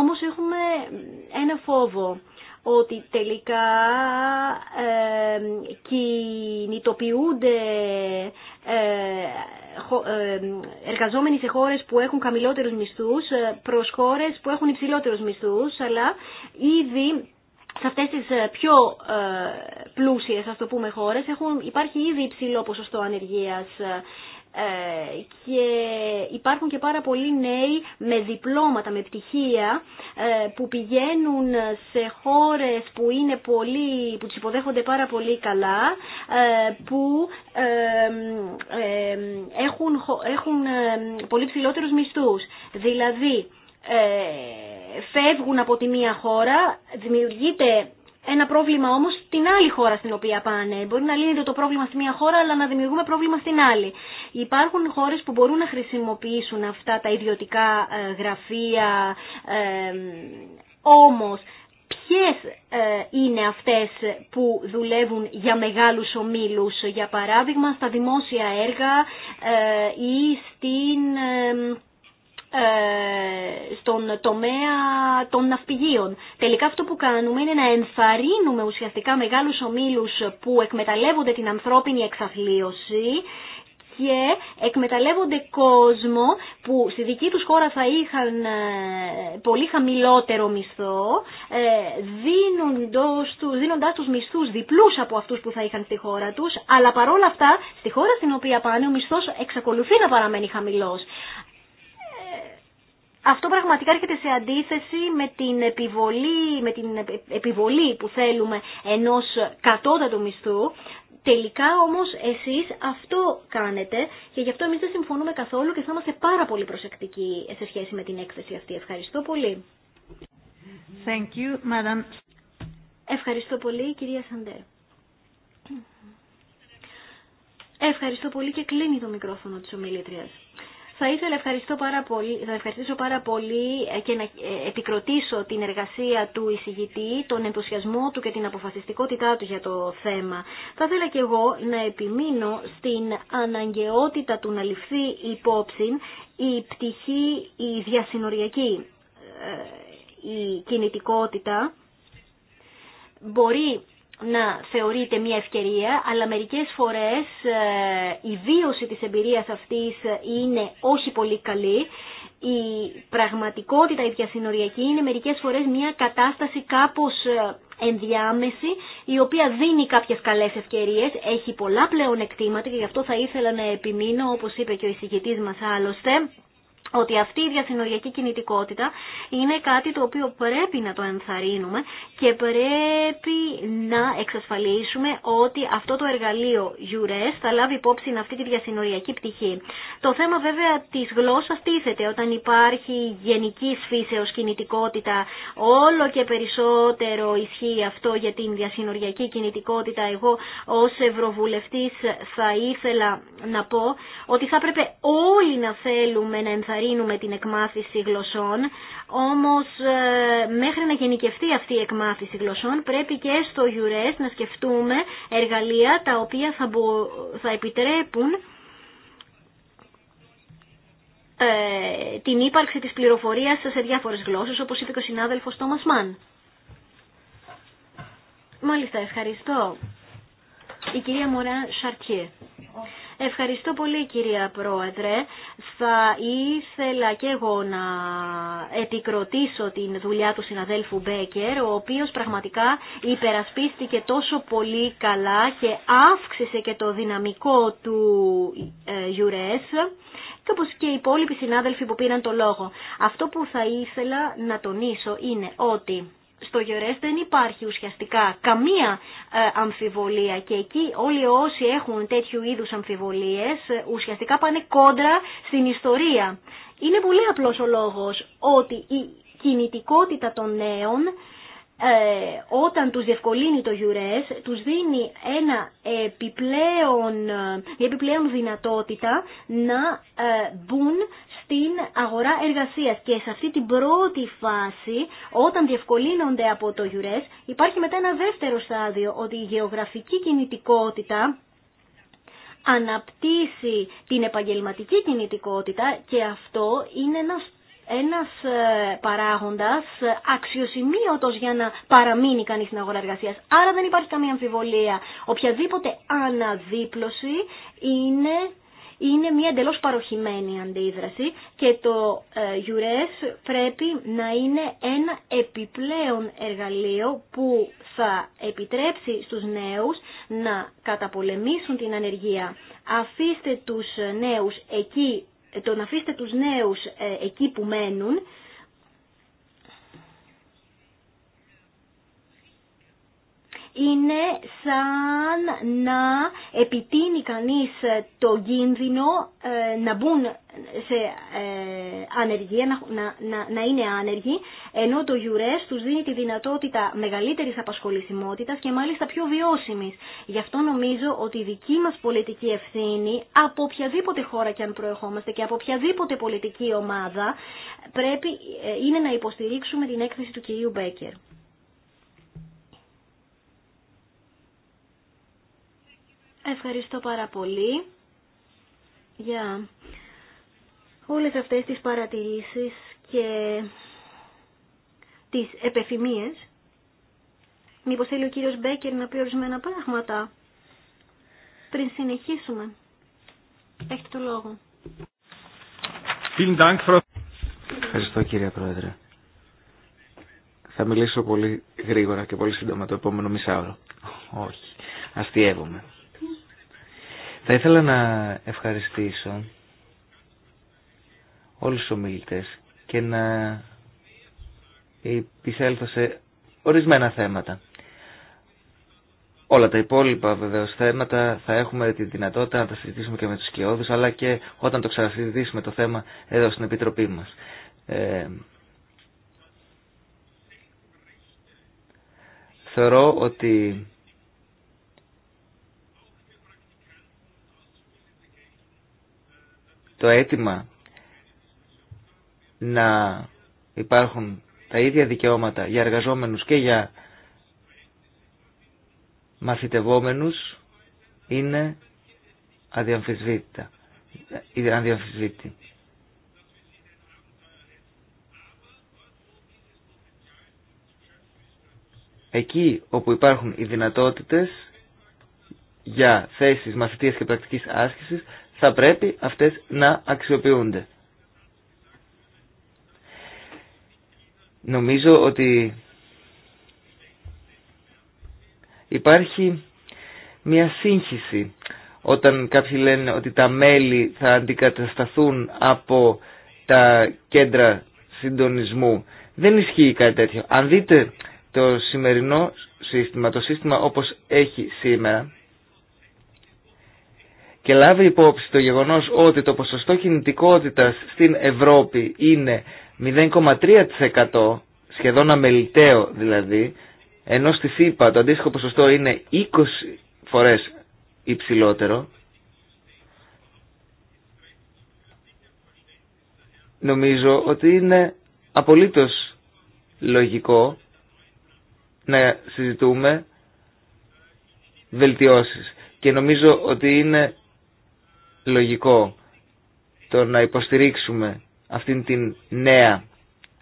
Όμως έχουμε ένα φόβο ότι τελικά ε, κινητοποιούνται ε, ε, εργαζόμενοι σε χώρες που έχουν καμηλότερους μισθούς ε, προς χώρες που έχουν υψηλότερους μισθούς, αλλά ήδη σε αυτές τις πιο πλούσιες, ας το πούμε, χώρες έχουν, υπάρχει ήδη υψηλό ποσοστό ανεργίας ε, και υπάρχουν και πάρα πολλοί νέοι με διπλώματα, με πτυχία ε, που πηγαίνουν σε χώρες που, είναι πολύ, που τους υποδέχονται πάρα πολύ καλά ε, που έχουν, έχουν πολύ ψηλότερους μισθούς. Δηλαδή φεύγουν από τη μία χώρα, δημιουργείται ένα πρόβλημα όμω στην άλλη χώρα στην οποία πάνε. Μπορεί να λύνεται το πρόβλημα στη μία χώρα, αλλά να δημιουργούμε πρόβλημα στην άλλη. Υπάρχουν χώρε που μπορούν να χρησιμοποιήσουν αυτά τα ιδιωτικά ε, γραφεία, ε, όμω ποιες ε, είναι αυτές που δουλεύουν για μεγάλους ομίλους, για παράδειγμα στα δημόσια έργα ή στην ε, στον τομέα των ναυπηγείων. Τελικά αυτό που κάνουμε είναι να ενθαρρύνουμε ουσιαστικά μεγάλους ομίλους που εκμεταλλεύονται την ανθρώπινη εξαθλίωση και εκμεταλλεύονται κόσμο που στη δική τους χώρα θα είχαν ε, πολύ χαμηλότερο μισθό, ε, δίνοντάς τους, δίνοντάς τους μισθούς διπλούς από αυτούς που θα είχαν στη χώρα τους, αλλά παρόλα αυτά στη χώρα στην οποία πάνε ο μισθός εξακολουθεί να παραμένει χαμηλός αυτό πραγματικά έρχεται σε αντίθεση με την επιβολή, με την επιβολή που θέλουμε ενός κατώτατου μισθού. Τελικά όμως εσείς αυτό κάνετε και γι' αυτό εμείς δεν συμφωνούμε καθόλου και θα είμαστε πάρα πολύ προσεκτικοί σε σχέση με την έκθεση αυτή. Ευχαριστώ πολύ. Thank you, Madam. Ευχαριστώ πολύ, κυρία Σαντέ. Ευχαριστώ πολύ και κλείνει το μικρόφωνο της ομιλήτριας. Θα ήθελα ευχαριστώ πάρα πολύ, θα ευχαριστήσω πάρα πολύ ε, και να ε, επικροτήσω την εργασία του εισηγητή, τον ενθουσιασμό του και την αποφασιστικότητά του για το θέμα. Θα ήθελα και εγώ να επιμείνω στην αναγκαιότητα του να ληφθεί υπόψη η πτυχή, η διασυνοριακή ε, η κινητικότητα μπορεί να θεωρείται μια ευκαιρία, αλλά μερικές φορές ε, η βίωση της εμπειρίας αυτής είναι όχι πολύ καλή. Η πραγματικότητα η διασυνοριακή είναι μερικές φορές μια κατάσταση κάπως ε, ενδιάμεση, η οποία δίνει κάποιες καλές ευκαιρίες, έχει πολλά πλέον εκτήματα και γι' αυτό θα ήθελα να επιμείνω, όπως είπε και ο εισηγητής μας άλλωστε, ότι αυτή η διασυνοριακή κινητικότητα είναι κάτι το οποίο πρέπει να το ενθαρρύνουμε και πρέπει να εξασφαλίσουμε ότι αυτό το εργαλείο EURES θα λάβει υπόψη αυτή τη διασυνοριακή πτυχή. Το θέμα βέβαια της γλώσσας τίθεται όταν υπάρχει γενική φύσεως κινητικότητα. Όλο και περισσότερο ισχύει αυτό για την διασυνοριακή κινητικότητα. Εγώ ως Ευρωβουλευτής θα ήθελα να πω ότι θα έπρεπε όλοι να θέλουμε να ενθαρρύνουμε την εκμάθηση γλωσσών, όμως ε, μέχρι να γενικευτεί αυτή η εκμάθηση γλωσσών πρέπει και στο Γιουρές να σκεφτούμε εργαλεία τα οποία θα, θα επιτρέπουν ε, την ύπαρξη της πληροφορίας σε διάφορες γλώσσες, όπως είπε και ο συνάδελφος Τόμας Μαν. Μάλιστα, ευχαριστώ. Η κυρία Μωρά Σαρτιέ. Ευχαριστώ πολύ κυρία Πρόεδρε. Θα ήθελα και εγώ να επικροτήσω την δουλειά του συναδέλφου Μπέκερ, ο οποίος πραγματικά υπερασπίστηκε τόσο πολύ καλά και αύξησε και το δυναμικό του Γιουρές ε, και όπως και οι υπόλοιποι συνάδελφοι που πήραν το λόγο. Αυτό που θα ήθελα να τονίσω είναι ότι στο Γερές δεν υπάρχει ουσιαστικά καμία ε, αμφιβολία και εκεί όλοι όσοι έχουν τέτοιου είδους αμφιβολίες ε, ουσιαστικά πάνε κόντρα στην ιστορία. Είναι πολύ απλός ο λόγος ότι η κινητικότητα των νέων ε, όταν τους διευκολύνει το γιουρές τους δίνει ένα επιπλέον, ε, μια επιπλέον δυνατότητα να ε, μπουν στην αγορά εργασίας και σε αυτή την πρώτη φάση όταν διευκολύνονται από το γιουρές υπάρχει μετά ένα δεύτερο στάδιο ότι η γεωγραφική κινητικότητα αναπτύσσει την επαγγελματική κινητικότητα και αυτό είναι ένας ένας ε, παράγοντας ε, αξιοσημείωτος για να παραμείνει κανείς στην αγορά εργασίας. Άρα δεν υπάρχει καμία αμφιβολία. Οποιαδήποτε αναδίπλωση είναι, είναι μια εντελώς παροχημένη αντίδραση και το ε, πρέπει να είναι ένα επιπλέον εργαλείο που θα επιτρέψει στους νέους να καταπολεμήσουν την ανεργία. Αφήστε τους νέους εκεί το να αφήσετε τους νέους ε, εκεί που μένουν είναι σαν να επιτείνει κανείς το κίνδυνο ε, να μπουν σε ε, ανεργία, να, να, να είναι άνεργοι, ενώ το γιουρές τους δίνει τη δυνατότητα μεγαλύτερης απασχολησιμότητας και μάλιστα πιο βιώσιμης. Γι' αυτό νομίζω ότι η δική μας πολιτική ευθύνη, από οποιαδήποτε χώρα και αν προεχόμαστε και από οποιαδήποτε πολιτική ομάδα, πρέπει, ε, είναι να υποστηρίξουμε την έκθεση του κυρίου Μπέκερ. Ευχαριστώ πάρα πολύ για όλες αυτές τις παρατηρήσεις και τις επεφημίες. Μήπως θέλει ο κύριος Μπέκερ να πει ορισμένα πράγματα πριν συνεχίσουμε. Έχετε το λόγο. Ευχαριστώ κύριε Πρόεδρε. Θα μιλήσω πολύ γρήγορα και πολύ σύντομα το επόμενο μισάωρο. Όχι, αστείευομαι. Θα ήθελα να ευχαριστήσω όλους τους ομιλητές και να επισέλθω σε ορισμένα θέματα. Όλα τα υπόλοιπα βεβαίως θέματα θα έχουμε τη δυνατότητα να τα συζητήσουμε και με τους σκιώδους αλλά και όταν το ξανασυζητήσουμε το θέμα εδώ στην Επιτροπή μας. Ε, θεωρώ ότι το αίτημα να υπάρχουν τα ίδια δικαιώματα για εργαζόμενους και για μαθητευόμενους είναι αδιαμφισβήτητα. αδιαμφισβήτη. Εκεί όπου υπάρχουν οι δυνατότητες για θέσεις μαθητείας και πρακτικής άσκησης θα πρέπει αυτές να αξιοποιούνται. Νομίζω ότι υπάρχει μια σύγχυση όταν κάποιοι λένε ότι τα μέλη θα αντικατασταθούν από τα κέντρα συντονισμού. Δεν ισχύει κάτι τέτοιο. Αν δείτε το σημερινό σύστημα, το σύστημα όπως έχει σήμερα, και λάβει υπόψη το γεγονός ότι το ποσοστό κινητικότητας στην Ευρώπη είναι 0,3% σχεδόν αμεληταίο δηλαδή, ενώ στη ΣΥΠΑ το αντίστοιχο ποσοστό είναι 20 φορές υψηλότερο, νομίζω ότι είναι απολύτως λογικό να συζητούμε βελτιώσεις. Και νομίζω ότι είναι λογικό το να υποστηρίξουμε αυτήν την νέα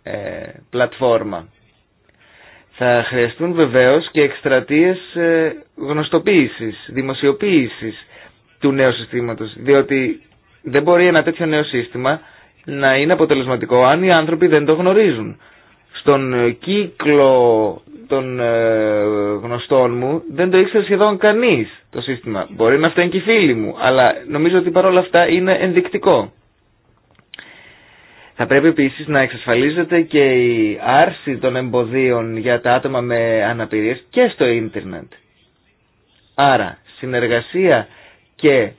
ε, πλατφόρμα. Θα χρειαστούν βεβαίως και εκστρατείες ε, γνωστοποίησης, δημοσιοποίησης του νέου συστήματος, διότι δεν μπορεί ένα τέτοιο νέο σύστημα να είναι αποτελεσματικό αν οι άνθρωποι δεν το γνωρίζουν στον ε, κύκλο των ε, γνωστών μου δεν το ήξερε σχεδόν κανείς το σύστημα. Μπορεί να φταίνει και οι φίλοι μου, αλλά νομίζω ότι παρόλα αυτά είναι ενδεικτικό. Θα πρέπει επίσης να εξασφαλίζεται και η άρση των εμποδίων για τα άτομα με αναπηρίες και στο ίντερνετ. Άρα, συνεργασία και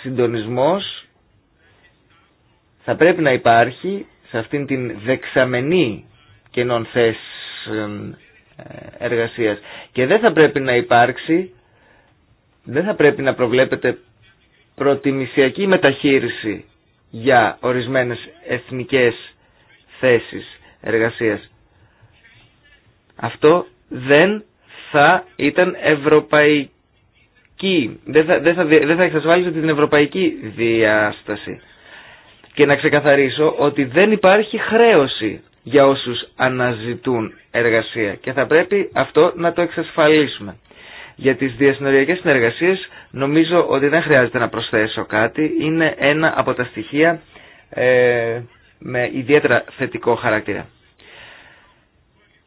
συντονισμός θα πρέπει να υπάρχει σε αυτήν την δεξαμενή κενών θέσεων ε, εργασίας. Και δεν θα πρέπει να υπάρξει, δεν θα πρέπει να προβλέπεται προτιμησιακή μεταχείριση για ορισμένες εθνικές θέσεις εργασίας. Αυτό δεν θα ήταν ευρωπαϊκή, δεν θα, δεν θα, δεν θα εξασφάλιζε την ευρωπαϊκή διάσταση και να ξεκαθαρίσω ότι δεν υπάρχει χρέωση για όσους αναζητούν εργασία και θα πρέπει αυτό να το εξασφαλίσουμε. Για τις διασυνοριακές συνεργασίες νομίζω ότι δεν χρειάζεται να προσθέσω κάτι. Είναι ένα από τα στοιχεία ε, με ιδιαίτερα θετικό χαρακτήρα.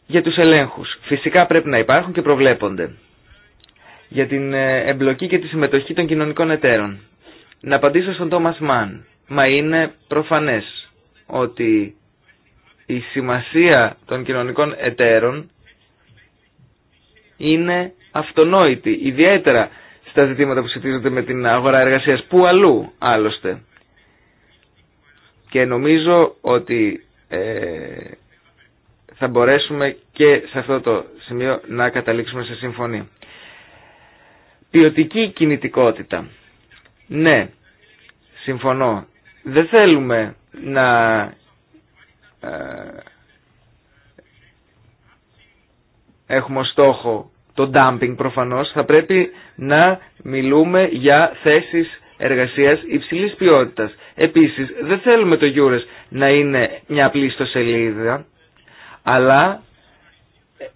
Για τους ελέγχους. Φυσικά πρέπει να υπάρχουν και προβλέπονται. Για την ε, εμπλοκή και τη συμμετοχή των κοινωνικών εταίρων. Να απαντήσω στον Τόμας Μαν Μα είναι προφανές ότι η σημασία των κοινωνικών εταίρων είναι αυτονόητη, ιδιαίτερα στα ζητήματα που σχετίζονται με την αγορά εργασίας, που αλλού άλλωστε. Και νομίζω ότι ε, θα μπορέσουμε και σε αυτό το σημείο να καταλήξουμε σε συμφωνία. Ποιοτική κινητικότητα. Ναι, συμφωνώ. Δεν θέλουμε να ε, έχουμε στόχο το dumping προφανώς. Θα πρέπει να μιλούμε για θέσεις εργασίας υψηλής ποιότητας. Επίσης, δεν θέλουμε το Γιούρες να είναι μια απλή στοσελίδα, αλλά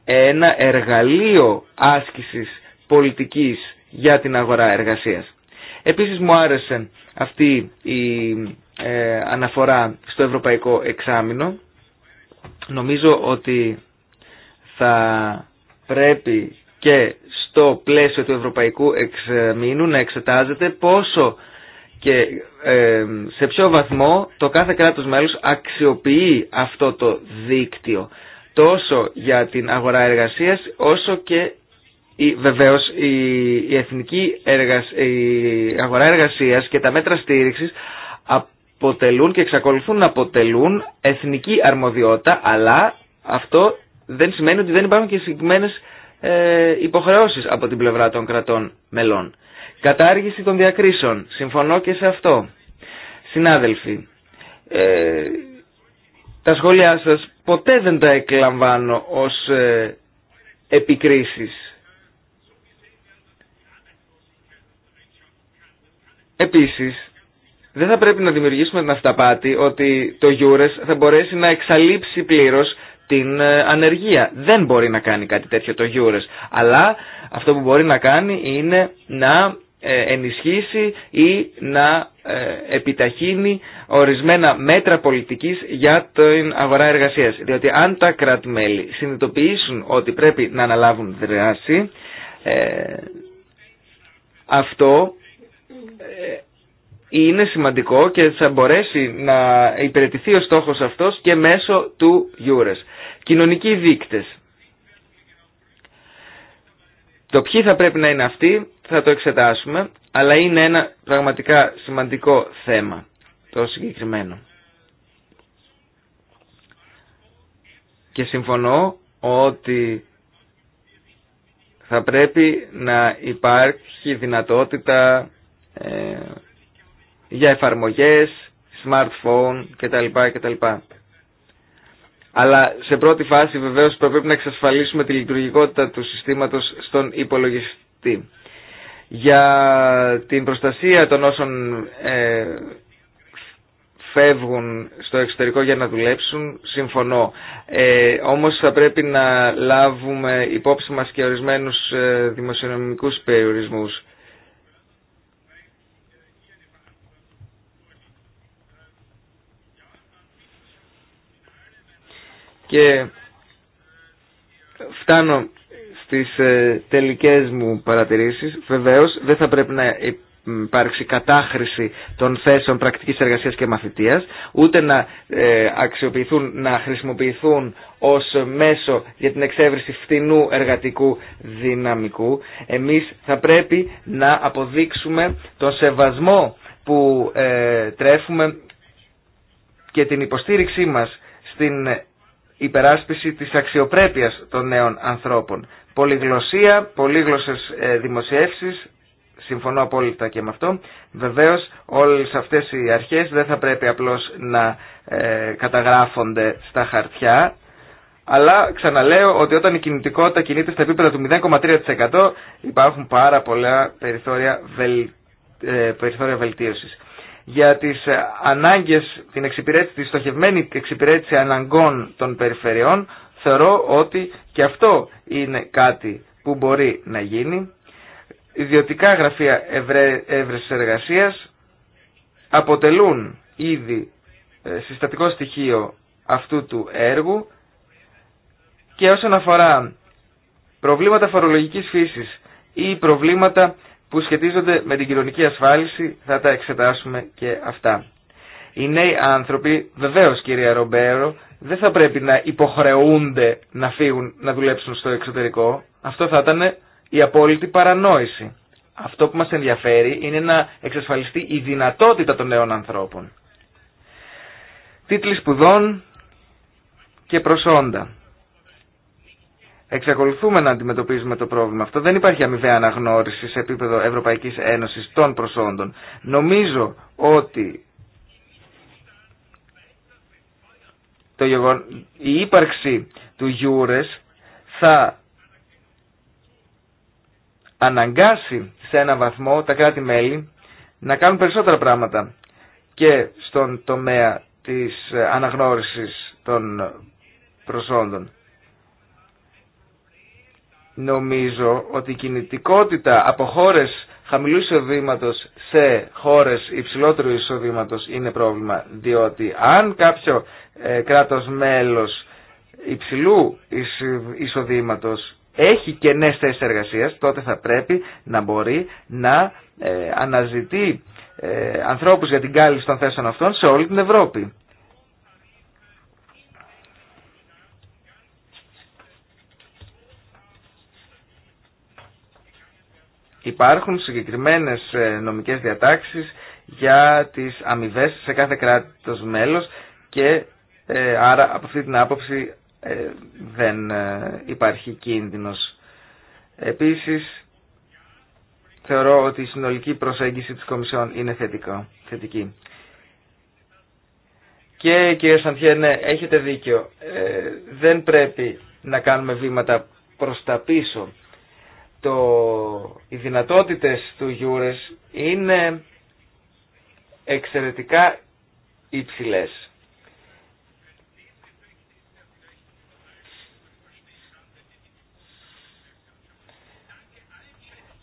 ένα εργαλείο άσκησης πολιτικής για την αγορά εργασίας. Επίσης μου άρεσε αυτή η ε, αναφορά στο ευρωπαϊκό εξάμεινο. Νομίζω ότι θα πρέπει και στο πλαίσιο του ευρωπαϊκού εξαμήνου να εξετάζεται πόσο και ε, σε ποιο βαθμό το κάθε κράτος μέλος αξιοποιεί αυτό το δίκτυο τόσο για την αγορά εργασίας όσο και η, βεβαίως η, εθνική εργασ, αγορά εργασίας και τα μέτρα στήριξης αποτελούν και εξακολουθούν να αποτελούν εθνική αρμοδιότητα, αλλά αυτό δεν σημαίνει ότι δεν υπάρχουν και συγκεκριμένε ε, υποχρεώσεις από την πλευρά των κρατών μελών. Κατάργηση των διακρίσεων. Συμφωνώ και σε αυτό. Συνάδελφοι, ε, τα σχόλιά σας ποτέ δεν τα εκλαμβάνω ως ε, επικρίσεις. Επίσης, δεν θα πρέπει να δημιουργήσουμε την αυταπάτη ότι το Γιούρες θα μπορέσει να εξαλείψει πλήρως την ε, ανεργία. Δεν μπορεί να κάνει κάτι τέτοιο το Γιούρες. Αλλά αυτό που μπορεί να κάνει είναι να ε, ενισχύσει ή να ε, επιταχύνει ορισμένα μέτρα πολιτικής για την αγορά εργασίας. Διότι αν τα κρατη συνειδητοποιήσουν ότι πρέπει να αναλάβουν δράση, αυτό είναι σημαντικό και θα μπορέσει να υπηρετηθεί ο στόχος αυτός και μέσω του Ιούρες. Κοινωνικοί δείκτες. Το ποιοι θα πρέπει να είναι αυτοί θα το εξετάσουμε, αλλά είναι ένα πραγματικά σημαντικό θέμα το συγκεκριμένο. Και συμφωνώ ότι θα πρέπει να υπάρχει δυνατότητα ε, για εφαρμογές, smartphone κτλ. κτλ. Αλλά σε πρώτη φάση βεβαίως πρέπει να εξασφαλίσουμε τη λειτουργικότητα του συστήματος στον υπολογιστή. Για την προστασία των όσων ε, φεύγουν στο εξωτερικό για να δουλέψουν, συμφωνώ. Ε, όμως θα πρέπει να λάβουμε υπόψη μας και ορισμένους ε, δημοσιονομικούς περιορισμούς. Και φτάνω στις ε, τελικές μου παρατηρήσεις. βεβαίω, δεν θα πρέπει να υπάρξει κατάχρηση των θέσεων πρακτικής εργασίας και μαθητείας, ούτε να ε, αξιοποιηθούν, να χρησιμοποιηθούν ως μέσο για την εξέβριση φθηνού εργατικού δυναμικού. Εμείς θα πρέπει να αποδείξουμε τον σεβασμό που ε, τρέφουμε και την υποστήριξή μας στην υπεράσπιση της αξιοπρέπειας των νέων ανθρώπων. Πολυγλωσία, πολύγλωσσες ε, δημοσιεύσεις, συμφωνώ απόλυτα και με αυτό. Βεβαίως όλες αυτές οι αρχές δεν θα πρέπει απλώς να ε, καταγράφονται στα χαρτιά, αλλά ξαναλέω ότι όταν η κινητικότητα κινείται στα επίπεδα του 0,3% υπάρχουν πάρα πολλά περιθώρια, βελ... περιθώρια βελτίωσης για τις ε, ανάγκες, την εξυπηρέτηση, τη στοχευμένη εξυπηρέτηση αναγκών των περιφερειών, θεωρώ ότι και αυτό είναι κάτι που μπορεί να γίνει. Ιδιωτικά γραφεία εύρεσης εργασίας αποτελούν ήδη ε, συστατικό στοιχείο αυτού του έργου και όσον αφορά προβλήματα φορολογικής φύσης ή προβλήματα που σχετίζονται με την κοινωνική ασφάλιση θα τα εξετάσουμε και αυτά. Οι νέοι άνθρωποι, βεβαίως κυρία Ρομπέρο, δεν θα πρέπει να υποχρεούνται να φύγουν να δουλέψουν στο εξωτερικό. Αυτό θα ήταν η απόλυτη παρανόηση. Αυτό που μας ενδιαφέρει είναι να εξασφαλιστεί η δυνατότητα των νέων ανθρώπων. Τίτλοι σπουδών και προσόντα. Εξακολουθούμε να αντιμετωπίζουμε το πρόβλημα αυτό. Δεν υπάρχει αμοιβαία αναγνώριση σε επίπεδο Ευρωπαϊκής Ένωσης των προσόντων. Νομίζω ότι το η ύπαρξη του Γιούρες θα αναγκάσει σε ένα βαθμό τα κράτη-μέλη να κάνουν περισσότερα πράγματα και στον τομέα της αναγνώρισης των προσόντων νομίζω ότι η κινητικότητα από χώρε χαμηλού εισοδήματο σε χώρε υψηλότερου εισοδήματο είναι πρόβλημα. Διότι αν κάποιο ε, κράτος κράτο μέλο υψηλού εισοδήματο έχει κενέ θέσει εργασία, τότε θα πρέπει να μπορεί να ε, αναζητεί ε, ανθρώπους για την κάλυψη των θέσεων αυτών σε όλη την Ευρώπη. υπάρχουν συγκεκριμένες ε, νομικές διατάξεις για τις αμοιβέ σε κάθε κράτος μέλος και ε, άρα από αυτή την άποψη ε, δεν υπάρχει κίνδυνος. Επίσης, θεωρώ ότι η συνολική προσέγγιση της Κομισιόν είναι θετικό, θετική. Και κύριε Σαντιένε, ναι, έχετε δίκιο. δεν πρέπει να κάνουμε βήματα προς τα πίσω το, οι δυνατότητες του Γιούρες είναι εξαιρετικά υψηλές.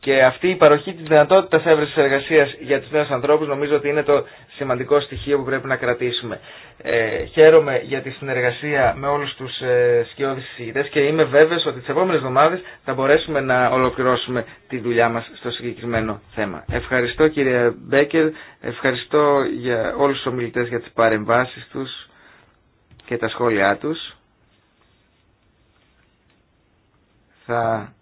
Και αυτή η παροχή της δυνατότητας έβρεσης εργασία για του νέου ανθρώπους νομίζω ότι είναι το σημαντικό στοιχείο που πρέπει να κρατήσουμε. Ε, χαίρομαι για τη συνεργασία με όλους τους ε, σκιώδει και είμαι βέβαιος ότι τι επόμενε εβδομάδε θα μπορέσουμε να ολοκληρώσουμε τη δουλειά μας στο συγκεκριμένο θέμα. Ευχαριστώ κύριε Μπέκερ, ευχαριστώ για όλους τους ομιλητέ για τι παρεμβάσει του και τα σχόλιά του. Θα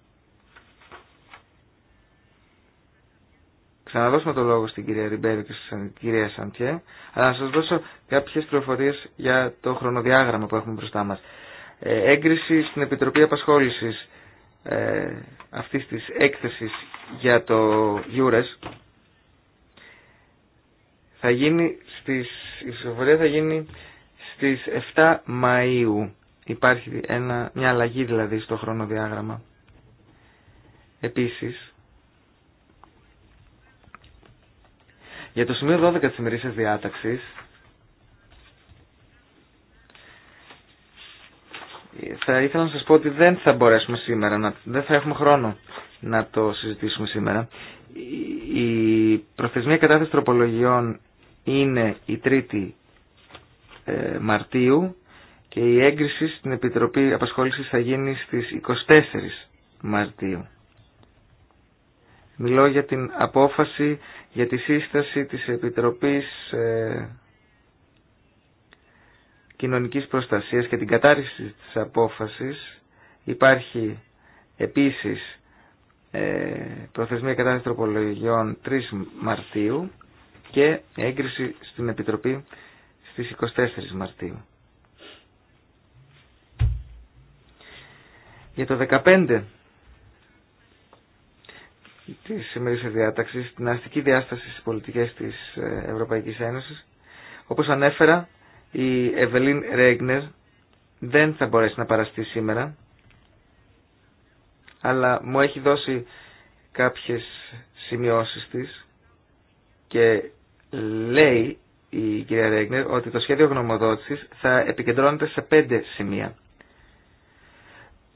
ξαναδώσουμε το λόγο στην κυρία Ριμπέρη και στην κυρία Σαντιέ, αλλά να σας δώσω κάποιες πληροφορίε για το χρονοδιάγραμμα που έχουμε μπροστά μας. Ε, έγκριση στην Επιτροπή Απασχόλησης ε, αυτής της έκθεσης για το Γιούρες θα γίνει στις, η ψηφοφορία θα γίνει στις 7 Μαΐου. Υπάρχει ένα, μια αλλαγή δηλαδή στο χρονοδιάγραμμα. Επίσης, Για το σημείο 12 της ημερήσιας διάταξης, θα ήθελα να σας πω ότι δεν θα μπορέσουμε σήμερα, δεν θα έχουμε χρόνο να το συζητήσουμε σήμερα. Η προθεσμία κατάθεση τροπολογιών είναι η 3η ε, Μαρτίου και η έγκριση στην Επιτροπή Απασχόλησης θα γίνει στις 24 Μαρτίου. Μιλώ για την απόφαση για τη σύσταση της Επιτροπής ε, Κοινωνικής Προστασίας και την κατάρριξη της απόφασης. Υπάρχει επίσης ε, προθεσμία κατάσταση τροπολογιών 3 Μαρτίου και έγκριση στην Επιτροπή στις 24 Μαρτίου. Για το 15 τη σημερινή διάταξη την αστική διάσταση στι πολιτικέ τη ε, Ευρωπαϊκή Ένωση. Όπω ανέφερα, η Ευελίν Ρέγνερ δεν θα μπορέσει να παραστεί σήμερα, αλλά μου έχει δώσει κάποιες σημειώσεις της και λέει η κυρία Ρέγνερ ότι το σχέδιο γνωμοδότησης θα επικεντρώνεται σε πέντε σημεία.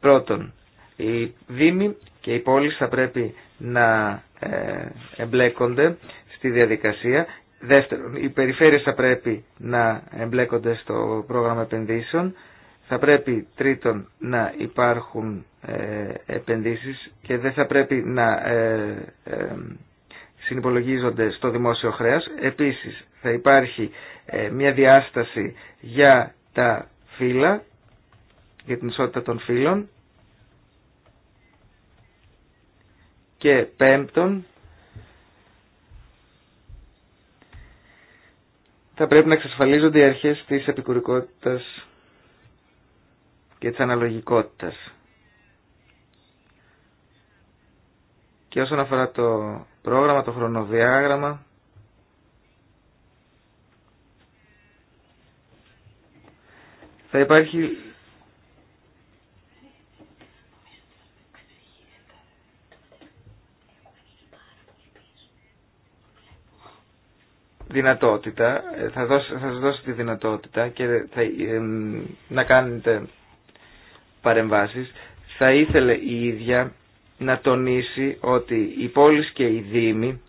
Πρώτον, οι Δήμοι και οι πόλεις θα πρέπει να ε, εμπλέκονται στη διαδικασία. Δεύτερον, οι περιφέρειες θα πρέπει να εμπλέκονται στο πρόγραμμα επενδύσεων. Θα πρέπει τρίτον να υπάρχουν ε, επενδύσεις και δεν θα πρέπει να ε, συνυπολογίζονται στο δημόσιο χρέας. Επίσης, θα υπάρχει μια διάσταση για τα φύλλα, για την ισότητα των φύλων Και πέμπτον, θα πρέπει να εξασφαλίζονται οι αρχές της επικουρικότητας και της αναλογικότητας. Και όσον αφορά το πρόγραμμα, το χρονοδιάγραμμα, θα υπάρχει δυνατότητα, ε, θα, σα σας δώσω τη δυνατότητα και θα, να κάνετε παρεμβάσεις. Θα ήθελε η ίδια να τονίσει ότι οι πόλεις και οι δήμοι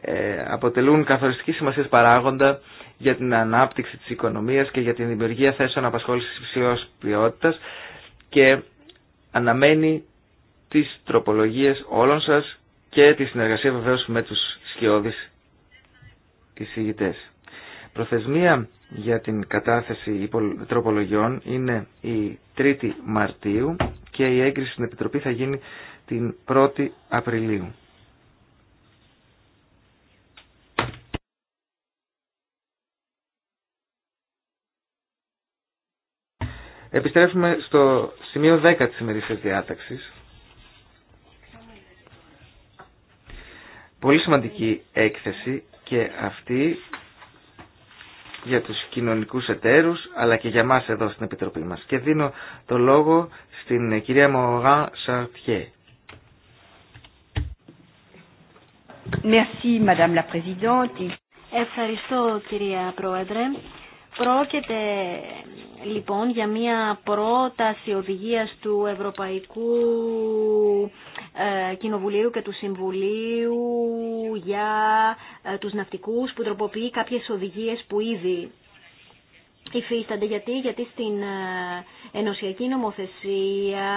ε, αποτελούν καθοριστική σημασία παράγοντα για την ανάπτυξη της οικονομίας και για την δημιουργία θέσεων απασχόλησης υψηλής ποιότητας και αναμένει τις τροπολογίες όλων σας και τη συνεργασία βεβαίως με τους σκιώδεις τις Προθεσμία για την κατάθεση τροπολογιών είναι η 3η Μαρτίου και η έγκριση στην Επιτροπή θα γίνει την 1η Απριλίου. Επιστρέφουμε στο σημείο 10 της ημερήσιας διάταξης. Πολύ σημαντική έκθεση και αυτή για τους κοινωνικούς εταίρους αλλά και για μας εδώ στην Επιτροπή μας. Και δίνω το λόγο στην κυρία Μογάν Σαρτιέ. Merci, Ευχαριστώ κυρία Πρόεδρε. Πρόκειται λοιπόν για μια πρόταση οδηγίας του Ευρωπαϊκού ε, Κοινοβουλίου και του Συμβουλίου για ε, τους ναυτικούς που τροποποιεί κάποιες οδηγίες που ήδη υφίστανται. Γιατί, γιατί στην ε, ενωσιακή νομοθεσία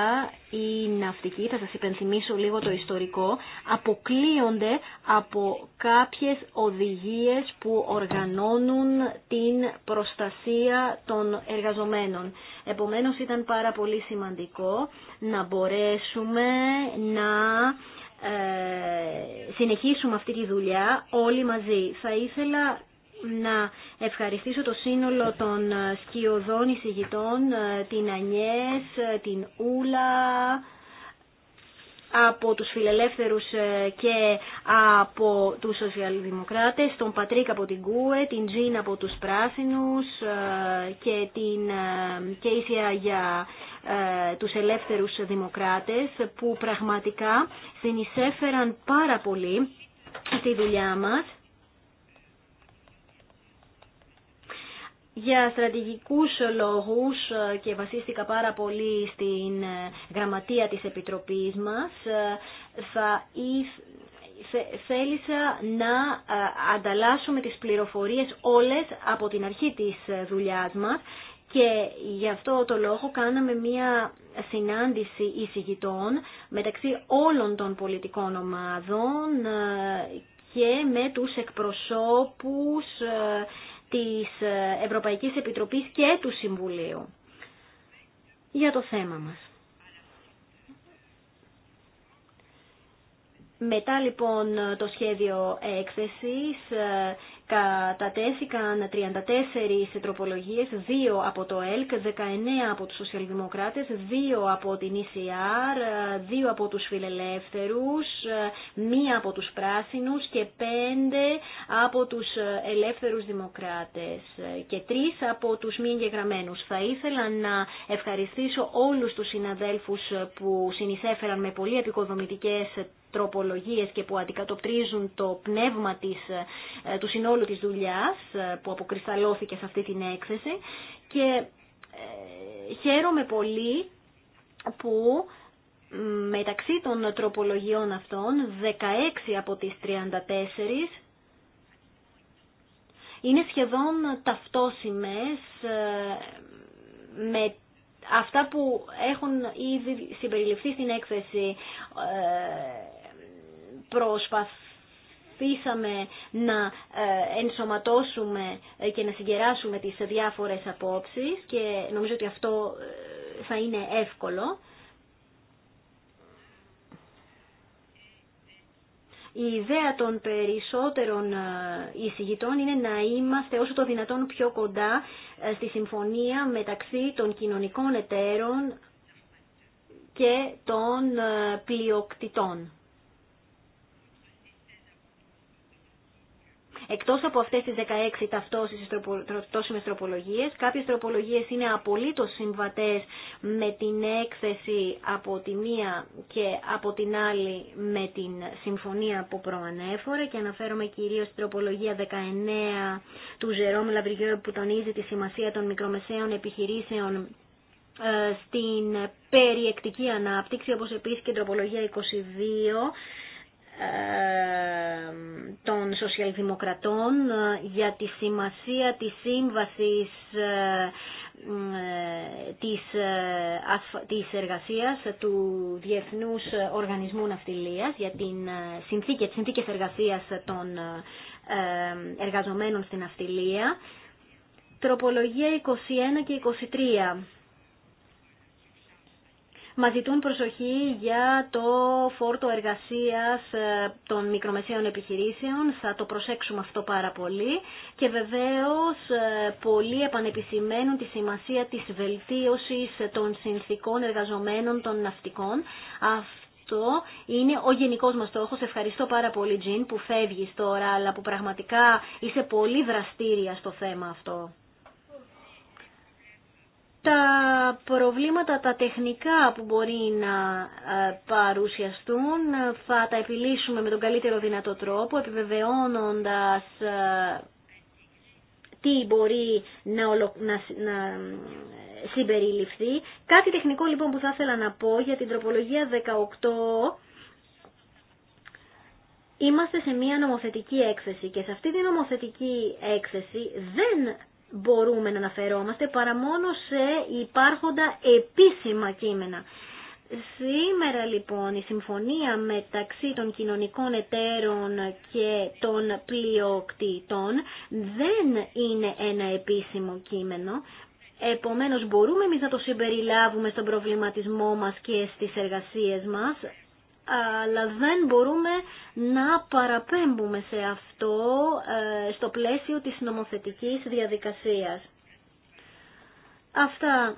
οι ναυτικοί, θα σας υπενθυμίσω λίγο το ιστορικό, αποκλείονται από κάποιες οδηγίες που οργανώνουν την προστασία των εργαζομένων. Επομένως ήταν πάρα πολύ σημαντικό να μπορέσουμε να ε, συνεχίσουμε αυτή τη δουλειά όλοι μαζί. Θα ήθελα να ευχαριστήσω το σύνολο των σκιωδών εισηγητών, ε, την Ανιές, ε, την Ούλα, από τους φιλελεύθερους ε, και από τους σοσιαλδημοκράτες, τον Πατρίκ από την ΚΟΕ, την Τζίν από τους Πράσινους και την Κέισια για τους ελεύθερους δημοκράτες που πραγματικά συνεισέφεραν πάρα πολύ στη δουλειά μας για στρατηγικούς λόγους ε, και βασίστηκα πάρα πολύ στην ε, γραμματεία της Επιτροπής μας, ε, θα θέλησα να ανταλλάσσουμε τις πληροφορίες όλες από την αρχή της δουλειάς μας και γι' αυτό το λόγο κάναμε μία συνάντηση εισηγητών μεταξύ όλων των πολιτικών ομάδων και με τους εκπροσώπους της ε, Ευρωπαϊκής Επιτροπής και του Συμβουλίου για το θέμα μας. Μετά λοιπόν το σχέδιο έκθεσης ε, Κατατέθηκαν 34 τροπολογίε, 2 από το ΕΛΚ, 19 από του Σοσιαλδημοκράτε, 2 από την ECR, 2 από του Φιλελεύθερου, 1 από του πράσινου και 5 από του ελεύθερου δημοκράτε και 3 από του μη εγγεγραμμένου. Θα ήθελα να ευχαριστήσω όλου του συναδέλφου που συνεισέφεραν με πολύ επικοδομητικέ τροπολογίες και που αντικατοπτρίζουν το πνεύμα της, ε, του συνόλου της δουλειάς ε, που αποκρισταλώθηκε σε αυτή την έκθεση και ε, χαίρομαι πολύ που μεταξύ των τροπολογιών αυτών 16 από τις 34 είναι σχεδόν ταυτόσιμες με αυτά που έχουν ήδη συμπεριληφθεί στην έκθεση προσπαθήσαμε να ε, ενσωματώσουμε και να συγκεράσουμε τις διάφορες απόψεις και νομίζω ότι αυτό ε, θα είναι εύκολο. Η ιδέα των περισσότερων ε, εισηγητών είναι να είμαστε όσο το δυνατόν πιο κοντά στη συμφωνία μεταξύ των κοινωνικών εταίρων και των πλειοκτητών. Εκτός από αυτές τις 16 ταυτόσιμε τροπολογίε. κάποιες τροπολογίες είναι απολύτως συμβατέ με την έκθεση από τη μία και από την άλλη με την συμφωνία που προανέφερα και αναφέρομαι κυρίως στην τροπολογία 19 του Ζερόμ Λαβριγιό που τονίζει τη σημασία των μικρομεσαίων επιχειρήσεων ε, στην περιεκτική ανάπτυξη, όπως επίσης και τροπολογία 22, ε, των σοσιαλδημοκρατών ε, για τη σημασία της σύμβασης ε, της, της εργασίας του Διεθνούς Οργανισμού Ναυτιλίας για την συνθήκη, τις συνθήκες εργασίας των εργαζομένων στην ναυτιλία. Τροπολογία 21 και 23 Μα ζητούν προσοχή για το φόρτο εργασίας ε, των μικρομεσαίων επιχειρήσεων. Θα το προσέξουμε αυτό πάρα πολύ. Και βεβαίω ε, πολλοί επανεπισημαίνουν τη σημασία της βελτίωση των συνθήκων εργαζομένων των ναυτικών αυτό είναι ο γενικό μα στόχο. Ευχαριστώ πάρα πολύ Τζιν που φεύγει τώρα αλλά που πραγματικά είσαι πολύ δραστήρια στο θέμα αυτό τα προβλήματα τα τεχνικά που μπορεί να ε, παρουσιαστούν ε, θα τα επιλύσουμε με τον καλύτερο δυνατό τρόπο επιβεβαιώνοντας ε, τι μπορεί να, να... συμπεριληφθεί. Κάτι τεχνικό λοιπόν που θα ήθελα να πω για την τροπολογία 18... Είμαστε σε μία νομοθετική έκθεση και σε αυτή την νομοθετική έκθεση δεν μπορούμε να αναφερόμαστε παρά μόνο σε υπάρχοντα επίσημα κείμενα. Σήμερα λοιπόν η συμφωνία μεταξύ των κοινωνικών εταίρων και των πλειοκτήτων δεν είναι ένα επίσημο κείμενο. Επομένως μπορούμε εμείς να το συμπεριλάβουμε στον προβληματισμό μας και στις εργασίες μας αλλά δεν μπορούμε να παραπέμπουμε σε αυτό ε, στο πλαίσιο της νομοθετικής διαδικασίας. Αυτά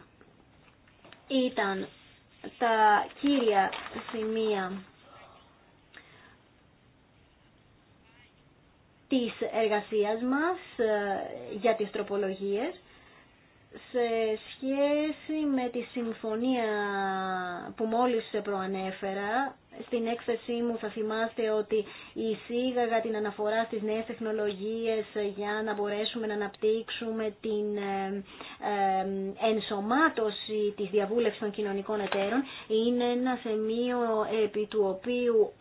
ήταν τα κύρια σημεία της εργασίας μας ε, για τις τροπολογίες σε σχέση με τη συμφωνία που μόλις προανέφερα, στην έκθεσή μου θα θυμάστε ότι εισήγαγα την αναφορά στις νέες τεχνολογίες για να μπορέσουμε να αναπτύξουμε την ε, ε, ενσωμάτωση της διαβούλευσης των κοινωνικών εταίρων. Είναι ένα σημείο επί του οποίου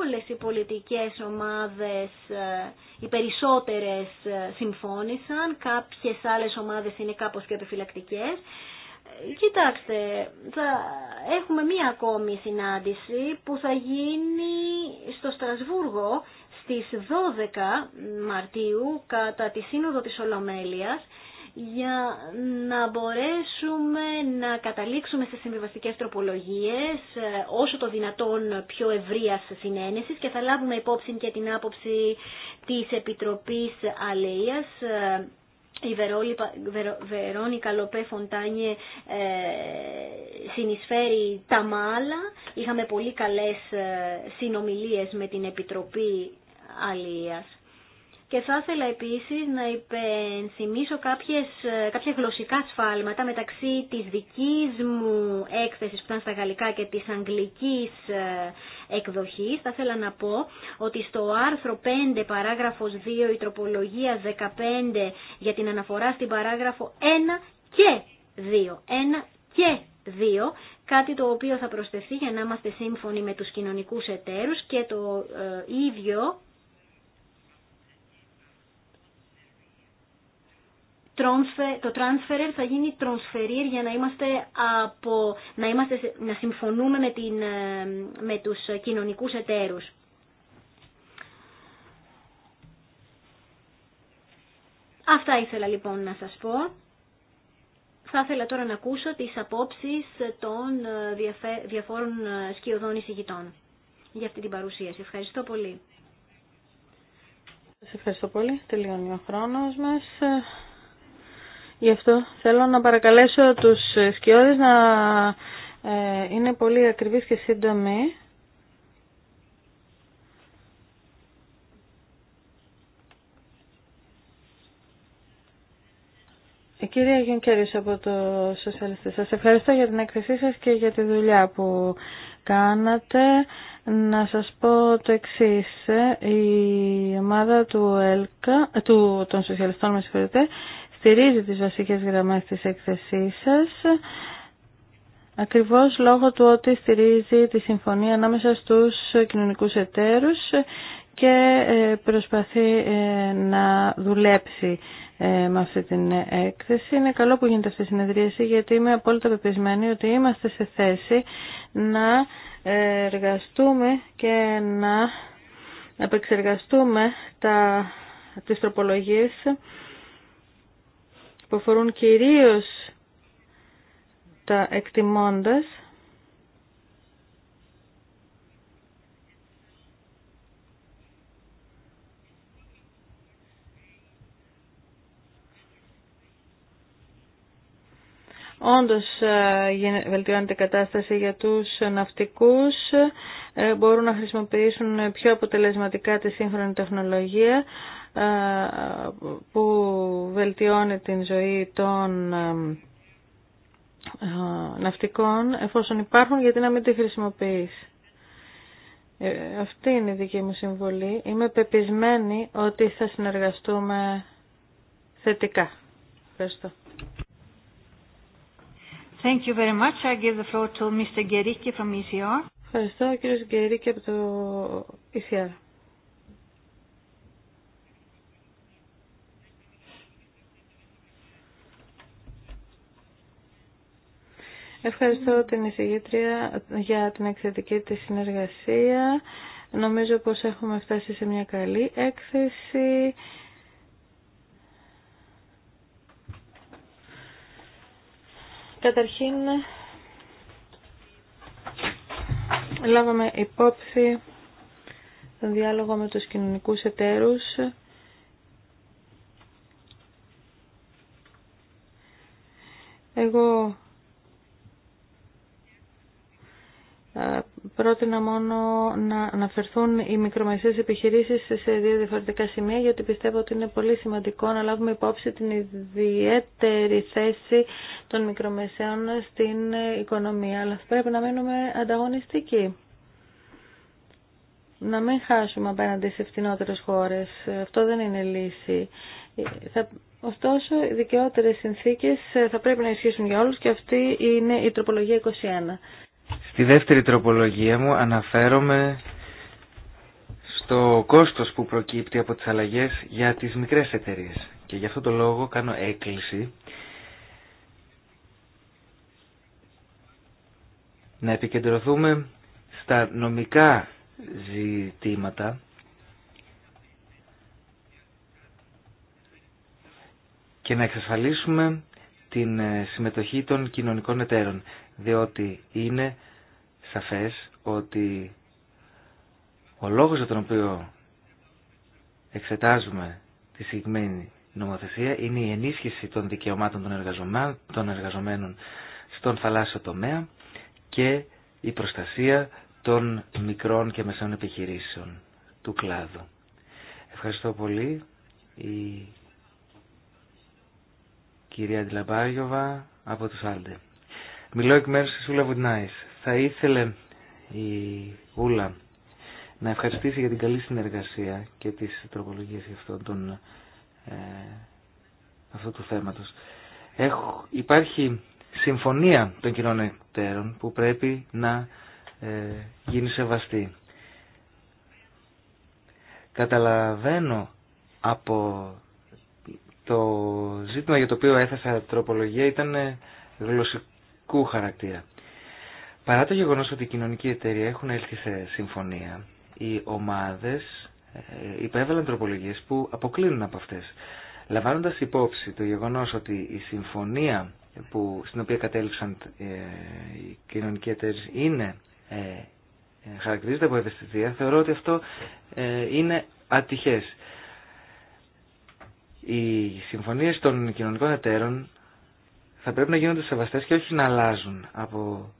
όλες οι πολιτικές ομάδες, ε, οι περισσότερες ε, συμφώνησαν, κάποιες άλλες ομάδες είναι κάπως πιο επιφυλακτικές. Ε, κοιτάξτε, θα έχουμε μία ακόμη συνάντηση που θα γίνει στο Στρασβούργο στις 12 Μαρτίου κατά τη Σύνοδο της Ολομέλειας για να μπορέσουμε να καταλήξουμε σε συμβιβαστικές τροπολογίες ε, όσο το δυνατόν πιο ευρείας συνένεσης και θα λάβουμε υπόψη και την άποψη της Επιτροπής Αλείας ε, η Βερόνικα Λοπέ Φοντάνιε ε, συνεισφέρει τα μάλα. Είχαμε πολύ καλές συνομιλίες με την Επιτροπή Αλίας. Και θα ήθελα επίσης να υπενθυμίσω κάποιες, κάποια γλωσσικά σφάλματα μεταξύ της δικής μου έκθεσης που ήταν στα γαλλικά και της αγγλικής ε, εκδοχής. Θα ήθελα να πω ότι στο άρθρο 5 παράγραφος 2 η τροπολογία 15 για την αναφορά στην παράγραφο 1 και 2. 1 και 2 κάτι το οποίο θα προσθεθεί για να είμαστε σύμφωνοι με τους κοινωνικούς εταίρους και το ε, ίδιο το transferer θα γίνει transferir για να είμαστε, από, να, είμαστε να συμφωνούμε με, την, ε, με τους κοινωνικούς εταίρους. Αυτά ήθελα λοιπόν να σας πω. Θα ήθελα τώρα να ακούσω τις απόψεις των ε, διαφόρων ε, σκιωδών εισηγητών για αυτή την παρουσίαση. Ευχαριστώ πολύ. Σας ευχαριστώ πολύ. Τελειώνει ο χρόνος μας. Γι' αυτό θέλω να παρακαλέσω τους σκιώδες να ε, είναι πολύ ακριβείς και σύντομοι. Η ε, κυρία Γιονκέρης από το Σοσιαλιστή. Σας ευχαριστώ για την έκθεσή σας και για τη δουλειά που κάνατε. Να σας πω το εξής. Ε, η ομάδα του ΕΛΚΑ, του, των Σοσιαλιστών, με συγχωρείτε, στηρίζει τις βασικές γραμμές της έκθεσής σας ακριβώς λόγω του ότι στηρίζει τη συμφωνία ανάμεσα στους κοινωνικούς εταίρους και ε, προσπαθεί ε, να δουλέψει ε, με αυτή την έκθεση. Είναι καλό που γίνεται αυτή η συνεδρίαση γιατί είμαι απόλυτα πεπισμένη ότι είμαστε σε θέση να εργαστούμε και να επεξεργαστούμε τα, τις τροπολογίες που αφορούν κυρίως τα εκτιμώντας Όντως ε, βελτιώνεται η κατάσταση για τους ναυτικούς, ε, μπορούν να χρησιμοποιήσουν πιο αποτελεσματικά τη σύγχρονη τεχνολογία. Ε, που βελτιώνει την ζωή των ε, ε, ναυτικών εφόσον υπάρχουν γιατί να μην τη χρησιμοποιείς. Αυτή είναι η δική μου συμβολή. Είμαι πεπισμένη ότι θα συνεργαστούμε θετικά. Ευχαριστώ. Thank you very much. I give the floor to Mr. Gericke from ECR. Ευχαριστώ, κύριος Γκερίκη από το ECR. Ευχαριστώ την εισηγήτρια για την εξαιρετική τη συνεργασία. Νομίζω πως έχουμε φτάσει σε μια καλή έκθεση. Καταρχήν, λάβαμε υπόψη τον διάλογο με τους κοινωνικούς εταίρους Εγώ Ε, πρότεινα μόνο να αναφερθούν οι μικρομεσαίες επιχειρήσεις σε δύο διαφορετικά σημεία γιατί πιστεύω ότι είναι πολύ σημαντικό να λάβουμε υπόψη την ιδιαίτερη θέση των μικρομεσαίων στην οικονομία αλλά πρέπει να μείνουμε ανταγωνιστικοί να μην χάσουμε απέναντι σε φτηνότερες χώρες αυτό δεν είναι λύση Ωστόσο, οι δικαιότερες συνθήκες θα πρέπει να ισχύσουν για όλους και αυτή είναι η τροπολογία 21. Στη δεύτερη τροπολογία μου αναφέρομαι στο κόστος που προκύπτει από τις αλλαγές για τις μικρές εταιρείες. Και γι' αυτό το λόγο κάνω έκκληση να επικεντρωθούμε στα νομικά ζητήματα και να εξασφαλίσουμε την ε, συμμετοχή των κοινωνικών εταίρων, διότι είναι σαφές ότι ο λόγος για τον οποίο εξετάζουμε τη συγκεκριμένη νομοθεσία είναι η ενίσχυση των δικαιωμάτων των εργαζομένων στον θαλάσσιο τομέα και η προστασία των μικρών και μεσαίων επιχειρήσεων του κλάδου. Ευχαριστώ πολύ κυρία Ντλαμπάγιοβα από τους Άλντε. Μιλώ εκ μέρους της Ούλα Βουτνάης. Θα ήθελε η Ούλα να ευχαριστήσει για την καλή συνεργασία και τις τροπολογίες των, ε, αυτού του θέματος. υπάρχει συμφωνία των κοινών εταίρων που πρέπει να ε, γίνει σεβαστή. Καταλαβαίνω από το ζήτημα για το οποίο έθεσα τροπολογία ήταν ε, γλωσσικού χαρακτήρα. Παρά το γεγονός ότι οι κοινωνικοί εταίροι έχουν έλθει σε συμφωνία, οι ομάδες ε, υπέβαλαν τροπολογίες που αποκλίνουν από αυτές. Λαμβάνοντας υπόψη το γεγονός ότι η συμφωνία που, στην οποία κατέληξαν ε, οι κοινωνικοί εταίροι είναι, χαρακτηρίζεται από ευαισθητία, θεωρώ ότι αυτό είναι ατυχές. Οι συμφωνίε των κοινωνικών εταίρων θα πρέπει να γίνονται σεβαστέ και όχι να αλλάζουν από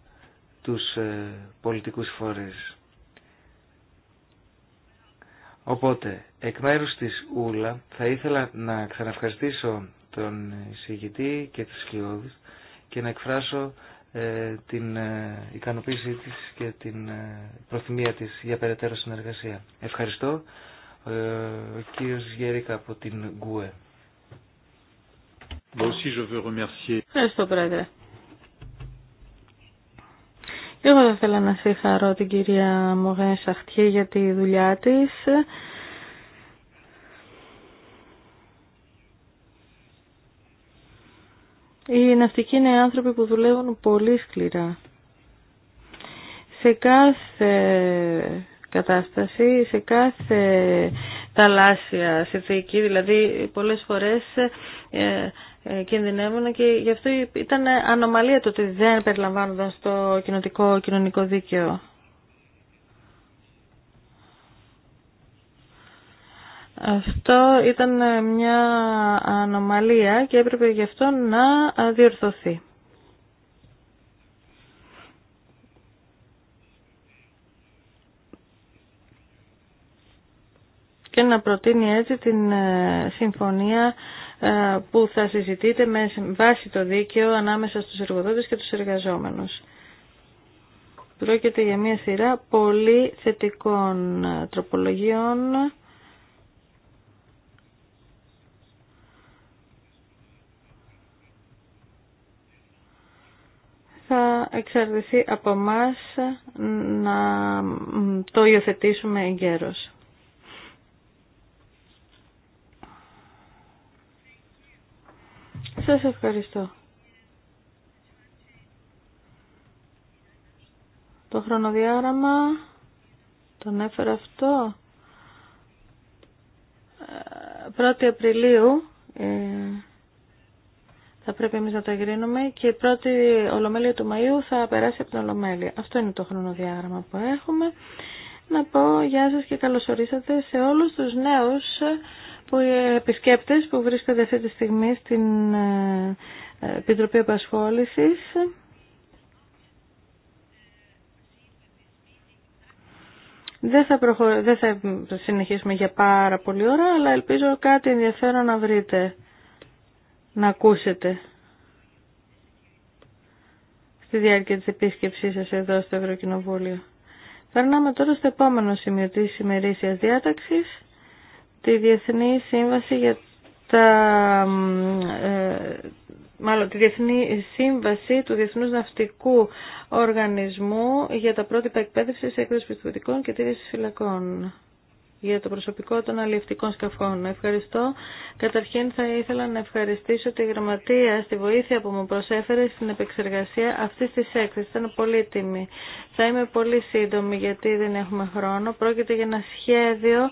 τους ε, πολιτικούς φορές. Οπότε, εκ μέρου της Ούλα, θα ήθελα να ξαναευχαριστήσω τον εισηγητή και τις σκιώδους και να εκφράσω ε, την ε, ικανοποίησή της και την προθυμία της για περαιτέρω συνεργασία. Ευχαριστώ. Ε, ο κύριος Γέρικα από την ΓΚΟΕ. Ευχαριστώ πρόεδρε. εγώ θα ήθελα να συγχαρώ την κυρία Μογέν Σαχτιέ για τη δουλειά της. Οι ναυτικοί είναι άνθρωποι που δουλεύουν πολύ σκληρά. Σε κάθε κατάσταση σε κάθε θαλάσσια συνθήκη, δηλαδή πολλές φορές ε, ε, κινδυνεύουν και γι' αυτό ήταν ανομαλία το ότι δεν περιλαμβάνονταν στο κοινοτικό κοινωνικό δίκαιο. Αυτό ήταν μια ανομαλία και έπρεπε γι' αυτό να διορθωθεί. και να προτείνει έτσι την ε, συμφωνία ε, που θα συζητείται με βάση το δίκαιο ανάμεσα στους εργοδότες και τους εργαζόμενους. Πρόκειται για μια σειρά πολύ θετικών ε, τροπολογιών. θα εξαρτηθεί από μας να το υιοθετήσουμε εγκαίρως. Σας ευχαριστώ. Το χρονοδιάγραμμα τον έφερα αυτό. 1η ε, Απριλίου ε, θα πρέπει εμείς να το εγκρίνουμε και η πρώτη Ολομέλεια του Μαΐου θα περάσει από την Ολομέλεια. Αυτό είναι το χρονοδιάγραμμα που έχουμε. Να πω γεια σας και καλωσορίσατε σε όλους τους νέους που επισκέπτες που βρίσκονται αυτή τη στιγμή στην ε, Επιτροπή Απασχόλησης. Δεν θα, Δεν θα συνεχίσουμε για πάρα πολύ ώρα, αλλά ελπίζω κάτι ενδιαφέρον να βρείτε, να ακούσετε στη διάρκεια της επίσκεψής σας εδώ στο Ευρωκοινοβούλιο. Περνάμε τώρα στο επόμενο σημείο της ημερήσιας διάταξης τη Διεθνή Σύμβαση για τα... Ε, μάλλον τη Διεθνή Σύμβαση του Διεθνούς Ναυτικού Οργανισμού για τα πρότυπα εκπαίδευσης Εκδοση πιστοποιητικών και τήρηση φυλακών για το προσωπικό των αλληλευτικών σκαφών. Ευχαριστώ. Καταρχήν θα ήθελα να ευχαριστήσω τη Γραμματεία στη βοήθεια που μου προσέφερε στην επεξεργασία αυτή τη έκθεση. Ήταν πολύτιμη. Θα είμαι πολύ σύντομη γιατί δεν έχουμε χρόνο. Πρόκειται για ένα σχέδιο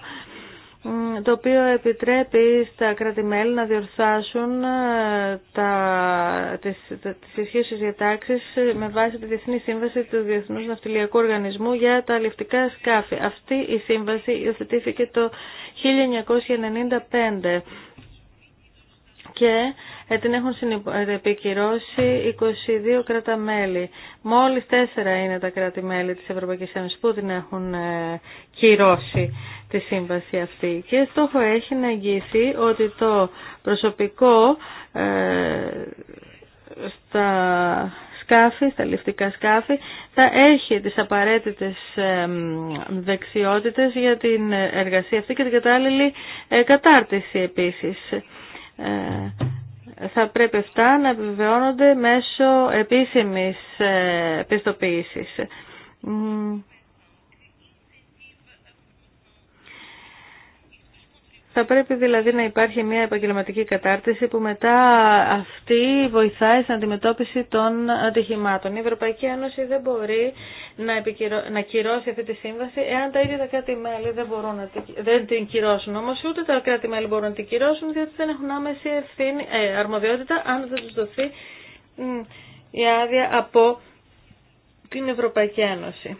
το οποίο επιτρέπει στα κράτη-μέλη να διορθάσουν ε, τα, τις, τα, τις διατάξεις με βάση τη Διεθνή Σύμβαση του Διεθνούς Ναυτιλιακού Οργανισμού για τα αλληλευτικά σκάφη. Αυτή η σύμβαση υιοθετήθηκε το 1995 και ε, την έχουν ε, επικυρώσει 22 κράτα-μέλη. Μόλις τέσσερα είναι τα κράτη-μέλη της Ευρωπαϊκής Ένωσης που την έχουν κυρώσει τη σύμβαση αυτή και στόχο έχει να εγγυηθεί ότι το προσωπικό ε, στα σκάφη, στα ληφτικά σκάφη, θα έχει τις απαραίτητες δεξιότητες για την εργασία αυτή και την κατάλληλη ε, κατάρτιση επίσης. Ε, θα πρέπει αυτά να επιβεβαιώνονται μέσω επίσημης πιστοποίησης. Θα πρέπει δηλαδή να υπάρχει μια επαγγελματική κατάρτιση που μετά αυτή βοηθάει στην αντιμετώπιση των ατυχημάτων. Η Ευρωπαϊκή Ένωση δεν μπορεί να, να κυρώσει αυτή τη σύμβαση εάν τα ίδια τα κράτη-μέλη δεν, να... δεν την κυρώσουν. Όμω ούτε τα κράτη-μέλη μπορούν να την κυρώσουν διότι δεν έχουν άμεση ευθύνη, ε, αρμοδιότητα αν δεν του δοθεί η άδεια από την Ευρωπαϊκή Ένωση.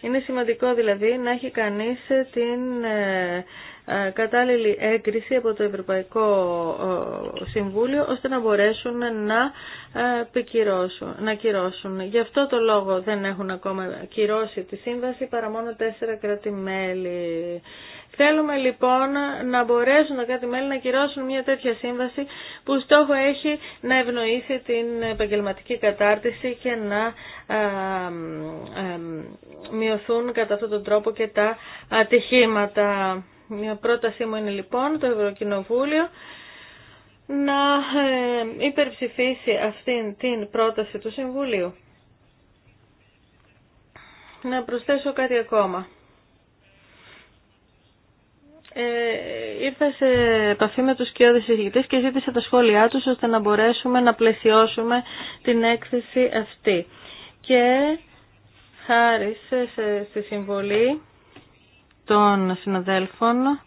Είναι σημαντικό δηλαδή να έχει κανείς την ε, ε, κατάλληλη έγκριση από το Ευρωπαϊκό ε, Συμβούλιο ώστε να μπορέσουν να πικυρώσουν, να κυρώσουν. Γι' αυτό το λόγο δεν έχουν ακόμα κυρώσει τη σύμβαση παρά μόνο τέσσερα κράτη-μέλη. Θέλουμε λοιπόν να μπορέσουν να κράτη-μέλη να κυρώσουν μια τέτοια σύμβαση που στόχο έχει να ευνοήσει την επαγγελματική κατάρτιση και να μειωθούν κατά αυτόν τον τρόπο και τα ατυχήματα. Μια πρότασή μου είναι λοιπόν το Ευρωκοινοβούλιο να ε, υπερψηφίσει αυτήν την πρόταση του Συμβουλίου. Να προσθέσω κάτι ακόμα. Ε, ήρθα σε επαφή με τους κοιόδες συζητητές και ζήτησε τα σχόλιά τους ώστε να μπορέσουμε να πλαισιώσουμε την έκθεση αυτή. Και χάρη στη συμβολή των συναδέλφων,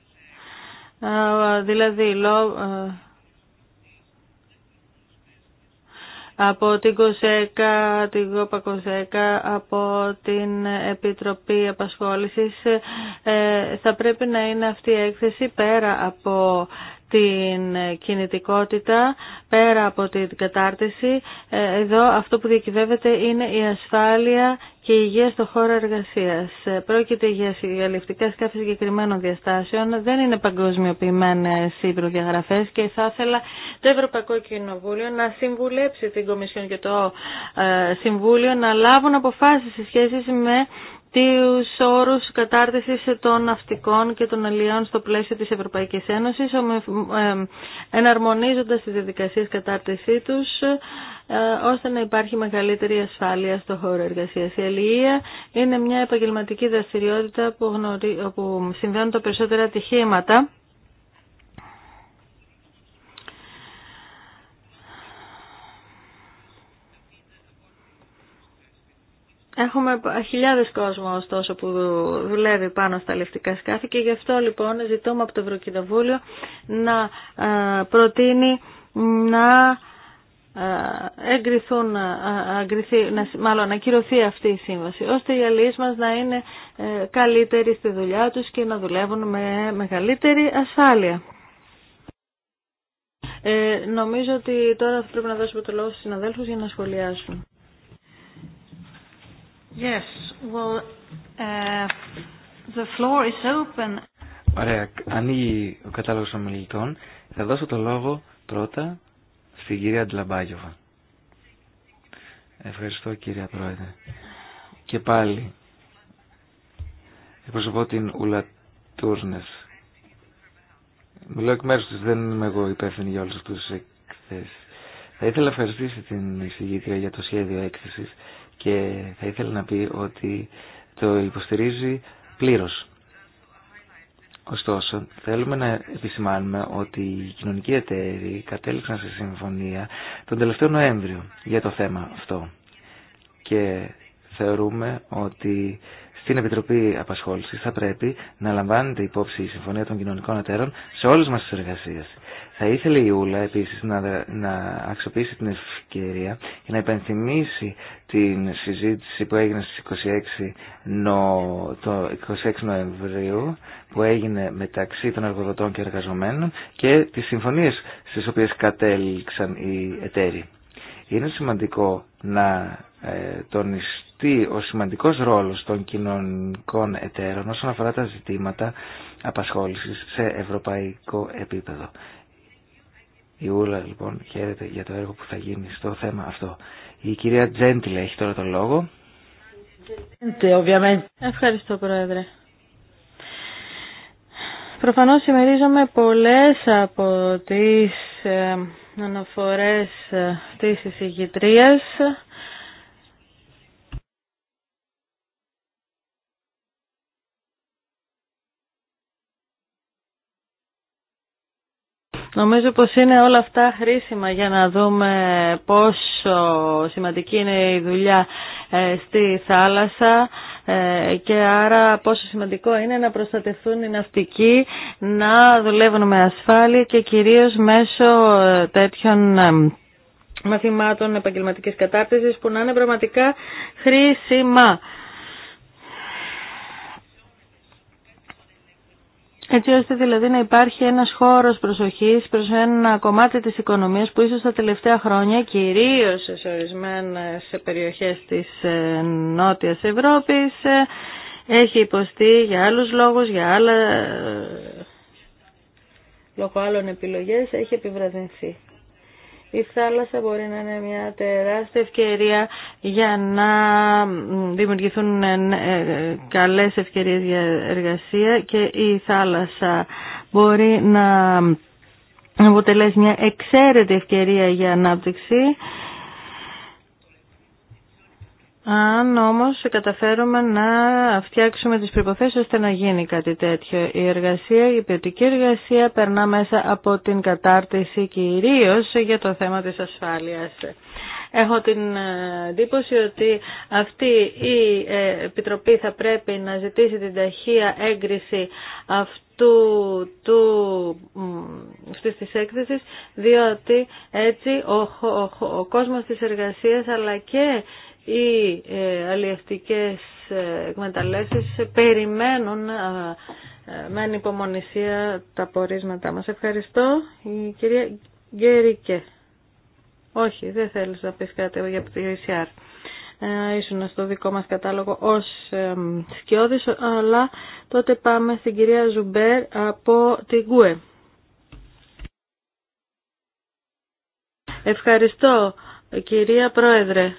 δηλαδή ε, από την ΚΟΣΕΚΑ, την ΓΟΠΑ ΚΟΣΕΚΑ, από την Επιτροπή Απασχόλησης. Ε, θα πρέπει να είναι αυτή η έκθεση πέρα από την κινητικότητα, πέρα από την κατάρτιση. Ε, εδώ αυτό που διακυβεύεται είναι η ασφάλεια και υγεία στο χώρο εργασία. Ε, πρόκειται για συλληφτικά σκάφη συγκεκριμένων διαστάσεων. Δεν είναι παγκοσμιοποιημένε οι προδιαγραφέ και θα ήθελα το Ευρωπαϊκό Κοινοβούλιο να συμβουλέψει την Κομισιόν και το ε, Συμβούλιο να λάβουν αποφάσει σε σχέση με τους όρους κατάρτισης των ναυτικών και των αλλιών στο πλαίσιο της Ευρωπαϊκής Ένωσης, εναρμονίζοντας τις διαδικασίες κατάρτισή τους, ε, ώστε να υπάρχει μεγαλύτερη ασφάλεια στο χώρο εργασίας. Η αλληλεία είναι μια επαγγελματική δραστηριότητα που, γνωρί... που συμβαίνουν τα περισσότερα ατυχήματα Έχουμε χιλιάδες κόσμο ωστόσο που δουλεύει πάνω στα λευτικά σκάφη και γι' αυτό λοιπόν ζητούμε από το Ευρωκοινοβούλιο να ε, προτείνει να ε, εγκριθούν, ε, μάλλον να κυρωθεί αυτή η σύμβαση, ώστε οι αλληλείς μας να είναι καλύτεροι στη δουλειά τους και να δουλεύουν με μεγαλύτερη ασφάλεια. νομίζω ότι τώρα θα πρέπει να δώσουμε το λόγο στους συναδέλφους για να σχολιάσουν. Yes, well, uh, the floor is open. Ωραία, ανοίγει ο κατάλογος ομιλητών. Θα δώσω το λόγο πρώτα στην κυρία Ντλαμπάγιοβα. Ευχαριστώ κυρία Πρόεδρε. Και πάλι, εκπροσωπώ την Ουλα Τούρνες. Μιλώ εκ μέρους της, δεν είμαι εγώ υπεύθυνη για όλους του τους εκθέσεις. Θα ήθελα να ευχαριστήσω την εισηγήτρια για το σχέδιο έκθεσης και θα ήθελα να πει ότι το υποστηρίζει πλήρως. Ωστόσο, θέλουμε να επισημάνουμε ότι οι κοινωνικοί εταίροι κατέληξαν σε συμφωνία τον τελευταίο Νοέμβριο για το θέμα αυτό. Και θεωρούμε ότι στην Επιτροπή Απασχόλησης θα πρέπει να λαμβάνεται υπόψη η Συμφωνία των Κοινωνικών Εταίρων σε όλες μας τις εργασίες. Θα ήθελε η Ούλα επίσης να, αξιοποιήσει την ευκαιρία και να υπενθυμίσει την συζήτηση που έγινε στις 26, το 26 Νοεμβρίου που έγινε μεταξύ των εργοδοτών και εργαζομένων και τις συμφωνίες στις οποίες κατέληξαν οι εταίροι. Είναι σημαντικό να ε, τονιστεί ο σημαντικός ρόλος των κοινωνικών εταίρων όσον αφορά τα ζητήματα απασχόλησης σε ευρωπαϊκό επίπεδο. Η Ούλα λοιπόν χαίρεται για το έργο που θα γίνει στο θέμα αυτό. Η κυρία Τζέντιλε έχει τώρα τον λόγο. Ευχαριστώ Πρόεδρε. Προφανώς ημερίζομαι πολλές από τις ε, αναφορές ε, της εισηγητρίας. Νομίζω πως είναι όλα αυτά χρήσιμα για να δούμε πόσο σημαντική είναι η δουλειά ε, στη θάλασσα ε, και άρα πόσο σημαντικό είναι να προστατευτούν οι ναυτικοί, να δουλεύουν με ασφάλεια και κυρίως μέσω ε, τέτοιων μαθημάτων επαγγελματικής κατάρτισης που να είναι πραγματικά χρήσιμα. Έτσι ώστε δηλαδή να υπάρχει ένας χώρος προσοχής προς ένα κομμάτι της οικονομίας που ίσως τα τελευταία χρόνια, κυρίως σε ορισμένες περιοχές της ε, Νότιας Ευρώπης, ε, έχει υποστεί για άλλους λόγους, για άλλα... Ε, λόγω άλλων επιλογές, έχει επιβραδυνθεί η θάλασσα μπορεί να είναι μια τεράστια ευκαιρία για να δημιουργηθούν ε, ε, καλές ευκαιρίες για εργασία και η θάλασσα μπορεί να αποτελέσει μια εξαίρετη ευκαιρία για ανάπτυξη αν όμως καταφέρουμε να φτιάξουμε τις προϋποθέσεις ώστε να γίνει κάτι τέτοιο, η εργασία, η ποιοτική εργασία περνά μέσα από την κατάρτιση κυρίως για το θέμα της ασφάλειας. Έχω την ε, εντύπωση ότι αυτή η ε, Επιτροπή θα πρέπει να ζητήσει την ταχεία έγκριση αυτού του, αυτής της έκθεσης, διότι έτσι ο, ο κόσμος της εργασίας αλλά και οι ε, αλλιευτικές ε, εκμεταλλεύσεις περιμένουν ε, με ανυπομονησία τα πορίσματά μας. Ευχαριστώ. Η κυρία Γκέρικε. Όχι, δεν θέλεις να πεις κάτι για το ΙΣΙΑΡ. Ε, ήσουν στο δικό μας κατάλογο ως ε, σκιώδης, αλλά τότε πάμε στην κυρία Ζουμπέρ από την ΚΟΕ. Ευχαριστώ, κυρία Πρόεδρε.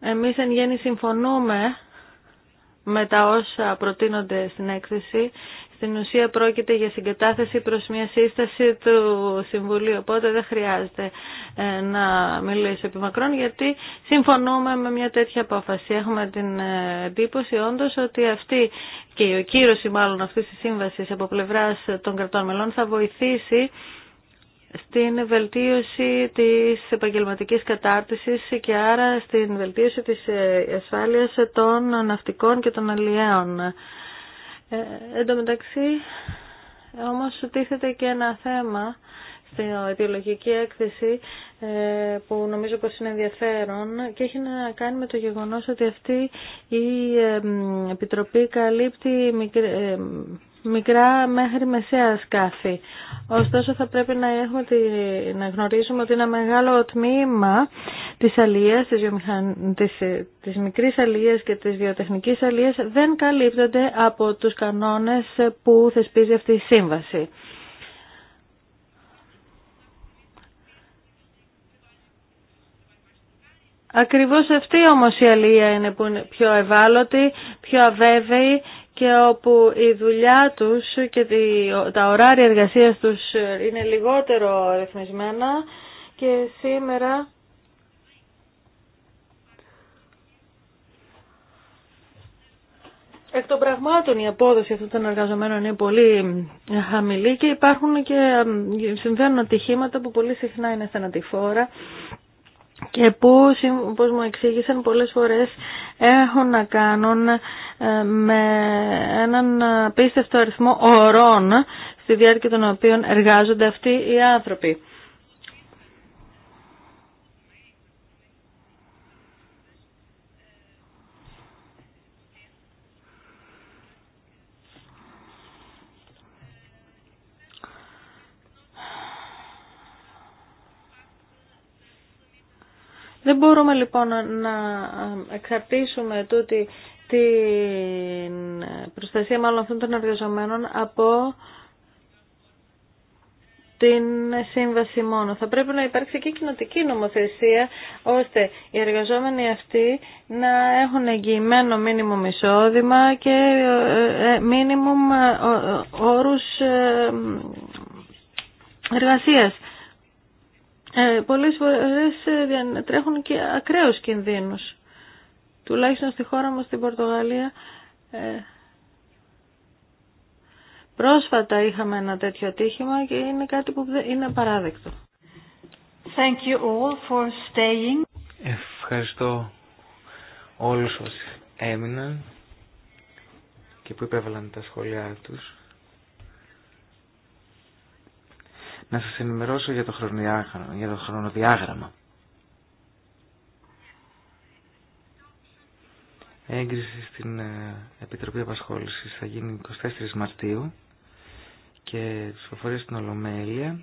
Εμείς εν γέννη συμφωνούμε με τα όσα προτείνονται στην έκθεση. Στην ουσία πρόκειται για συγκατάθεση προς μια σύσταση του Συμβουλίου, οπότε δεν χρειάζεται ε, να μιλήσω επί γιατί συμφωνούμε με μια τέτοια απόφαση. Έχουμε την ε, εντύπωση όντως ότι αυτή και η οκύρωση μάλλον αυτής της σύμβασης από πλευράς των κρατών μελών θα βοηθήσει στην βελτίωση της επαγγελματικής κατάρτισης και άρα στην βελτίωση της ε, ασφάλειας των ναυτικών και των αλλιέων. Ε, εν τω μεταξύ, όμως τίθεται και ένα θέμα στην αιτιολογική έκθεση ε, που νομίζω πως είναι ενδιαφέρον και έχει να κάνει με το γεγονός ότι αυτή η ε, Επιτροπή καλύπτει μικρά μέχρι μεσαία σκάφη. Ωστόσο θα πρέπει να, έχουμε να γνωρίζουμε ότι ένα μεγάλο τμήμα της αλίας, της, βιομηχαν... της, της μικρής αλίας και της βιοτεχνικής αλίας δεν καλύπτονται από τους κανόνες που θεσπίζει αυτή η σύμβαση. Ακριβώς αυτή όμως η αλληλεία είναι που είναι πιο ευάλωτη, πιο αβέβαιη και όπου η δουλειά τους και τα ωράρια εργασίας τους είναι λιγότερο ρυθμισμένα και σήμερα Εκ των πραγμάτων η απόδοση αυτών των εργαζομένων είναι πολύ χαμηλή και υπάρχουν και συμβαίνουν ατυχήματα που πολύ συχνά είναι θανατηφόρα και που, όπως μου εξήγησαν πολλές φορές, έχουν να κάνουν ε, με έναν απίστευτο αριθμό ορών στη διάρκεια των οποίων εργάζονται αυτοί οι άνθρωποι. Δεν μπορούμε λοιπόν να εξαρτήσουμε τούτη την προστασία μάλλον αυτών των εργαζομένων από την σύμβαση μόνο. Θα πρέπει να υπάρξει και κοινοτική νομοθεσία ώστε οι εργαζόμενοι αυτοί να έχουν εγγυημένο μίνιμουμ εισόδημα και ε, ε, μίνιμουμ ε, όρους εργασίας. Ε, πολλές φορές ε, τρέχουν και ακραίους κινδύνους. Τουλάχιστον στη χώρα μας, στην Πορτογαλία, ε, πρόσφατα είχαμε ένα τέτοιο ατύχημα και είναι κάτι που είναι απαράδεκτο. Thank you all for staying. Ευχαριστώ όλους όσοι έμειναν και που υπέβαλαν τα σχόλιά τους. να σας ενημερώσω για το, για το χρονοδιάγραμμα. Έγκριση στην ε, Επιτροπή Απασχόλησης θα γίνει 24 Μαρτίου και ψηφοφορία στην Ολομέλεια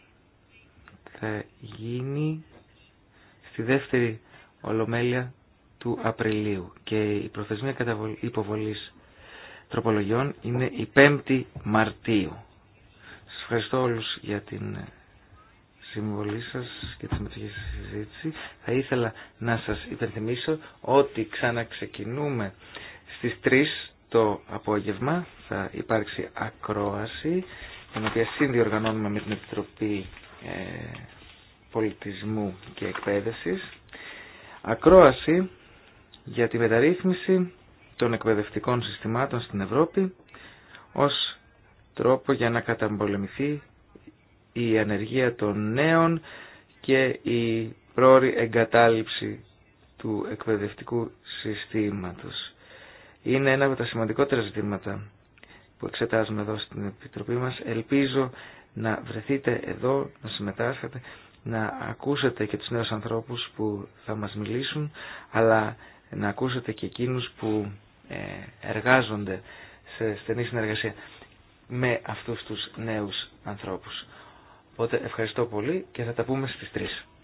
θα γίνει στη δεύτερη Ολομέλεια του Απριλίου και η προθεσμία υποβολής τροπολογιών είναι η 5η Μαρτίου. Σας ευχαριστώ όλους για την συμβολή σας και τη συμμετοχή στη συζήτηση. Θα ήθελα να σας υπενθυμίσω ότι ξαναξεκινούμε στις 3 το απόγευμα. Θα υπάρξει ακρόαση, την οποία συνδιοργανώνουμε με την Επιτροπή ε, Πολιτισμού και Εκπαίδευσης. Ακρόαση για τη μεταρρύθμιση των εκπαιδευτικών συστημάτων στην Ευρώπη ως τρόπο για να καταμπολεμηθεί η ανεργία των νέων και η πρόρη εγκατάλειψη του εκπαιδευτικού συστήματος. Είναι ένα από τα σημαντικότερα ζητήματα που εξετάζουμε εδώ στην Επιτροπή μας. Ελπίζω να βρεθείτε εδώ, να συμμετάσχετε, να ακούσετε και τους νέους ανθρώπους που θα μας μιλήσουν, αλλά να ακούσετε και εκείνους που ε, εργάζονται σε στενή συνεργασία με αυτούς τους νέους ανθρώπους. Οπότε ευχαριστώ πολύ και θα τα πούμε στις 3.